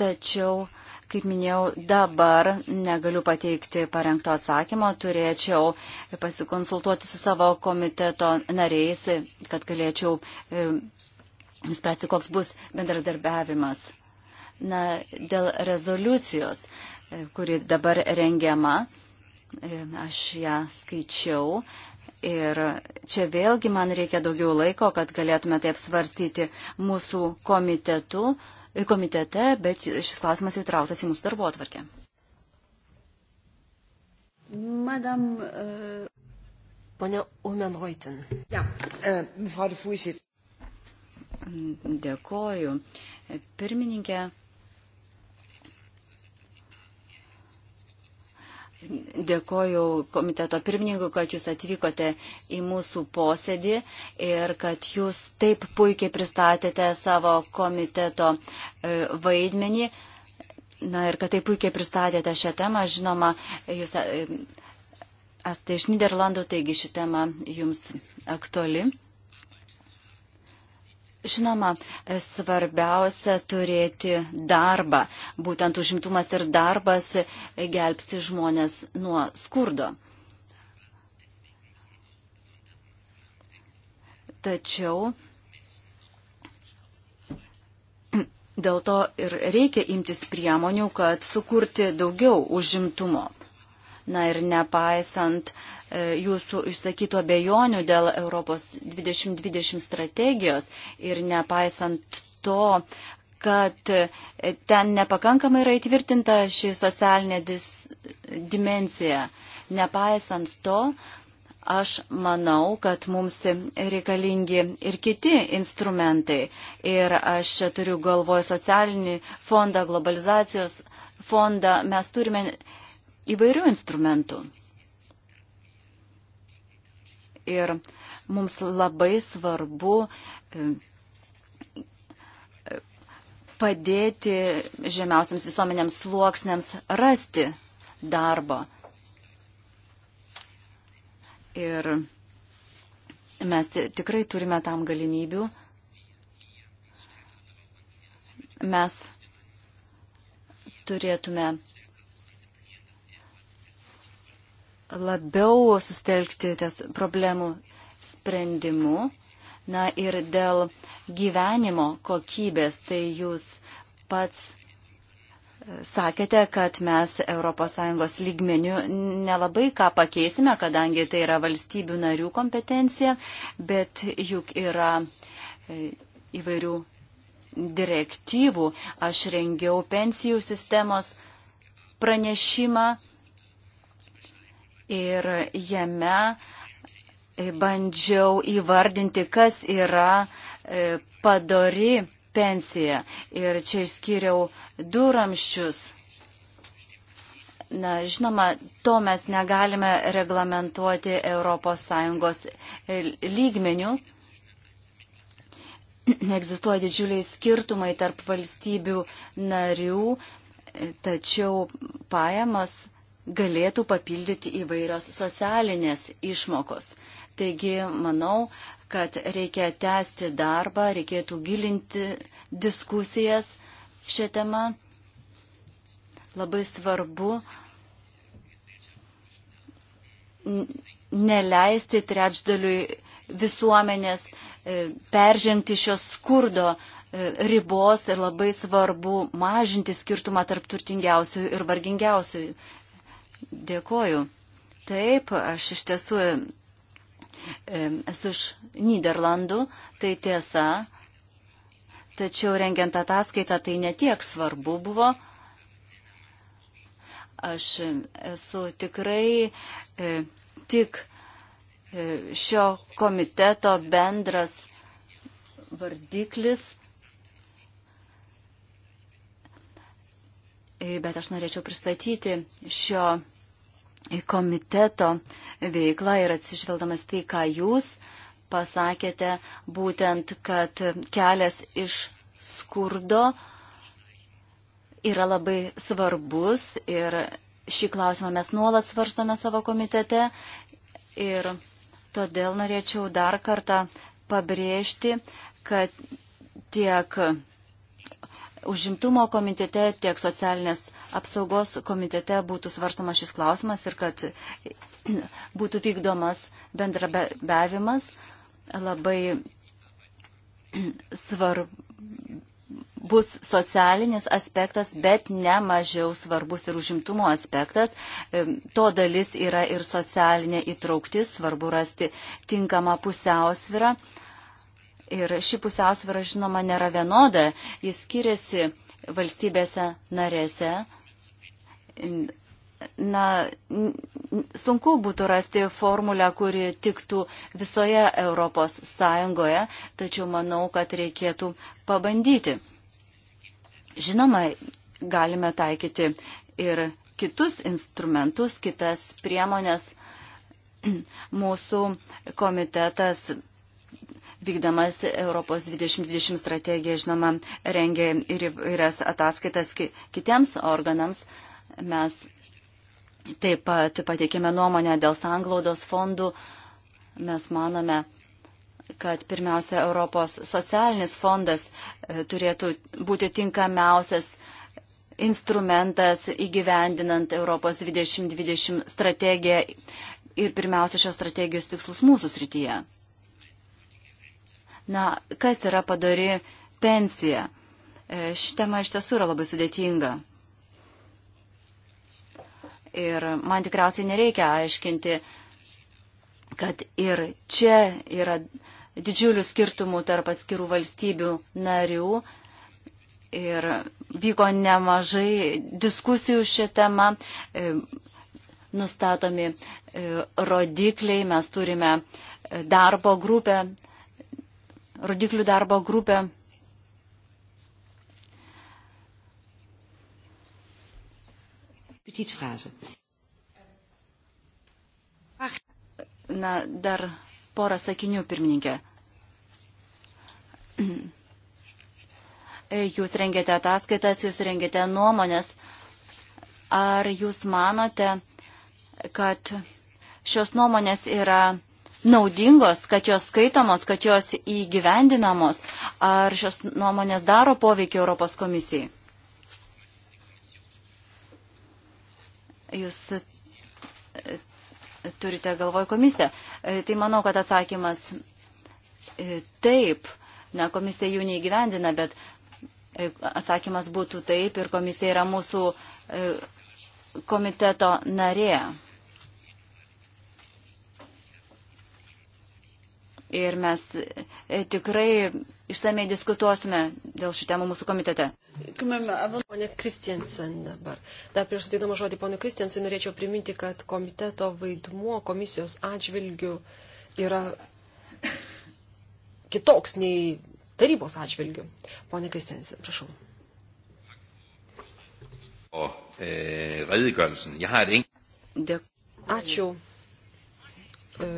tačiau, kaip minėjau, dabar negaliu pateikti parengto atsakymo, turėčiau pasikonsultuoti su savo komiteto nariais, kad galėčiau e, nuspręsti, koks bus bendradarbiavimas. Na, dėl rezoliucijos, e, kuri dabar rengiama, aš ją skaičiau Ir čia vėlgi man reikia daugiau laiko, kad galėtume tai apsvarstyti mūsų komitetu, komitete, bet šis klausimas jau trautas į mūsų darbo atvarkę. Madam. Uh... Pone Umenroitin. Ja, uh, Dėkoju. Pirmininkė, Dėkoju komiteto pirmininkui, kad jūs atvykote į mūsų posėdį ir kad jūs taip puikiai pristatėte savo komiteto e, vaidmenį. Na ir kad taip puikiai pristatėte šią temą, žinoma, jūs e, esate iš Niderlandų, taigi ši tema jums aktuali. Žinoma, svarbiausia turėti darbą. Būtent užimtumas ir darbas gelbsti žmonės nuo skurdo. Tačiau dėl to ir reikia imtis priemonių, kad sukurti daugiau užimtumo. Na ir nepaisant e, jūsų išsakytų abejonių dėl Europos 2020 strategijos ir nepaisant to, kad e, ten nepakankamai yra įtvirtinta ši socialinė dis, dimensija. Nepaisant to, aš manau, kad mums reikalingi ir kiti instrumentai. Ir aš čia turiu galvoje socialinį fondą, globalizacijos fondą. Mes turime įvairių instrumentų. Ir mums labai svarbu e, e, padėti žemiausiams visuomenėms sluoksniams rasti darbo. Ir mes tikrai turime tam galimybių. Mes turėtume labiau sustelkti ties problemų sprendimu. Na ir dėl gyvenimo kokybės, tai jūs pats e, sakėte, kad mes ES lygmenių nelabai ką pakeisime, kadangi tai yra valstybių narių kompetencija, bet juk yra e, įvairių direktyvų. Aš rengiau pensijų sistemos pranešimą ir jame e, bandžiau įvardinti, kas yra e, padori pensija. Ir čia išskiriau du ramščius. Na, žinoma, to mes negalime reglamentuoti ES e, lygmenių. Egzistuoja didžiuliai skirtumai tarp valstybių narių, tačiau pajamas galėtų papildyti įvairios socialinės išmokos. Taigi, manau, kad reikia tęsti darbą, reikėtų gilinti diskusijas šią temą. Labai svarbu neleisti trečdaliui visuomenės e, peržengti šios skurdo e, ribos ir labai svarbu mažinti skirtumą tarp turtingiausiųjų ir vargingiausiųjų. Dėkoju. Taip, aš iš tiesų esu iš Niderlandų, tai tiesa, tačiau rengiant ataskaitą tai netiek svarbu buvo. Aš esu tikrai e, tik e, šio komiteto bendras vardiklis e, bet aš norėčiau pristatyti šio komiteto veiklą ir atsižvelgdamas tai, ką jūs pasakėte, būtent, kad kelias iš skurdo yra labai svarbus ir šį klausimą mes nuolat svarstome savo komitete ir todėl norėčiau dar kartą pabrėžti, kad tiek užimtumo komitete, tiek socialinės apsaugos komitete būtų svarstomas šis klausimas ir kad būtų vykdomas bendrabiavimas. Labai svarbus socialinis aspektas, bet ne mažiau svarbus ir užimtumo aspektas. To dalis yra ir socialinė įtrauktis, svarbu rasti tinkamą pusiausvyrą. Ir ši pusiausvėra, žinoma, nėra vienoda, jis skiriasi valstybėse narėse. Na, sunku būtų rasti formulę, kuri tiktų visoje Europos Sąjungoje, tačiau manau, kad reikėtų pabandyti. Žinoma, galime taikyti ir kitus instrumentus, kitas priemonės. Mūsų komitetas vykdamas Europos 2020 strategiją, žinoma, rengia ir įvairias ataskaitas kitiems organams. Mes taip pat pateikėme nuomonę dėl sanglaudos fondų. Mes manome, kad pirmiausia Europos socialinis fondas e, turėtų būti tinkamiausias instrumentas įgyvendinant Europos 2020 strategiją ir pirmiausia šios strategijos tikslus mūsų srityje. Na, kas yra padari pensija? E, ši tema iš tiesų yra labai sudėtinga. Ir man tikriausiai nereikia aiškinti, kad ir čia yra didžiulių skirtumų tarp atskirų valstybių narių. Ir vyko nemažai diskusijų šią temą, e, nustatomi e, rodikliai, mes turime darbo grupę rodiklių darbo grupę. Na, dar porą sakinių, pirmininkė. Jūs rengiate ataskaitas, jūs rengiate nuomonės. Ar jūs manote, kad šios nuomonės yra naudingos, kad jos skaitomos, kad jos įgyvendinamos? Ar šios nuomonės daro poveikį Europos komisijai? Jūs e, e, turite galvoj komisiją. E, tai manau, kad atsakymas taip. Na, komisija jų neįgyvendina, bet atsakymas būtų taip ir komisija yra mūsų komiteto narė. ir mes e, tikrai išsamei diskutuosime dėl šių temų mūsų komitete. Pone Kristiansen dabar. Dar prieš suteikdama žodį pone Kristiansen norėčiau priminti, kad komiteto vaidmuo komisijos atžvilgių yra kitoks nei tarybos atžvilgių. Pone Kristiansen, prašau. E, Ačiū e,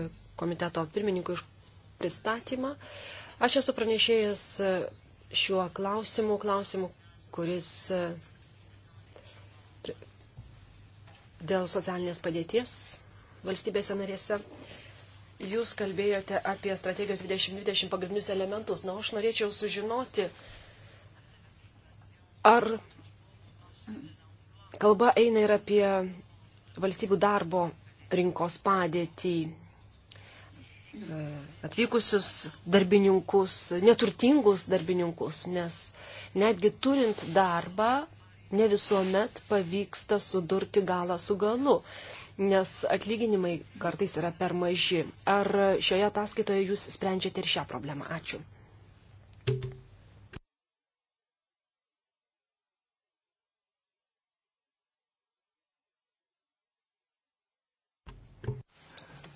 komiteto pirmininkui už pristatymą. Aš esu pranešėjęs šiuo klausimu, klausimu, kuris e, dėl socialinės padėties valstybėse narėse. Jūs kalbėjote apie strategijos 2020 pagrindinius elementus. Na, aš norėčiau sužinoti, ar kalba eina ir apie valstybių darbo rinkos padėtį, E, atvykusius darbininkus, neturtingus darbininkus, nes netgi turint darbą, ne visuomet pavyksta sudurti galą su galu, nes atlyginimai kartais yra per maži. Ar šioje ataskaitoje jūs sprendžiate ir šią problemą? Ačiū.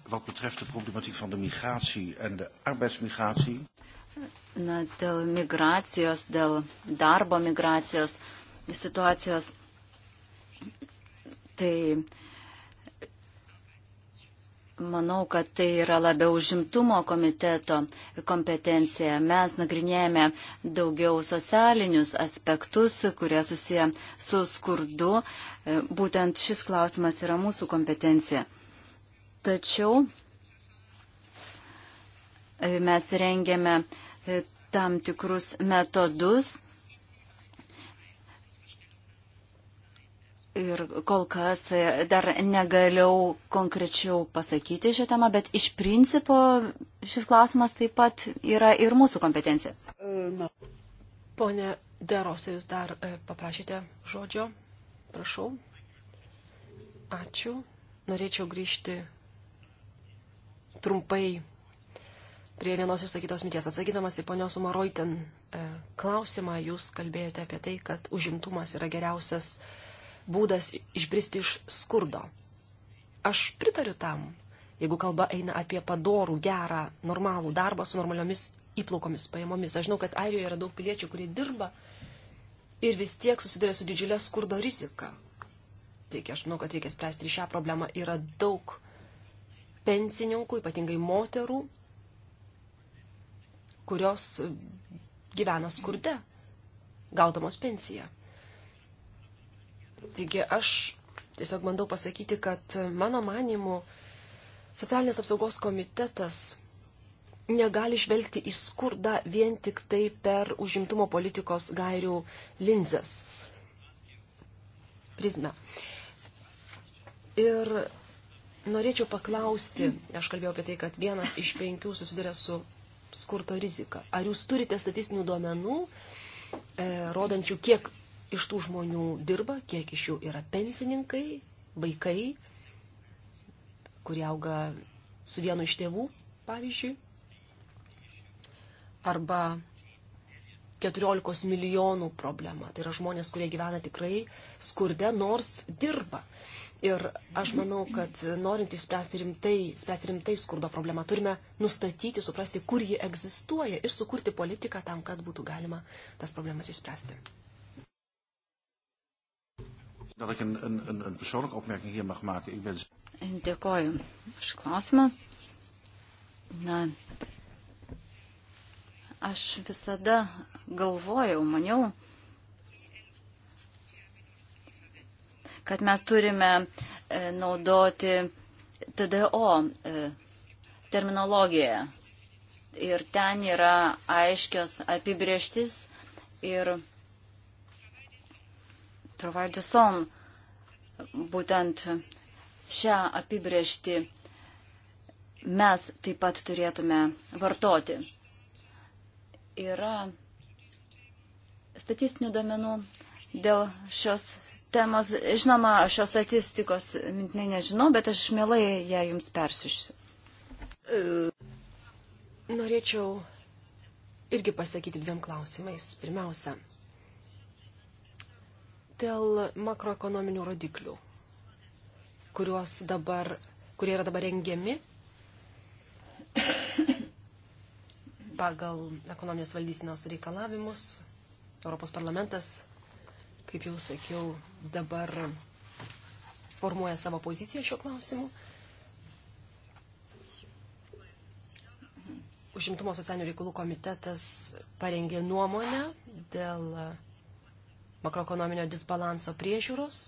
wat betreft de problematiek van de migratie en de arbeidsmigratie? Na, dėl migracijos, dėl darbo migracijos situacijos, tai manau, kad tai yra labiau užimtumo komiteto kompetencija. Mes nagrinėjame daugiau socialinius aspektus, kurie susiję su skurdu. Būtent šis klausimas yra mūsų kompetencija. Tačiau e, mes rengiame e, tam tikrus metodus ir kol kas e, dar negaliau konkrečiau pasakyti šią temą, bet iš principo šis klausimas taip pat yra ir mūsų kompetencija. Pone Derosai, jūs dar paprašėte žodžio. Prašau. Ačiū. Norėčiau grįžti trumpai prie vienos išsakytos minties. Atsakydamas į ponios Umaroitin e, klausimą, jūs kalbėjote apie tai, kad užimtumas yra geriausias būdas išbristi iš skurdo. Aš pritariu tam, jeigu kalba eina apie padorų, gerą, normalų darbą su normaliomis įplaukomis pajamomis. Aš žinau, kad Airijoje yra daug piliečių, kurie dirba ir vis tiek susiduria su didžiulė skurdo rizika. Taigi aš manau, kad reikia spręsti ir šią problemą. Yra daug pensininkų, ypatingai moterų, kurios gyvena skurde, gaudamos pensiją. Taigi aš tiesiog bandau pasakyti, kad mano manimu socialinės apsaugos komitetas negali žvelgti į skurdą vien tik tai per užimtumo politikos gairių linzes. Prizmę. Ir norėčiau paklausti, aš kalbėjau apie tai, kad vienas iš penkių susiduria su skurto rizika. Ar jūs turite statistinių duomenų, e, rodančių, kiek iš tų žmonių dirba, kiek iš jų yra pensininkai, vaikai, kurie auga su vienu iš tėvų, pavyzdžiui, arba 14 milijonų problema. Tai yra žmonės, kurie gyvena tikrai skurde, nors dirba. Ir aš manau, kad norint išspręsti rimtai, spręsti rimtai skurdo problemą, turime nustatyti, suprasti, kur ji egzistuoja ir sukurti politiką tam, kad būtų galima tas problemas išspręsti. Dėkoju už klausimą. Na, aš visada galvojau, maniau, kad mes turime e, naudoti TDO e, terminologiją. Ir ten yra aiškios apibrieštis ir Trovardison būtent šią apibriešti mes taip pat turėtume vartoti. Yra statistinių domenų dėl šios temos. Žinoma, aš šios statistikos mintinai nežinau, bet aš mielai ją jums persišiu. Norėčiau irgi pasakyti dviem klausimais. Pirmiausia, dėl makroekonominių rodiklių, kuriuos dabar, kurie yra dabar rengiami pagal ekonominės valdysinos reikalavimus. Europos parlamentas kaip jau sakiau, dabar formuoja savo poziciją šiuo klausimu. Užimtumo socialinių reikalų komitetas parengė nuomonę dėl makroekonominio disbalanso priežiūros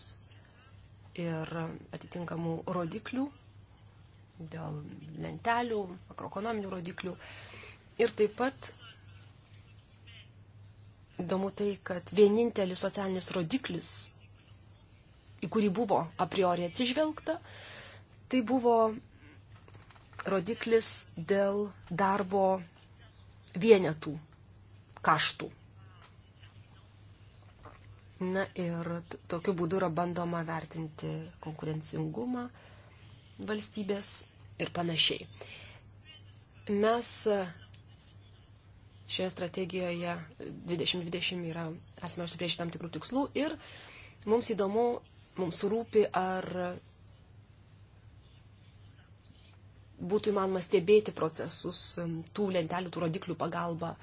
ir atitinkamų rodiklių, dėl lentelių, makroekonominių rodiklių. Ir taip pat įdomu tai, kad vienintelis socialinis rodiklis, į kurį buvo a priori atsižvelgta, tai buvo rodiklis dėl darbo vienetų kaštų. Na ir tokiu būdu yra bandoma vertinti konkurencingumą valstybės ir panašiai. Mes Šioje strategijoje 2020 yra, esame užsipriešę tam tikrų tikslų ir mums įdomu, mums rūpi, ar būtų įmanoma stebėti procesus tų lentelių, tų rodiklių pagalba,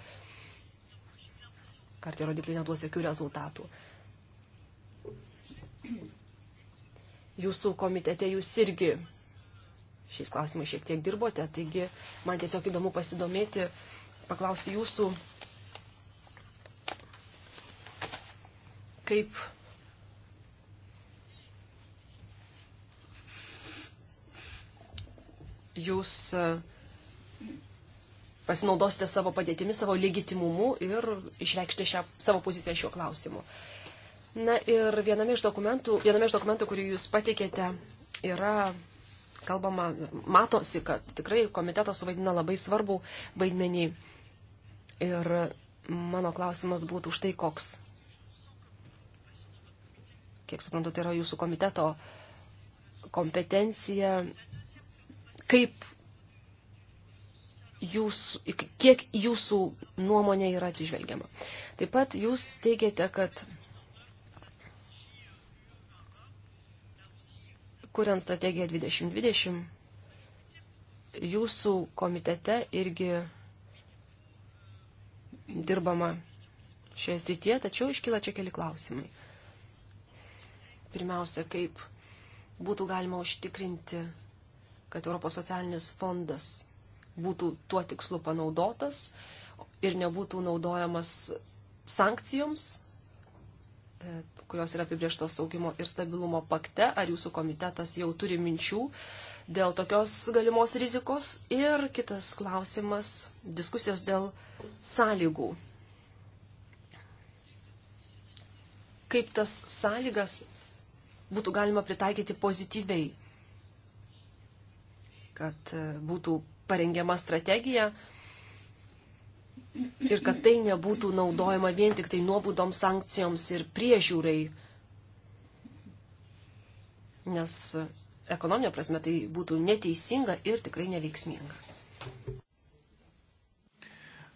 ar tie rodikliai neduos jokių rezultatų. Jūsų komitete jūs irgi šiais klausimais šiek tiek dirbote, taigi man tiesiog įdomu pasidomėti, uh, paklausti jūsų, kaip jūs e, pasinaudosite savo padėtimi, savo legitimumu ir išreikšti šią savo poziciją šiuo klausimu. Na ir viename iš dokumentų, viename iš dokumentų kurį jūs pateikėte, yra kalbama, matosi, kad tikrai komitetas suvaidina labai svarbų vaidmenį Ir mano klausimas būtų štai koks. Kiek suprantu, tai yra jūsų komiteto kompetencija. Kaip jūsų, kiek jūsų nuomonė yra atsižvelgiama. Taip pat jūs teigiate, kad kuriant strategiją 2020, jūsų komitete irgi dirbama šioje srityje, tačiau iškyla čia keli klausimai. Pirmiausia, kaip būtų galima užtikrinti, kad Europos socialinis fondas būtų tuo tikslu panaudotas ir nebūtų naudojamas sankcijoms E, kurios yra apibrieštos saugimo ir stabilumo pakte, ar jūsų komitetas jau turi minčių dėl tokios galimos rizikos. Ir kitas klausimas - diskusijos dėl sąlygų. Kaip tas sąlygas būtų galima pritaikyti pozityviai, kad e, būtų parengiama strategija, ir kad tai nebūtų naudojama vien tik tai nuobudoms, sankcijoms ir priežiūrai, nes ekonominė prasme tai būtų neteisinga ir tikrai neveiksminga.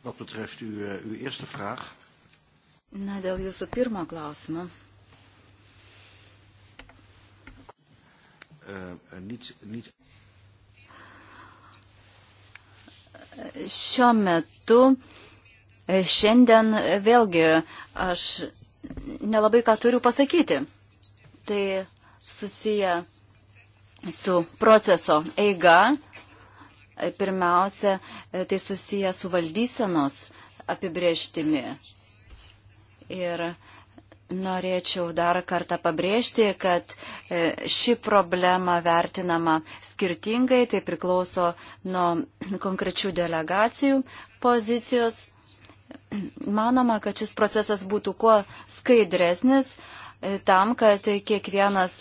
Wat betreft uw, eh, uw eerste vraag. Na, dėl jūsų pirmo klausimo. Uh, niet, niet. Šiuo metu uh, Šiandien vėlgi aš nelabai ką turiu pasakyti. Tai susiję su proceso eiga. Pirmiausia, tai susiję su valdysenos apibrieštimi. Ir norėčiau dar kartą pabrėžti, kad e, ši problema vertinama skirtingai, tai priklauso nuo konkrečių delegacijų pozicijos Manoma, kad šis procesas būtų kuo skaidresnis e, tam, kad kiekvienas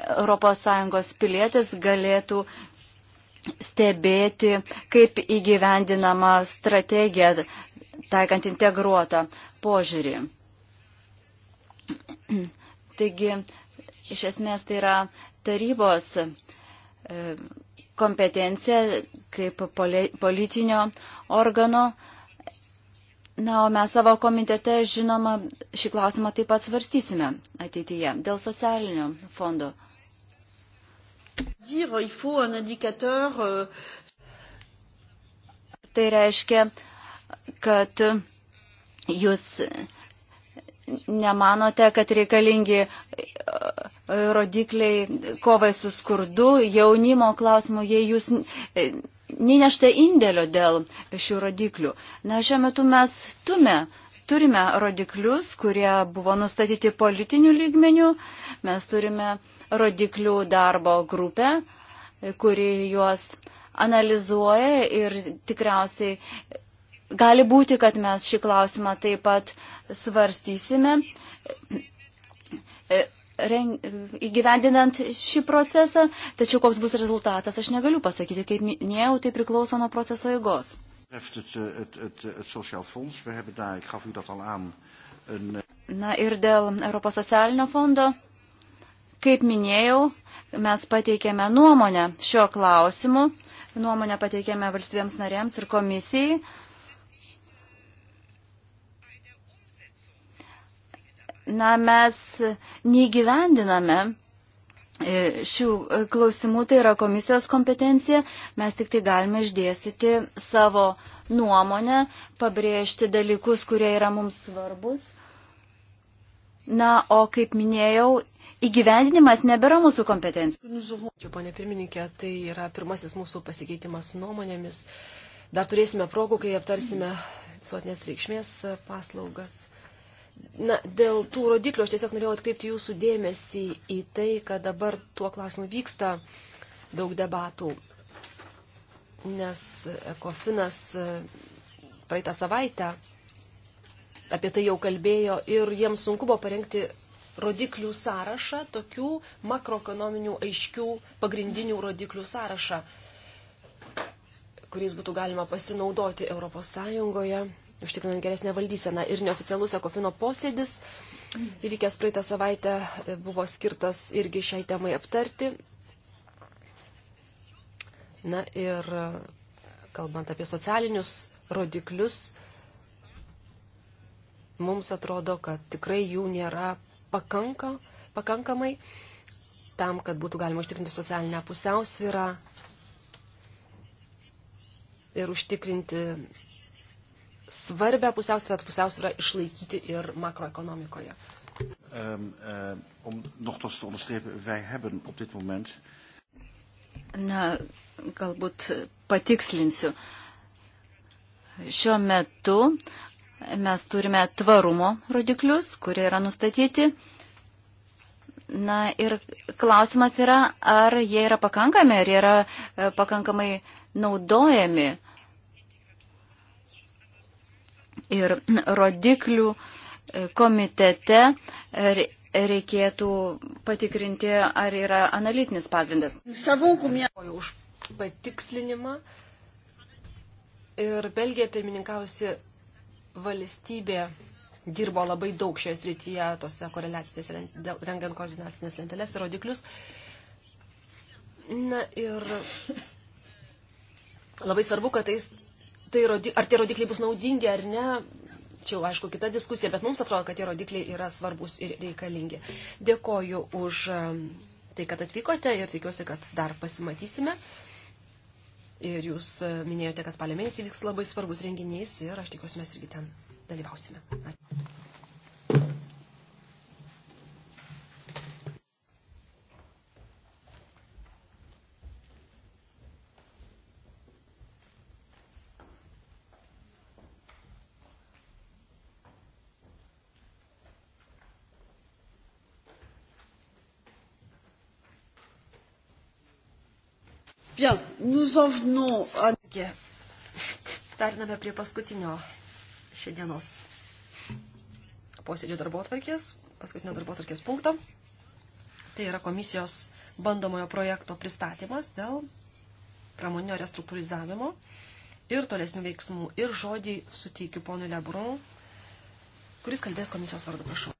ES pilietis galėtų stebėti, kaip įgyvendinama strategija taikant integruotą požiūrį. Taigi, iš esmės tai yra tarybos e, kompetencija kaip politinio organo Na, o mes savo komitete, žinoma, šį klausimą taip pat svarstysime ateityje dėl socialinių fondų. Euh, tai reiškia, kad jūs nemanote, kad reikalingi e, rodikliai kovai su skurdu, jaunimo klausimu, jei jūs e, nenešta indėlio dėl šių rodiklių. Na, šiuo metu mes tume. Turime rodiklius, kurie buvo nustatyti politinių lygmenių, mes turime rodiklių darbo grupę, kuri juos analizuoja ir tikriausiai gali būti, kad mes šį klausimą taip pat svarstysime reng, įgyvendinant šį procesą, tačiau koks bus rezultatas, aš negaliu pasakyti, kaip minėjau, tai priklauso nuo proceso eigos. Na ir dėl Europos socialinio fondo, kaip minėjau, mes pateikėme nuomonę šio klausimu, nuomonę pateikėme valstybėms narėms ir komisijai. na, mes neįgyvendiname e, šių e, klausimų, tai yra komisijos kompetencija, mes tik tai galime išdėstyti savo nuomonę, pabrėžti dalykus, kurie yra mums svarbus. Na, o kaip minėjau, įgyvendinimas nebėra mūsų kompetencija. Čia, ponė pirmininkė, tai yra pirmasis mūsų pasikeitimas nuomonėmis. Dar turėsime progų, kai aptarsime visuotinės reikšmės paslaugas. Na, dėl tų rodiklių aš tiesiog norėjau atkreipti jūsų dėmesį į tai, kad dabar tuo klausimu vyksta daug debatų, nes Kofinas e, praeitą savaitę apie tai jau kalbėjo ir jiems sunku buvo parengti rodiklių sąrašą, tokių makroekonominių aiškių pagrindinių rodiklių sąrašą, kuriais būtų galima pasinaudoti ES užtikrinant geresnę valdyseną. Ir neoficialus Ekofino posėdis, įvykęs praeitą savaitę, buvo skirtas irgi šiai temai aptarti. Na ir kalbant apie socialinius rodiklius, mums atrodo, kad tikrai jų nėra pakanka, pakankamai tam, kad būtų galima užtikrinti socialinę pusiausvyrą ir užtikrinti svarbę pusiausvyrą, tad pusiausvyrą išlaikyti ir makroekonomikoje. Um, ehm, um, ehm, nogtos te onderstrepen, wij hebben op dit moment. Na, galbūt patikslinsiu. Šiuo metu mes turime tvarumo rodiklius, kurie yra nustatyti. Na ir klausimas yra, ar jie yra pakankami, ar jie yra e, pakankamai naudojami. Uh, ir rodiklių komitete reikėtų patikrinti, ar yra analitinis pagrindas. Savau, kumė. Už patikslinimą. Ir Belgija pirmininkausi valstybė dirbo labai daug šioje srityje, tose koreliacinėse, rengiant koordinacinės lentelės ir rodiklius. Na ir labai svarbu, kad tais tai, ar tie rodikliai bus naudingi ar ne, čia jau aišku kita diskusija, bet mums atrodo, kad tie rodikliai yra svarbus ir reikalingi. Dėkoju už um, tai, kad atvykote ir tikiuosi, kad dar pasimatysime. Ir jūs uh, minėjote, kad spalio mėnesį vyks labai svarbus renginys ir aš tikiuosi, mes irgi ten dalyvausime. Ačiū. Bien, nous en venons à... Tarname prie paskutinio šiandienos posėdžio darbo atvarkės, paskutinio darbo atvarkės punkto. Tai yra komisijos bandomojo projekto pristatymas dėl pramoninio restruktūrizavimo ir tolesnių veiksmų. Ir žodį suteikiu ponui Lebrun, kuris kalbės komisijos vardu, prašau.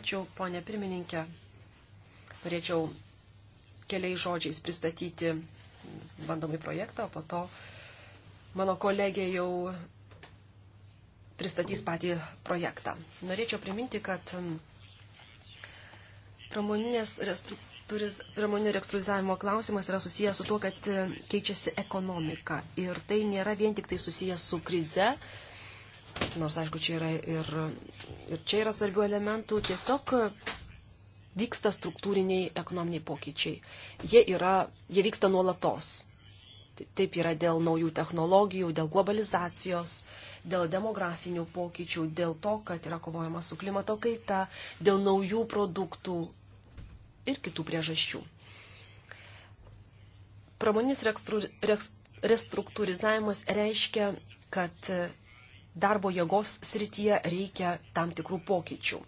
Ačiū, ponė pirmininkė norėčiau keliais žodžiais pristatyti bandomį projektą, o po to mano kolegė jau pristatys patį projektą. Norėčiau priminti, kad um, pramoninės pramoninio rekstruizavimo klausimas yra susijęs su tuo, kad um, keičiasi ekonomika. Ir tai nėra vien tik tai susijęs su krize, nors aišku, čia yra ir, ir čia yra svarbių elementų. Tiesiog vyksta struktūriniai ekonominiai pokyčiai. Jie, yra, jie vyksta nuolatos. Taip yra dėl naujų technologijų, dėl globalizacijos, dėl demografinių pokyčių, dėl to, kad yra kovojama su klimato kaita, dėl naujų produktų ir kitų priežasčių. Pramoninis restruktūrizavimas reiškia, kad darbo jėgos srityje reikia tam tikrų pokyčių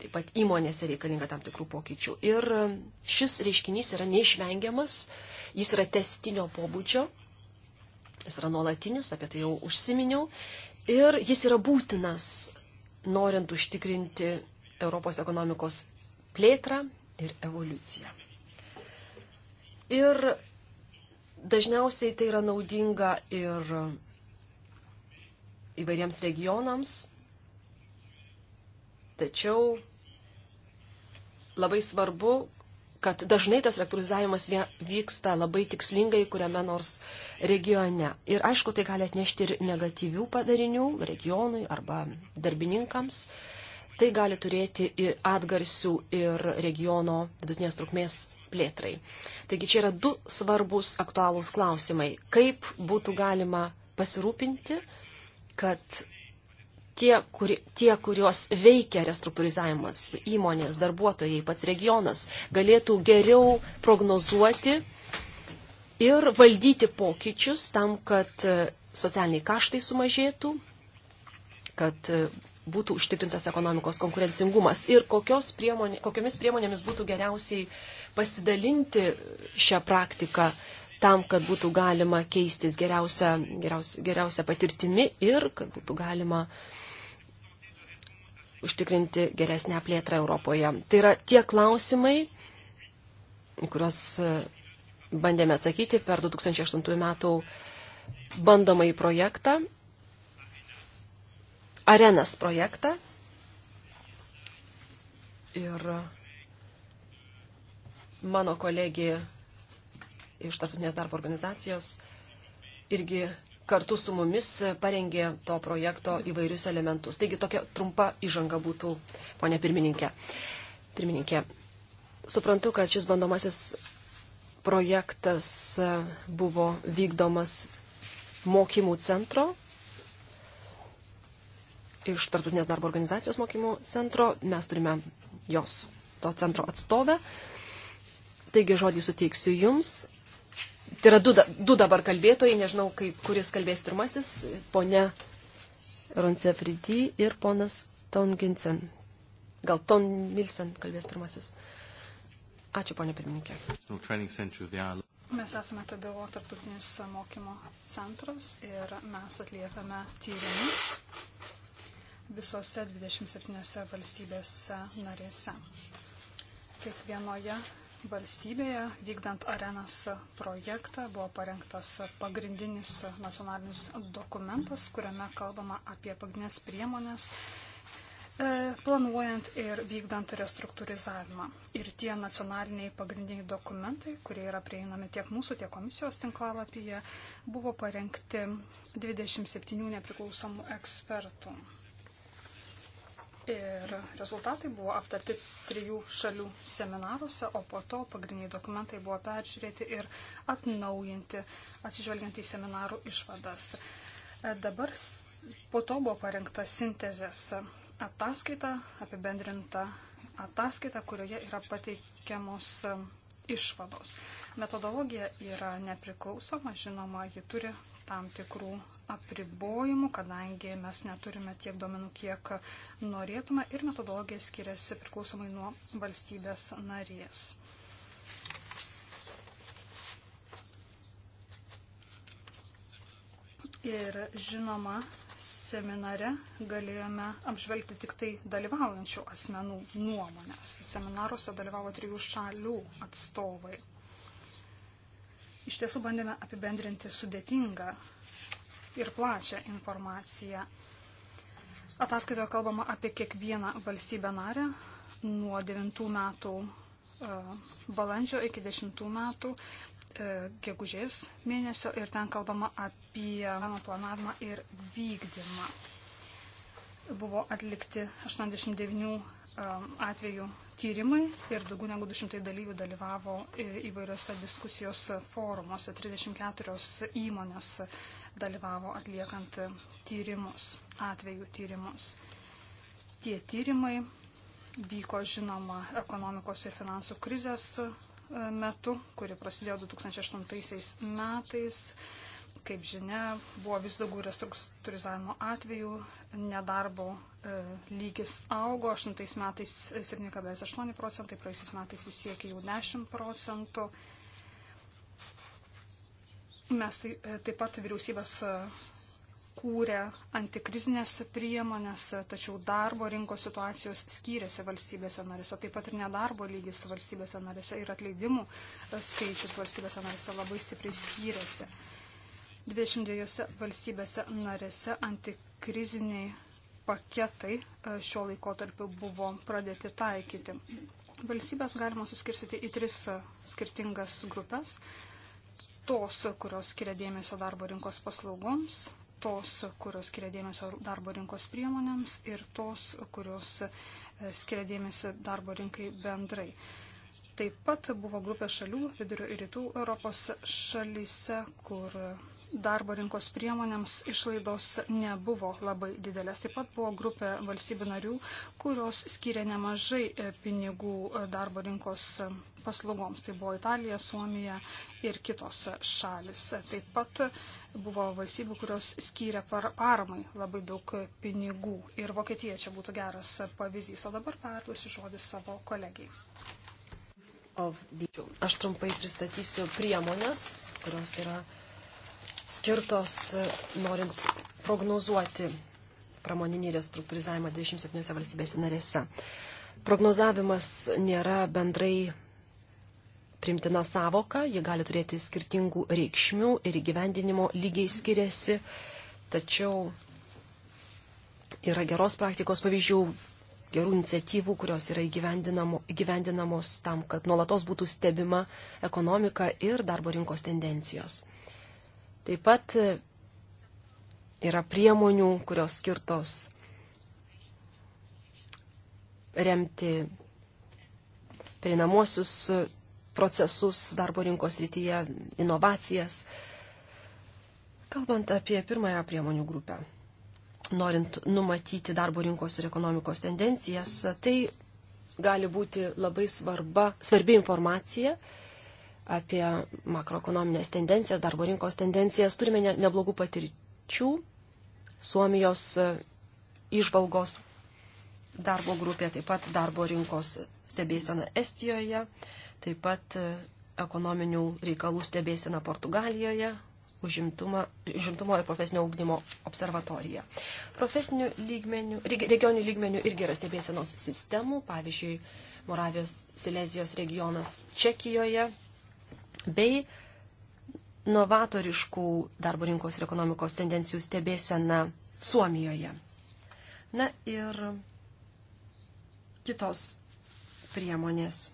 taip pat įmonėse reikalinga tam tikrų pokyčių. Ir šis reiškinys yra neišvengiamas, jis yra testinio pobūdžio, jis yra nuolatinis, apie tai jau užsiminiau, ir jis yra būtinas, norint užtikrinti Europos ekonomikos plėtrą ir evoliuciją. Ir dažniausiai tai yra naudinga ir įvairiems regionams, Tačiau labai svarbu, kad dažnai tas rektorizavimas vyksta labai tikslingai kuriame nors regione. Ir aišku, tai gali atnešti ir negatyvių padarinių regionui arba darbininkams. Tai gali turėti ir atgarsių ir regiono vidutinės trukmės plėtrai. Taigi čia yra du svarbus aktualūs klausimai. Kaip būtų galima pasirūpinti, kad tie, kuri, tie, kuriuos veikia restruktūrizavimas įmonės, darbuotojai, pats regionas, galėtų geriau prognozuoti ir valdyti pokyčius tam, kad e, socialiniai kaštai sumažėtų, kad e, būtų užtikrintas ekonomikos konkurencingumas ir priemonė, kokiomis priemonėmis būtų geriausiai pasidalinti šią praktiką tam, kad būtų galima keistis geriausia, geriausia, geriausia patirtimi ir kad būtų galima uh, užtikrinti geresnę plėtrą Europoje. Tai yra tie klausimai, kuriuos e, bandėme atsakyti per 2008 metų bandomąjį projektą, arenas projektą. Ir mano kolegė iš Tarptautinės darbo organizacijos irgi kartu su mumis parengė to projekto įvairius elementus. Taigi tokia trumpa įžanga būtų, ponė pirmininkė. Pirmininkė, suprantu, kad šis bandomasis projektas buvo vykdomas mokymų centro, iš Tartutinės darbo organizacijos mokymų centro. Mes turime jos, to centro atstovę. Taigi žodį suteiksiu Jums Tai yra du, du dabar kalbėtojai, nežinau, kaip, kuris kalbės pirmasis, ponia Roncefridi ir ponas Tonginsen. Gal Ton Milsen kalbės pirmasis. Ačiū, ponia pirmininkė. Mes esame TDO tarptautinis mokymo centras ir mes atliekame tyrimus visose 27 valstybėse narėse. Kiekvienoje valstybėje, vykdant arenas projektą, buvo parengtas pagrindinis nacionalinis dokumentas, kuriame kalbama apie pagrindinės priemonės, e, planuojant ir vykdant restruktūrizavimą. Ir tie nacionaliniai pagrindiniai dokumentai, kurie yra prieinami tiek mūsų, tiek komisijos tinklalapyje, buvo parengti 27 nepriklausomų ekspertų. Ir rezultatai buvo aptarti trijų šalių seminaruose, o po to pagrindiniai dokumentai buvo peržiūrėti ir atnaujinti, atsižvelgiant į seminarų išvadas. E, dabar po to buvo parengta sintezės ataskaita, apibendrinta ataskaita, kurioje yra pateikiamos išvados. Metodologija yra nepriklausoma, žinoma, ji turi tam tikrų apribojimų, kadangi mes neturime tiek duomenų, kiek norėtume ir metodologija skiriasi priklausomai nuo valstybės narės. Ir žinoma, seminare galėjome apžvelgti tik tai dalyvaujančių asmenų nuomonės. Seminaruose dalyvavo trijų šalių atstovai. Iš tiesų bandėme apibendrinti sudėtingą ir plačią informaciją. Ataskaitoje kalbama apie kiekvieną valstybę narę nuo 9 metų e, balandžio iki 10 metų. E, gegužės mėnesio ir ten kalbama apie mano planavimą ir vykdymą. Buvo atlikti 89 e, atvejų tyrimai ir daugiau negu 200 dalyvių dalyvavo e, įvairiose diskusijos forumuose. 34 įmonės dalyvavo atliekant tyrimus, atvejų tyrimus. Tie tyrimai vyko, žinoma, ekonomikos ir finansų krizės metu, kuri prasidėjo 2008 metais. Kaip žinia, buvo vis daugiau restruktūrizavimo atvejų, nedarbo e, lygis augo, 8 metais 7,8 procentai, praėjusiais metais jis siekia jau 10 procentų. Mes taip, e, taip pat vyriausybės kūrė antikrizinės priemonės, tačiau darbo rinkos situacijos skyrėsi valstybėse narėse, taip pat ir nedarbo lygis valstybėse narėse ir atleidimų skaičius valstybėse narėse labai stipriai skyrėsi. 22 valstybėse narėse antikriziniai paketai e, šio laikotarpiu buvo pradėti taikyti. Valstybės galima suskirstyti į tris e, skirtingas grupės. Tos, kurios skiria dėmesio darbo rinkos paslaugoms, tos, kurios skiria dėmesio darbo rinkos priemonėms ir tos, kurios e, skiria dėmesį darbo rinkai bendrai. Taip pat buvo grupė šalių vidurio ir rytų Europos šalyse, kur darbo rinkos priemonėms išlaidos nebuvo labai didelės. Taip pat buvo grupė valstybių narių, kurios skiria nemažai e, pinigų e, darbo rinkos paslaugoms. Tai buvo Italija, Suomija ir kitos šalis. Taip pat buvo valstybių, kurios skyrė paramai labai daug pinigų. Ir Vokietija čia būtų geras pavyzdys. O dabar perduosiu žodį savo kolegijai. Aš trumpai pristatysiu priemonės, kurios yra skirtos e, norint prognozuoti pramoninį restruktūrizavimą 27 valstybėse narėse. Prognozavimas nėra bendrai primtina savoka, ji gali turėti skirtingų reikšmių ir įgyvendinimo lygiai skiriasi, tačiau yra geros praktikos pavyzdžių, gerų iniciatyvų, kurios yra įgyvendinamos tam, kad nuolatos būtų stebima ekonomika ir darbo rinkos tendencijos. Taip pat e, yra priemonių, kurios skirtos remti perinamosius procesus darbo rinkos rytyje, inovacijas. Kalbant apie pirmąją priemonių grupę, norint numatyti darbo rinkos ir ekonomikos tendencijas, tai gali būti labai svarba, svarbi informacija apie makroekonominės tendencijas, darbo rinkos tendencijas. Turime ne, neblogų patirčių. Suomijos e, išvalgos darbo grupė, taip pat darbo rinkos stebėsena Estijoje, taip pat e, ekonominių reikalų stebėsena Portugalijoje, užimtumo, užimtumo ir profesinio augdymo observatoriją. Profesinių lygmenių, regionių lygmenių irgi yra stebėsenos sistemų, pavyzdžiui, Moravijos Silezijos regionas Čekijoje, bei novatoriškų darbo rinkos ir ekonomikos tendencijų stebėsena Suomijoje. Na ir kitos priemonės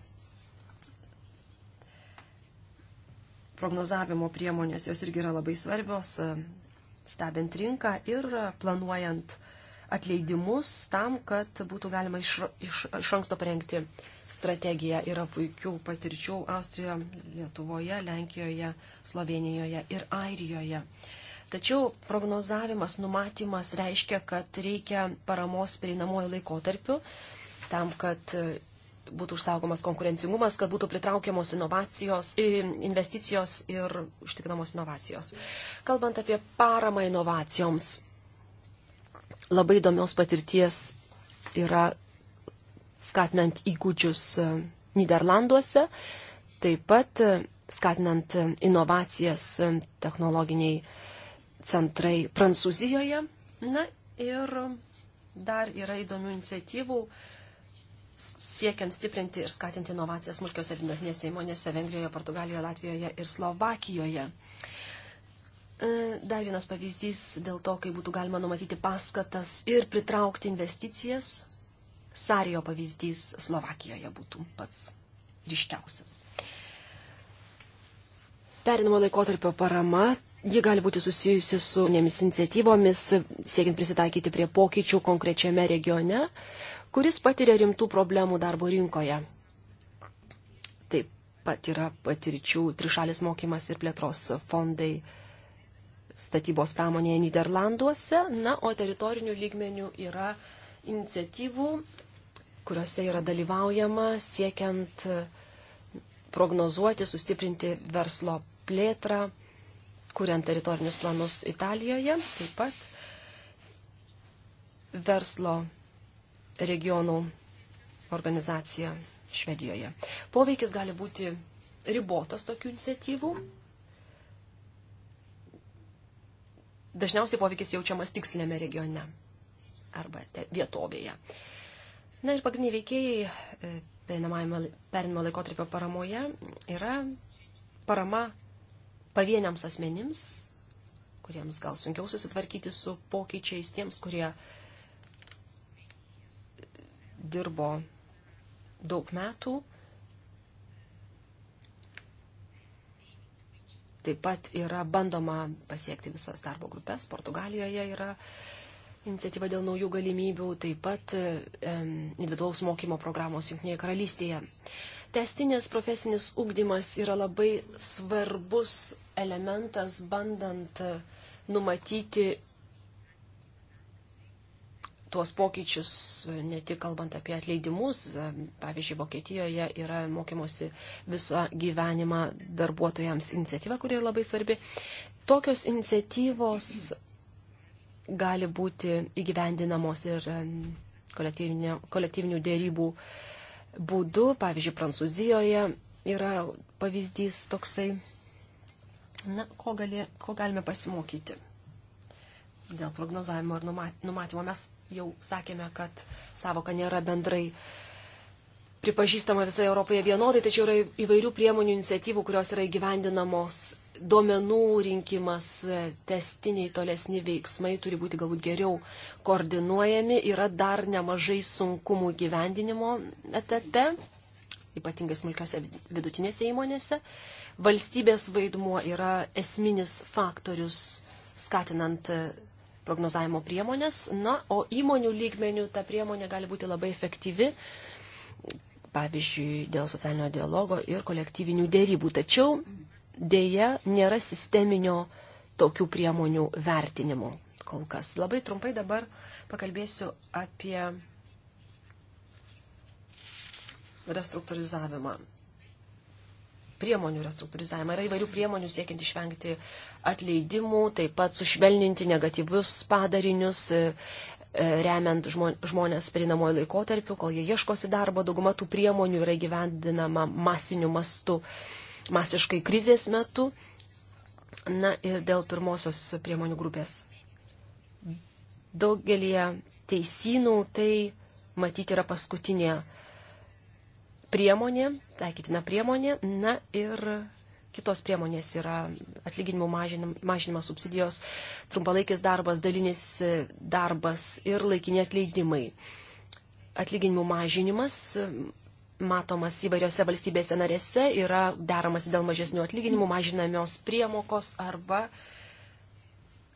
prognozavimo priemonės, jos irgi yra labai svarbios, e, stebint rinką ir planuojant atleidimus tam, kad būtų galima iš, iš, iš anksto parengti strategiją. Yra puikių patirčių Austrijoje, Lietuvoje, Lenkijoje, Slovenijoje ir Airijoje. Tačiau prognozavimas, numatymas reiškia, kad reikia paramos prieinamojo laikotarpiu tam, kad būtų užsaugomas konkurencingumas, kad būtų pritraukiamos inovacijos, investicijos ir užtikrinamos inovacijos. Kalbant apie paramą inovacijoms, labai įdomios patirties yra skatinant įgūdžius e, Niderlanduose, taip pat e, skatinant e, inovacijas technologiniai centrai Prancūzijoje. Na ir dar yra įdomių iniciatyvų, uh, siekiant stiprinti ir skatinti inovacijas smulkiose vidutinėse įmonėse Vengrijoje, Portugalijoje, Latvijoje ir Slovakijoje. E, dar vienas pavyzdys dėl to, kaip būtų galima numatyti paskatas ir pritraukti investicijas. Sarijo pavyzdys Slovakijoje būtų pats ryškiausias. Perinamo laikotarpio parama, ji gali būti susijusi su nėmis iniciatyvomis, siekiant prisitaikyti prie pokyčių konkrečiame regione, kuris patiria rimtų problemų darbo rinkoje. Taip pat yra patirčių trišalis mokymas ir plėtros fondai statybos pramonėje Niderlanduose, na, o teritorinių lygmenių yra iniciatyvų, kuriuose yra dalyvaujama siekiant prognozuoti, sustiprinti verslo plėtrą, kuriant teritorinius planus Italijoje, taip pat verslo regionų organizacija Švedijoje. Poveikis gali būti ribotas tokių iniciatyvų. Dažniausiai poveikis jaučiamas tikslinėme regione arba vietovėje. Na ir pagrindiniai veikėjai e, perinimo laikotarpio paramoje yra parama pavieniams asmenims, kuriems gal sunkiau susitvarkyti su pokyčiais, tiems, kurie uh, dirbo daug metų. Taip pat yra bandoma pasiekti visas darbo grupės. Portugalijoje yra iniciatyva dėl naujų galimybių, taip pat individuaus mokymo programos Junktinėje karalystėje. Testinis profesinis ūkdymas yra labai svarbus elementas bandant numatyti tuos pokyčius, ne tik kalbant apie atleidimus. Pavyzdžiui, Vokietijoje yra mokymosi visą gyvenimą darbuotojams iniciatyva, kuri labai svarbi. Tokios iniciatyvos gali būti įgyvendinamos ir kolektyvinių dėrybų būdu. Pavyzdžiui, Prancūzijoje yra pavyzdys toksai. Na, ko, gali, ko galime pasimokyti dėl prognozavimo ir numatymo. Mes jau sakėme, kad savoka nėra bendrai pripažįstama visoje Europoje vienodai, tačiau yra įvairių priemonių iniciatyvų, kurios yra įgyvendinamos. Duomenų rinkimas, testiniai tolesni veiksmai turi būti galbūt geriau koordinuojami. Yra dar nemažai sunkumų gyvendinimo etape, ypatingai smulkiose vidutinėse įmonėse. Valstybės vaidmuo yra esminis faktorius skatinant prognozavimo priemonės. Na, o įmonių lygmenių ta priemonė gali būti labai efektyvi, pavyzdžiui, dėl socialinio dialogo ir kolektyvinių dėrybų. Tačiau dėja nėra sisteminio tokių priemonių vertinimo kol kas. Labai trumpai dabar pakalbėsiu apie restruktūrizavimą priemonių restruktūrizavimą. Yra įvairių priemonių siekiant išvengti atleidimų, taip pat sušvelninti negatyvius padarinius, e, e, remiant žmonės perinamojo laikotarpiu, kol jie ieškosi darbo, dauguma tų priemonių yra gyvendinama masiniu mastu, masiškai krizės metu. Na ir dėl pirmosios priemonių grupės. Daugelie teisynų tai matyti yra paskutinė priemonė, taikytina priemonė, na ir kitos priemonės yra atlyginimų mažinimas subsidijos, trumpalaikis darbas, dalinis e, darbas ir laikini atleidimai. Atlyginimų mažinimas matomas įvairiose valstybėse narėse yra deramas dėl mažesnių atlyginimų, mažinamios priemokos arba uh,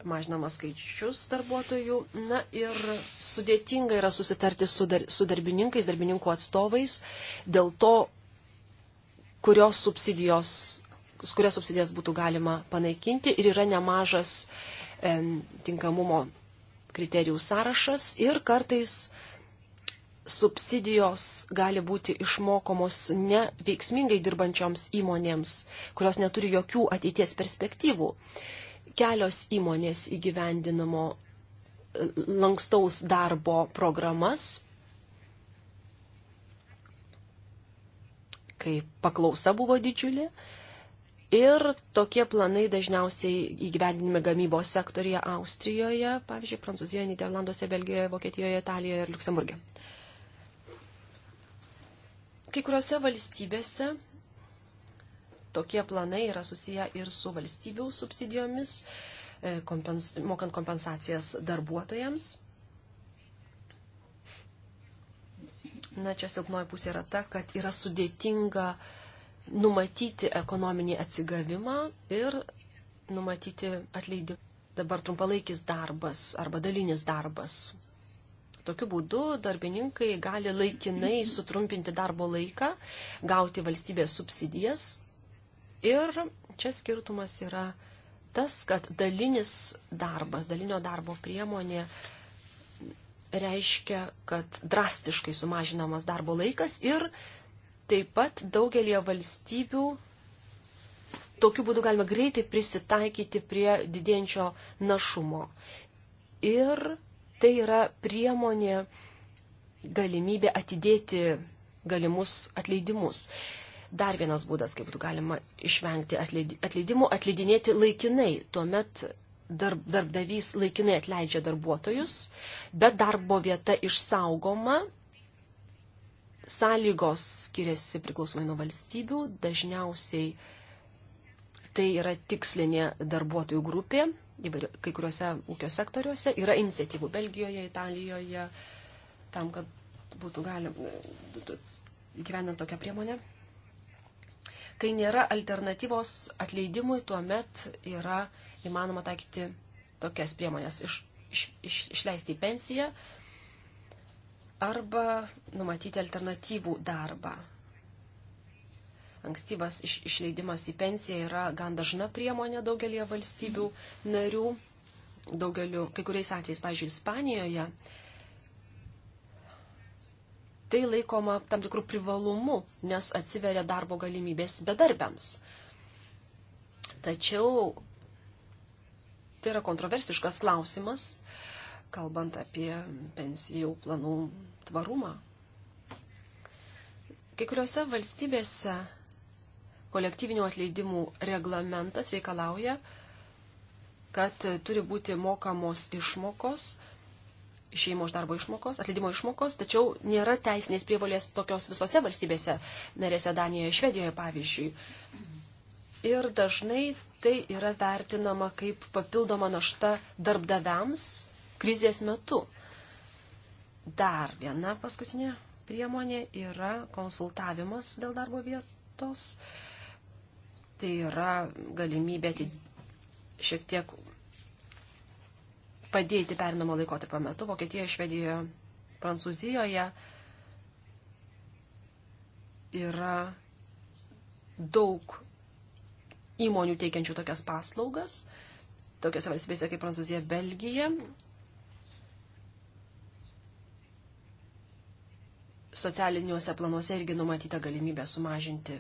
mažinamas skaičius darbuotojų. Na ir sudėtinga yra susitarti su, dar, su darbininkais, darbininkų atstovais dėl to, kurios subsidijos, kurias subsidijas būtų galima panaikinti ir yra nemažas en, tinkamumo kriterijų sąrašas ir kartais subsidijos gali būti išmokomos neveiksmingai dirbančioms įmonėms, kurios neturi jokių ateities perspektyvų kelios įmonės įgyvendinamo e, lankstaus darbo programas, kai paklausa buvo didžiulė. Ir tokie planai dažniausiai įgyvendinami gamybos sektorija Austrijoje, pavyzdžiui, Prancūzijoje, Niderlanduose, Belgijoje, Vokietijoje, Italijoje ir Luksemburgė. Kai kuriuose valstybėse tokie planai yra susiję ir su valstybių subsidijomis, e, kompens, mokant kompensacijas darbuotojams. Na, čia silpnoji pusė yra ta, kad yra sudėtinga numatyti ekonominį atsigavimą ir numatyti atleidimą. Dabar trumpalaikis darbas arba dalinis darbas. Tokiu būdu darbininkai gali laikinai sutrumpinti darbo laiką, gauti valstybės subsidijas Ir čia skirtumas yra tas, kad dalinis darbas, dalinio darbo priemonė reiškia, kad drastiškai sumažinamas darbo laikas ir taip pat daugelie valstybių tokiu būdu galima greitai prisitaikyti prie didėjančio našumo. Ir tai yra priemonė galimybė atidėti galimus atleidimus dar vienas būdas, kaip būtų galima išvengti atleidimų, atleidinėti laikinai. Tuomet darb, darbdavys laikinai atleidžia darbuotojus, bet darbo vieta išsaugoma. Sąlygos skiriasi priklausomai nuo valstybių, dažniausiai tai yra tikslinė darbuotojų grupė, kai kuriuose ūkio sektoriuose yra iniciatyvų Belgijoje, Italijoje, tam, kad būtų galima gyvenant tokią priemonę. Kai nėra alternatyvos atleidimui, tuomet yra įmanoma taikyti tokias priemonės iš, iš, iš, išleisti į pensiją arba numatyti alternatyvų darbą. Ankstyvas iš, išleidimas į pensiją yra gan dažna priemonė daugelie valstybių narių, daugeliu, kai kuriais atvejais, pažiūrėjau, Ispanijoje tai laikoma tam tikrų privalumų, nes atsiveria darbo galimybės bedarbiams. Tačiau tai yra kontroversiškas klausimas, kalbant apie pensijų planų tvarumą. Kai kuriuose valstybėse kolektyvinių atleidimų reglamentas reikalauja, kad turi būti mokamos išmokos išėjimo iš darbo išmokos, atleidimo išmokos, tačiau nėra teisinės prievalės tokios visose valstybėse, narėse Danijoje, Švedijoje pavyzdžiui. Ir dažnai tai yra vertinama kaip papildoma našta darbdaviams krizės metu. Dar viena paskutinė priemonė yra konsultavimas dėl darbo vietos. Tai yra galimybė šiek tiek padėti perinamo laikotarpio metu Vokietijoje, Švedijoje, Prancūzijoje yra daug įmonių teikiančių tokias paslaugas, tokiose valstybėse kaip Prancūzija, Belgija. Socialiniuose planuose irgi numatyta galimybė sumažinti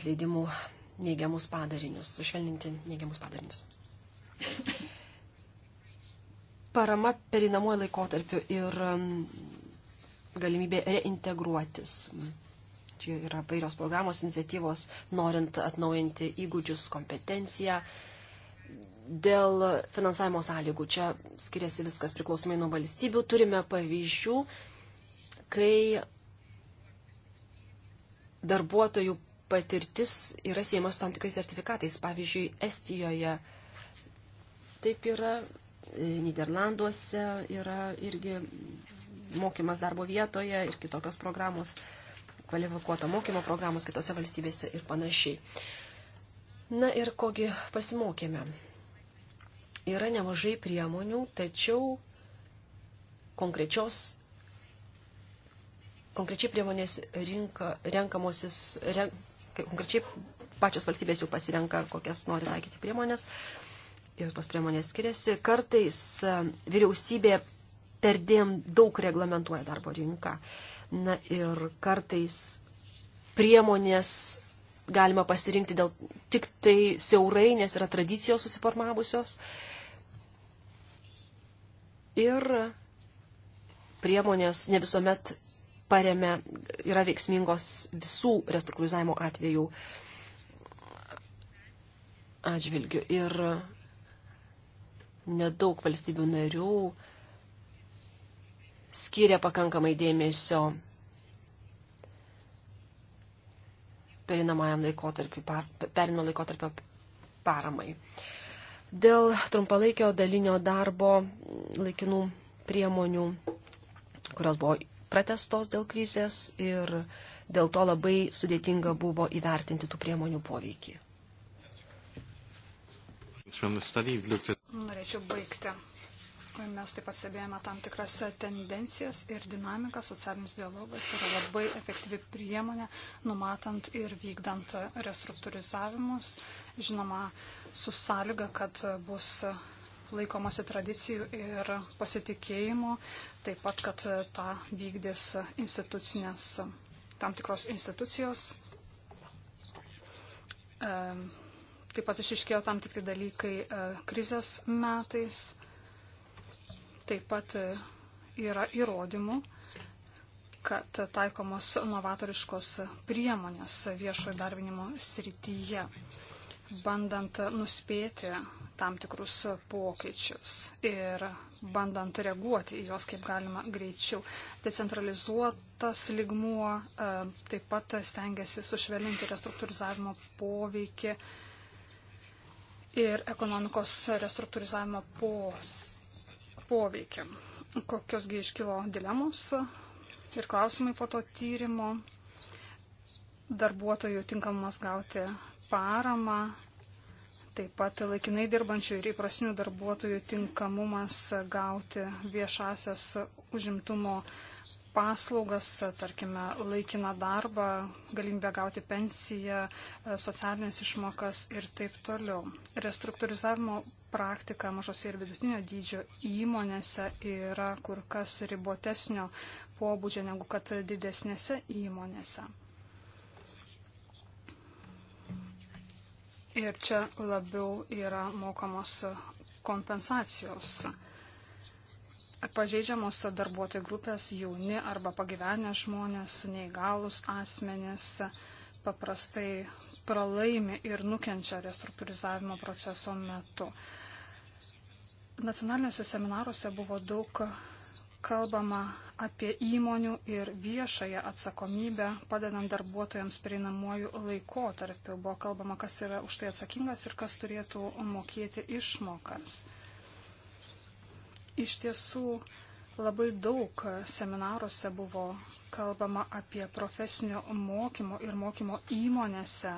atleidimų neigiamus padarinius, sušvelninti neigiamus padarinius parama perinamuoju laikotarpiu ir um, galimybė reintegruotis. Čia yra vairios programos, iniciatyvos, norint atnaujinti įgūdžius, kompetenciją. Dėl finansavimo sąlygų čia skiriasi viskas priklausomai nuo valstybių. Turime pavyzdžių, kai darbuotojų patirtis yra siejamas tam tikrais sertifikatais. Pavyzdžiui, Estijoje taip yra Niderlanduose yra irgi mokymas darbo vietoje ir kitokios programos, kvalifikuoto mokymo programos kitose valstybėse ir panašiai. Na ir kogi pasimokėme. Yra nemažai priemonių, tačiau konkrečios konkrečiai priemonės rinka, renkamosis, ren, konkrečiai pačios valstybės jau pasirenka, kokias nori taikyti priemonės ir tos priemonės skiriasi. Kartais e, vyriausybė perdėm daug reglamentuoja darbo rinką. Na ir kartais priemonės galima pasirinkti dėl tik tai siaurai, nes yra tradicijos susiformavusios. Ir priemonės ne visuomet paremia, yra veiksmingos visų restruktūrizavimo atvejų atžvilgių. Ir nedaug valstybių narių skiria pakankamai dėmesio perinamajam laikotarpiu, perino laikotarpio paramai. Dėl trumpalaikio dalinio darbo laikinų priemonių, kurios buvo pratestos dėl krizės ir dėl to labai sudėtinga buvo įvertinti tų priemonių poveikį norėčiau baigti. Mes taip pat stebėjome tam tikras tendencijas ir dinamiką. Socialinis dialogas yra labai efektyvi priemonė, numatant ir vykdant restruktūrizavimus. Žinoma, su sąlyga, kad bus laikomasi tradicijų ir pasitikėjimo, taip pat, kad tą vykdys institucinės, tam tikros institucijos. E, Taip pat išiškėjo tam tikri dalykai e, krizės metais. Taip pat e, yra įrodymų, kad taikomos novatoriškos priemonės viešojo darvinimo srityje, bandant nuspėti tam tikrus pokyčius ir bandant reaguoti į juos kaip galima greičiau. Decentralizuotas ligmuo e, taip pat stengiasi sušvelninti restruktūrizavimo poveikį ir ekonomikos restruktūrizavimo pos, poveikiam. Kokiosgi iškilo dilemos ir klausimai po to tyrimo, darbuotojų tinkamas gauti paramą, taip pat laikinai dirbančių ir įprasnių darbuotojų tinkamumas gauti viešasias užimtumo paslaugas, tarkime, laikiną darbą, galimybę gauti pensiją, socialinės išmokas ir taip toliau. Restruktūrizavimo praktika mažose ir vidutinio dydžio įmonėse yra kur kas ribotesnio pobūdžio negu kad didesnėse įmonėse. Ir čia labiau yra mokamos kompensacijos pažeidžiamos darbuotojų grupės - jauni arba pagyvenę žmonės, neįgalus asmenės - paprastai pralaimi ir nukenčia restruktūrizavimo proceso metu. Nacionaliniuose seminaruose buvo daug kalbama apie įmonių ir viešąją atsakomybę, padedant darbuotojams prieinamuoju laikotarpiu. Buvo kalbama, kas yra už tai atsakingas ir kas turėtų mokėti išmokas. Iš tiesų labai daug seminaruose buvo kalbama apie profesinio mokymo ir mokymo įmonėse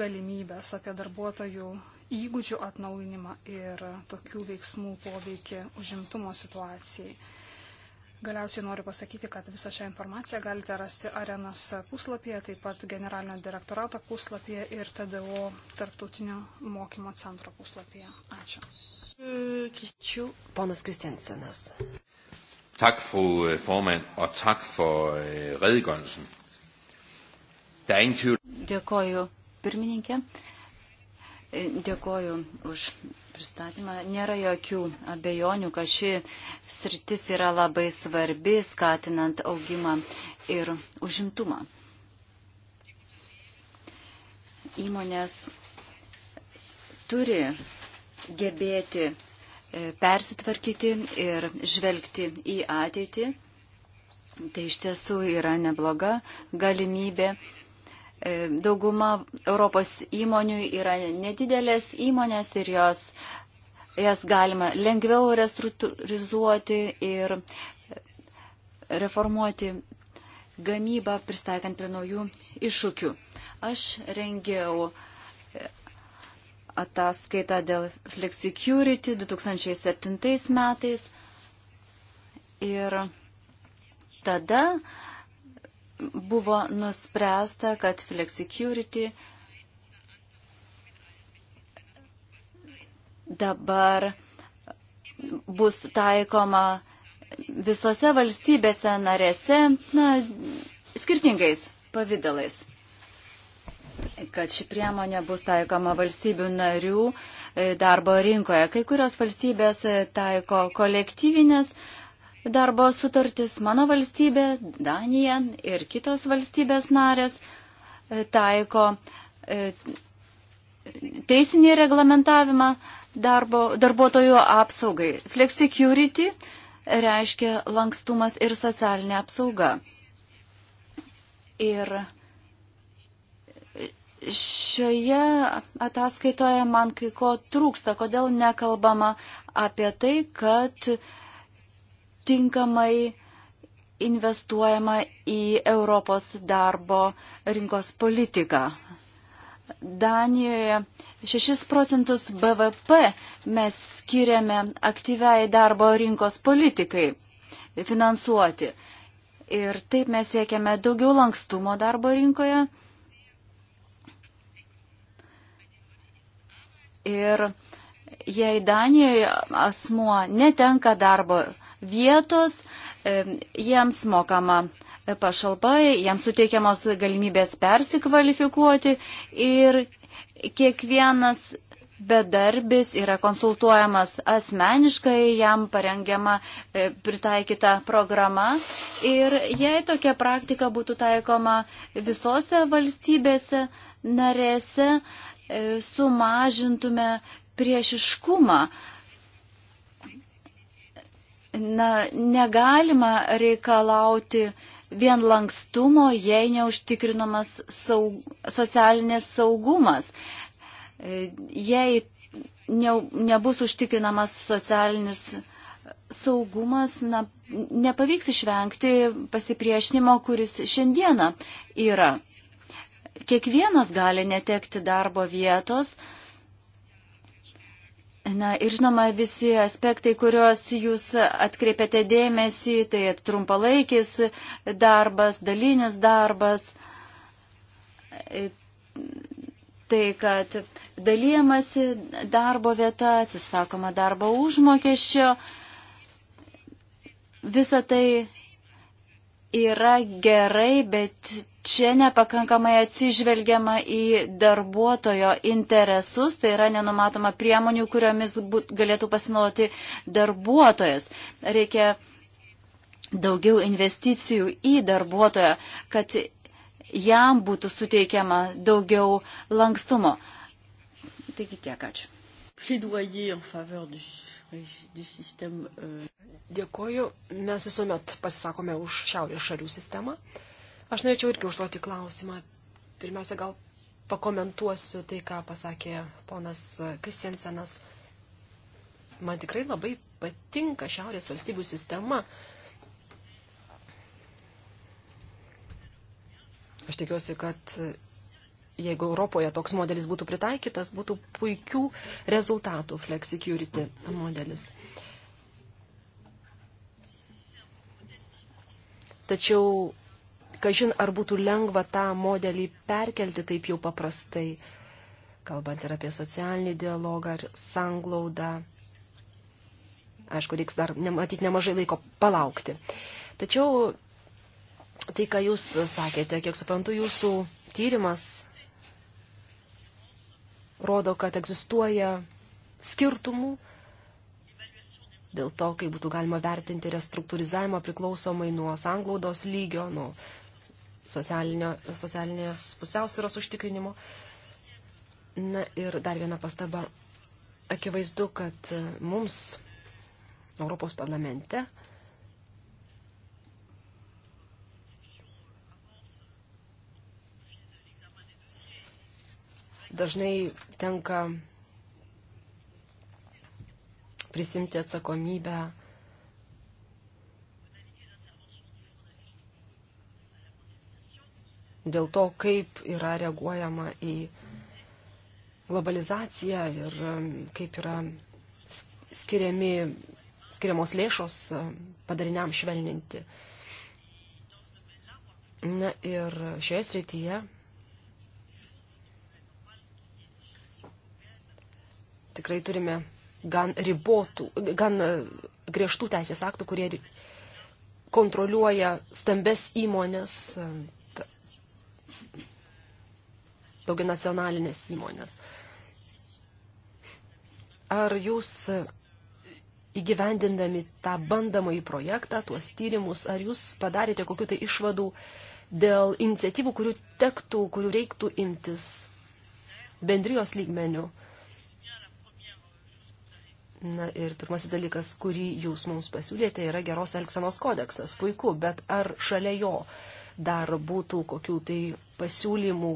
galimybės, apie darbuotojų įgūdžių atnaujinimą ir tokių veiksmų poveikį užimtumo situacijai. Galiausiai noriu pasakyti, kad visą šią informaciją galite rasti Arenas puslapyje, taip pat generalinio direktorato puslapyje ir TDO tarptautinio mokymo centro puslapyje. Ačiū. Kristių, ponas Kristensenas. Tak, fru øh, formand, og tak for øh, redegørelsen. Der er ingen tvivl. Dėkoju, pirmininkė. Dėkoju už pristatymą. Nėra jokių abejonių, kad ši sritis yra labai svarbi, skatinant augimą ir užimtumą. Įmonės turi gebėti e, persitvarkyti ir žvelgti į ateitį. Tai iš tiesų yra nebloga galimybė. E, dauguma Europos įmonių yra nedidelės įmonės ir jos, jas galima lengviau restruktūrizuoti ir reformuoti gamybą, pristaikant prie naujų iššūkių. Aš rengiau uh, ataskaitą dėl Flexicurity 2007 metais. Ir tada buvo nuspręsta, kad Flexicurity dabar bus taikoma visose valstybėse narėse na, skirtingais pavydalais kad ši priemonė bus taikoma valstybių narių e, darbo rinkoje. Kai kurios valstybės e, taiko kolektyvinės darbo sutartis. Mano valstybė, Danija ir kitos valstybės narės e, taiko teisinį reglamentavimą darbo, darbuotojų apsaugai. Flexicurity reiškia lankstumas ir socialinė apsauga. Ir šioje ataskaitoje man kai ko trūksta, kodėl nekalbama apie tai, kad tinkamai investuojama į Europos darbo rinkos politiką. Danijoje 6 procentus BVP mes skiriame aktyviai darbo rinkos politikai finansuoti. Ir taip mes siekiame daugiau lankstumo darbo rinkoje Ir jei Danijoje asmuo netenka darbo vietos, e, jiems mokama pašalpa, jiems suteikiamos galimybės persikvalifikuoti ir kiekvienas bedarbis yra konsultuojamas asmeniškai, jam parengiama e, pritaikyta programa. Ir jei tokia praktika būtų taikoma visose valstybėse narėse, E, sumažintume priešiškumą. Na, negalima reikalauti vien lankstumo, jei neužtikrinamas saug, socialinės saugumas. E, jei ne, nebus užtikrinamas socialinis saugumas, na, nepavyks išvengti pasipriešinimo, kuris šiandieną yra kiekvienas gali netekti darbo vietos. Na ir žinoma, visi aspektai, kuriuos jūs atkreipiate dėmesį, tai trumpalaikis darbas, dalinis darbas, e, tai kad dalyjamasi darbo vieta, atsisakoma darbo užmokesčio, visa tai yra gerai, bet čia nepakankamai atsižvelgiama į darbuotojo interesus, tai yra nenumatoma priemonių, kuriomis būt, galėtų pasinaudoti darbuotojas. Reikia daugiau investicijų į darbuotoją, kad jam būtų suteikiama daugiau lankstumo. Taigi tiek, ačiū. Euh. Dėkoju, mes visuomet pasisakome už šiaurės šalių sistemą. Uh, Aš norėčiau irgi užduoti klausimą. Pirmiausia, gal pakomentuosiu tai, ką pasakė ponas Kristiansenas. Man tikrai labai patinka šiaurės valstybių sistema. Aš tikiuosi, kad jeigu Europoje toks modelis būtų pritaikytas, būtų puikių rezultatų flexicurity modelis. Tačiau kažin ar būtų lengva tą modelį perkelti taip jau paprastai, kalbant ir apie socialinį dialogą ar sanglaudą. Aišku, reiks dar matyti nemažai laiko palaukti. Tačiau tai, ką jūs sakėte, kiek suprantu, jūsų tyrimas rodo, kad egzistuoja skirtumų dėl to, kaip būtų galima vertinti restruktūrizavimą priklausomai nuo sanglaudos lygio, nuo socialinės pusiausvėros užtikrinimu. Na ir dar viena pastaba. Akivaizdu, kad mums Europos parlamente dažnai tenka prisimti atsakomybę dėl to, kaip yra reaguojama į globalizaciją ir um, kaip yra skiriami, skiriamos lėšos um, padariniam švelninti. Na ir šioje srityje tikrai turime gan ribotų, gan uh, griežtų teisės aktų, kurie kontroliuoja stambes įmonės, um, daugia nacionalinės įmonės. Ar jūs įgyvendindami tą bandamąjį projektą, tuos tyrimus, ar jūs padarėte kokiu tai išvadų dėl iniciatyvų, kurių tektų, kurių reiktų imtis bendrijos lygmenių? Na ir pirmasis dalykas, kurį jūs mums pasiūlėte, yra geros elgsenos kodeksas. Puiku, bet ar šalia jo dar būtų kokių tai pasiūlymų,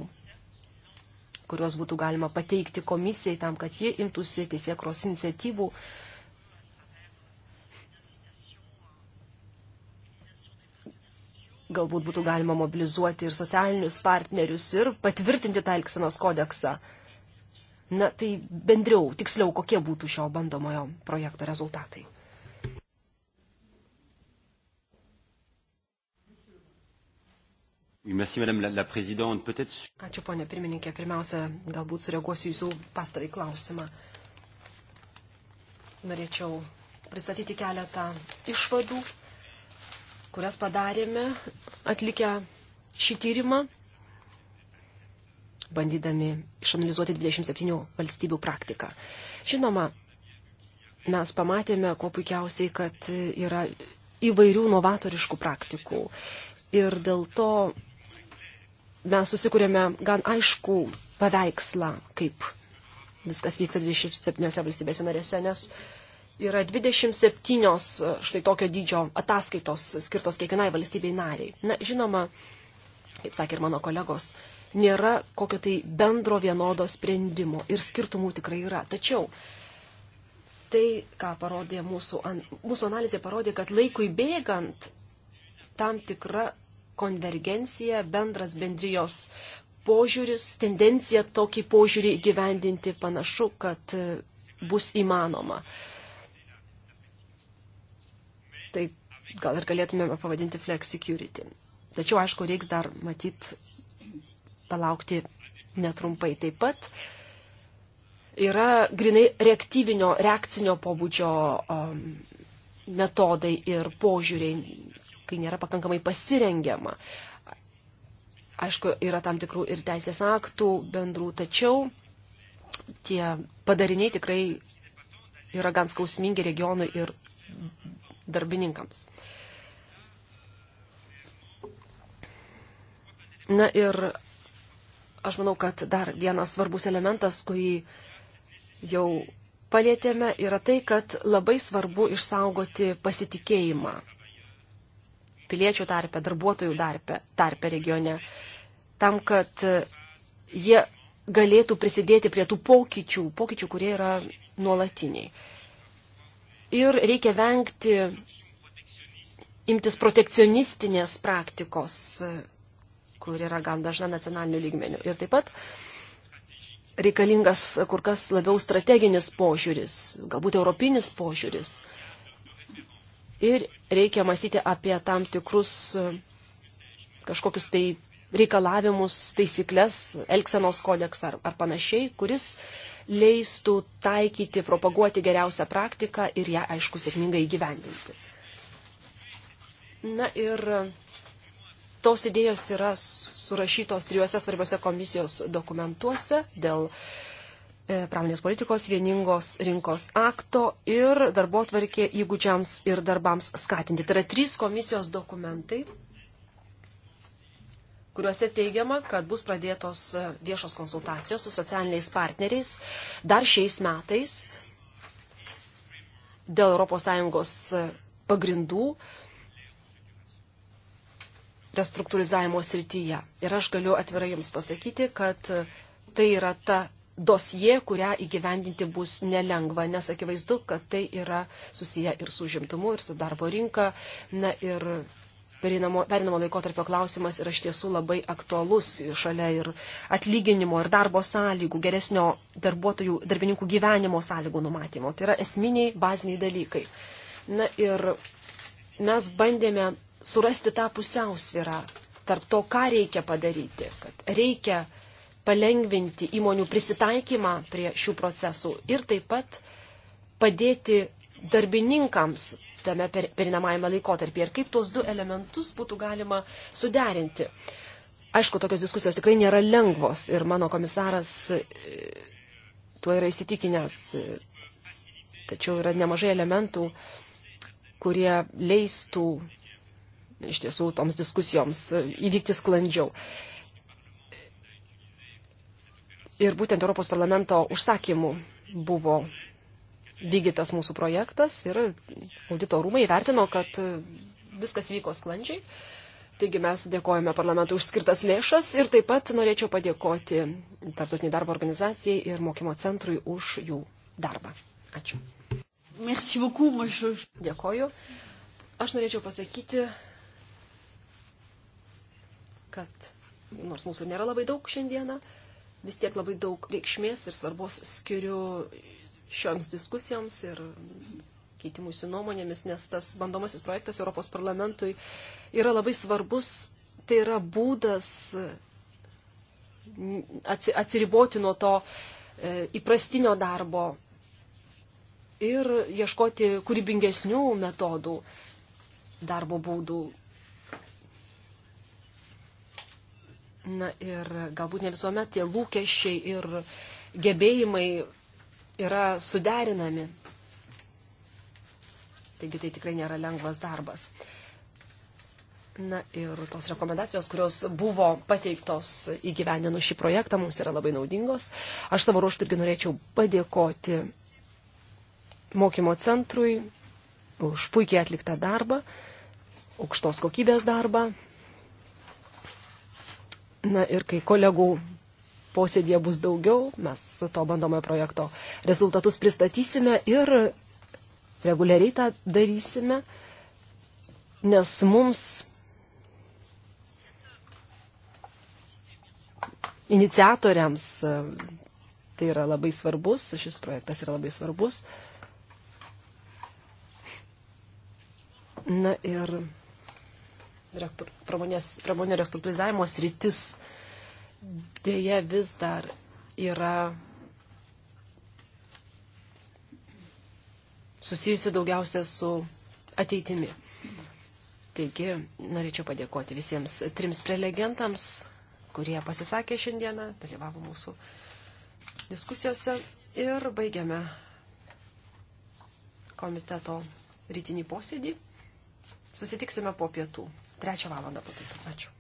kuriuos būtų galima pateikti komisijai tam, kad jie imtųsi teisėkros iniciatyvų. Galbūt būtų galima mobilizuoti ir socialinius partnerius ir patvirtinti tą Elksenos kodeksą. Na tai bendriau, tiksliau, kokie būtų šio bandomojo projekto rezultatai. Ačiū, ponė pirmininkė. Pirmiausia, galbūt sureaguosiu jūsų pastarį klausimą. Norėčiau pristatyti keletą išvadų, kurias padarėme atlikę šį tyrimą, bandydami išanalizuoti 27 valstybių praktiką. Žinoma, mes pamatėme, ko puikiausiai, kad yra įvairių novatoriškų praktikų. Ir dėl to mes susikūrėme gan aišku paveikslą, kaip viskas vyksta 27 valstybėse narėse, nes yra 27 štai tokio dydžio ataskaitos skirtos kiekvienai valstybei nariai. Na, žinoma, kaip sakė ir mano kolegos, nėra kokio tai bendro vienodo sprendimo ir skirtumų tikrai yra. Tačiau tai, ką parodė mūsų, mūsų analizė, parodė, kad laikui bėgant tam tikra konvergencija, bendras bendrijos požiūris, tendencija tokį požiūrį gyvendinti panašu, kad e, bus įmanoma. Tai gal ir galėtumėme pavadinti flex security. Tačiau, aišku, reiks dar matyt palaukti netrumpai taip pat. Yra grinai reaktyvinio, reakcinio pobūdžio um, metodai ir požiūriai kai nėra pakankamai pasirengiama. Aišku, yra tam tikrų ir teisės aktų bendrų, tačiau tie padariniai tikrai yra gan skausmingi regionui ir darbininkams. Na ir aš manau, kad dar vienas svarbus elementas, kurį jau palėtėme, yra tai, kad labai svarbu išsaugoti pasitikėjimą piliečių tarpe, darbuotojų tarpe, tarpe regione, tam, kad e, jie galėtų prisidėti prie tų pokyčių, pokyčių, kurie yra nuolatiniai. Ir reikia vengti imtis protekcionistinės praktikos, e, kur yra gan dažna nacionalinių lygmenių. Ir taip pat reikalingas kur kas labiau strateginis požiūris, galbūt europinis požiūris. Ir reikia mąstyti apie tam tikrus e, kažkokius tai reikalavimus, taisyklės, elksenos kodeksą ar, ar panašiai, kuris leistų taikyti, propaguoti geriausią praktiką ir ją, aišku, sėkmingai įgyvendinti. Na ir tos idėjos yra surašytos trijuose svarbiuose komisijos dokumentuose dėl uh, E, pramonės politikos vieningos rinkos akto ir darbo tvarkė įgūdžiams ir darbams skatinti. Tai yra trys komisijos dokumentai, kuriuose teigiama, kad bus pradėtos e, viešos konsultacijos su socialiniais partneriais dar šiais metais dėl ES e, pagrindų restruktūrizavimo srityje. Ir aš galiu atvirai Jums pasakyti, kad tai yra ta dosie, kurią įgyvendinti bus nelengva, nes akivaizdu, kad tai yra susiję ir su žimtumu, ir su darbo rinka. Na ir perinamo, perinamo laikotarpio klausimas yra iš tiesų labai aktualus šalia ir atlyginimo, ir darbo sąlygų, geresnio darbuotojų, darbininkų gyvenimo sąlygų numatymo. Tai yra esminiai, baziniai dalykai. Na ir mes bandėme surasti tą pusiausvyrą tarp to, ką reikia padaryti, kad reikia palengvinti įmonių prisitaikymą prie šių procesų ir taip pat padėti darbininkams tame perinamajame laikotarpyje ir kaip tuos du elementus būtų galima suderinti. Aišku, tokios diskusijos tikrai nėra lengvos ir mano komisaras e, tuo yra įsitikinęs. E, tačiau yra nemažai elementų, kurie leistų iš tiesų toms diskusijoms e, įvykti sklandžiau ir būtent Europos parlamento užsakymų buvo vykdytas mūsų projektas ir audito rūmai įvertino, kad viskas vyko sklandžiai. Taigi mes dėkojame parlamentui už skirtas lėšas ir taip pat norėčiau padėkoti Tartutiniai darbo organizacijai ir mokymo centrui už jų darbą. Ačiū. Merci beaucoup, mažu. Dėkoju. Aš norėčiau pasakyti, kad nors mūsų nėra labai daug šiandieną, vis tiek labai daug reikšmės ir svarbos skiriu šioms diskusijoms ir keitimusi nuomonėmis, nes tas bandomasis projektas Europos parlamentui yra labai svarbus, tai yra būdas mm, atsiriboti nuo to e, įprastinio darbo ir ieškoti kūrybingesnių metodų, darbo būdų. Na ir galbūt ne visuomet tie lūkesčiai ir gebėjimai yra suderinami. Taigi tai tikrai nėra lengvas darbas. Na ir tos rekomendacijos, kurios buvo pateiktos įgyvendinus šį projektą, mums yra labai naudingos. Aš savo ruoštų irgi norėčiau padėkoti mokymo centrui už puikiai atliktą darbą, aukštos kokybės darbą, Na ir kai kolegų posėdėje bus daugiau, mes to bandomojo projekto rezultatus pristatysime ir reguliariai tą darysime, nes mums iniciatoriams e, tai yra labai svarbus, šis projektas yra labai svarbus. Na ir rektur, pramonės, pramonė restruktūrizavimo sritis dėja vis dar yra susijusi daugiausia su ateitimi. Taigi, norėčiau padėkoti visiems trims prelegentams, kurie pasisakė šiandieną, dalyvavo mūsų diskusijose ir baigiame komiteto rytinį posėdį. Susitiksime po pietų. 3 valandą po pietų. Ačiū.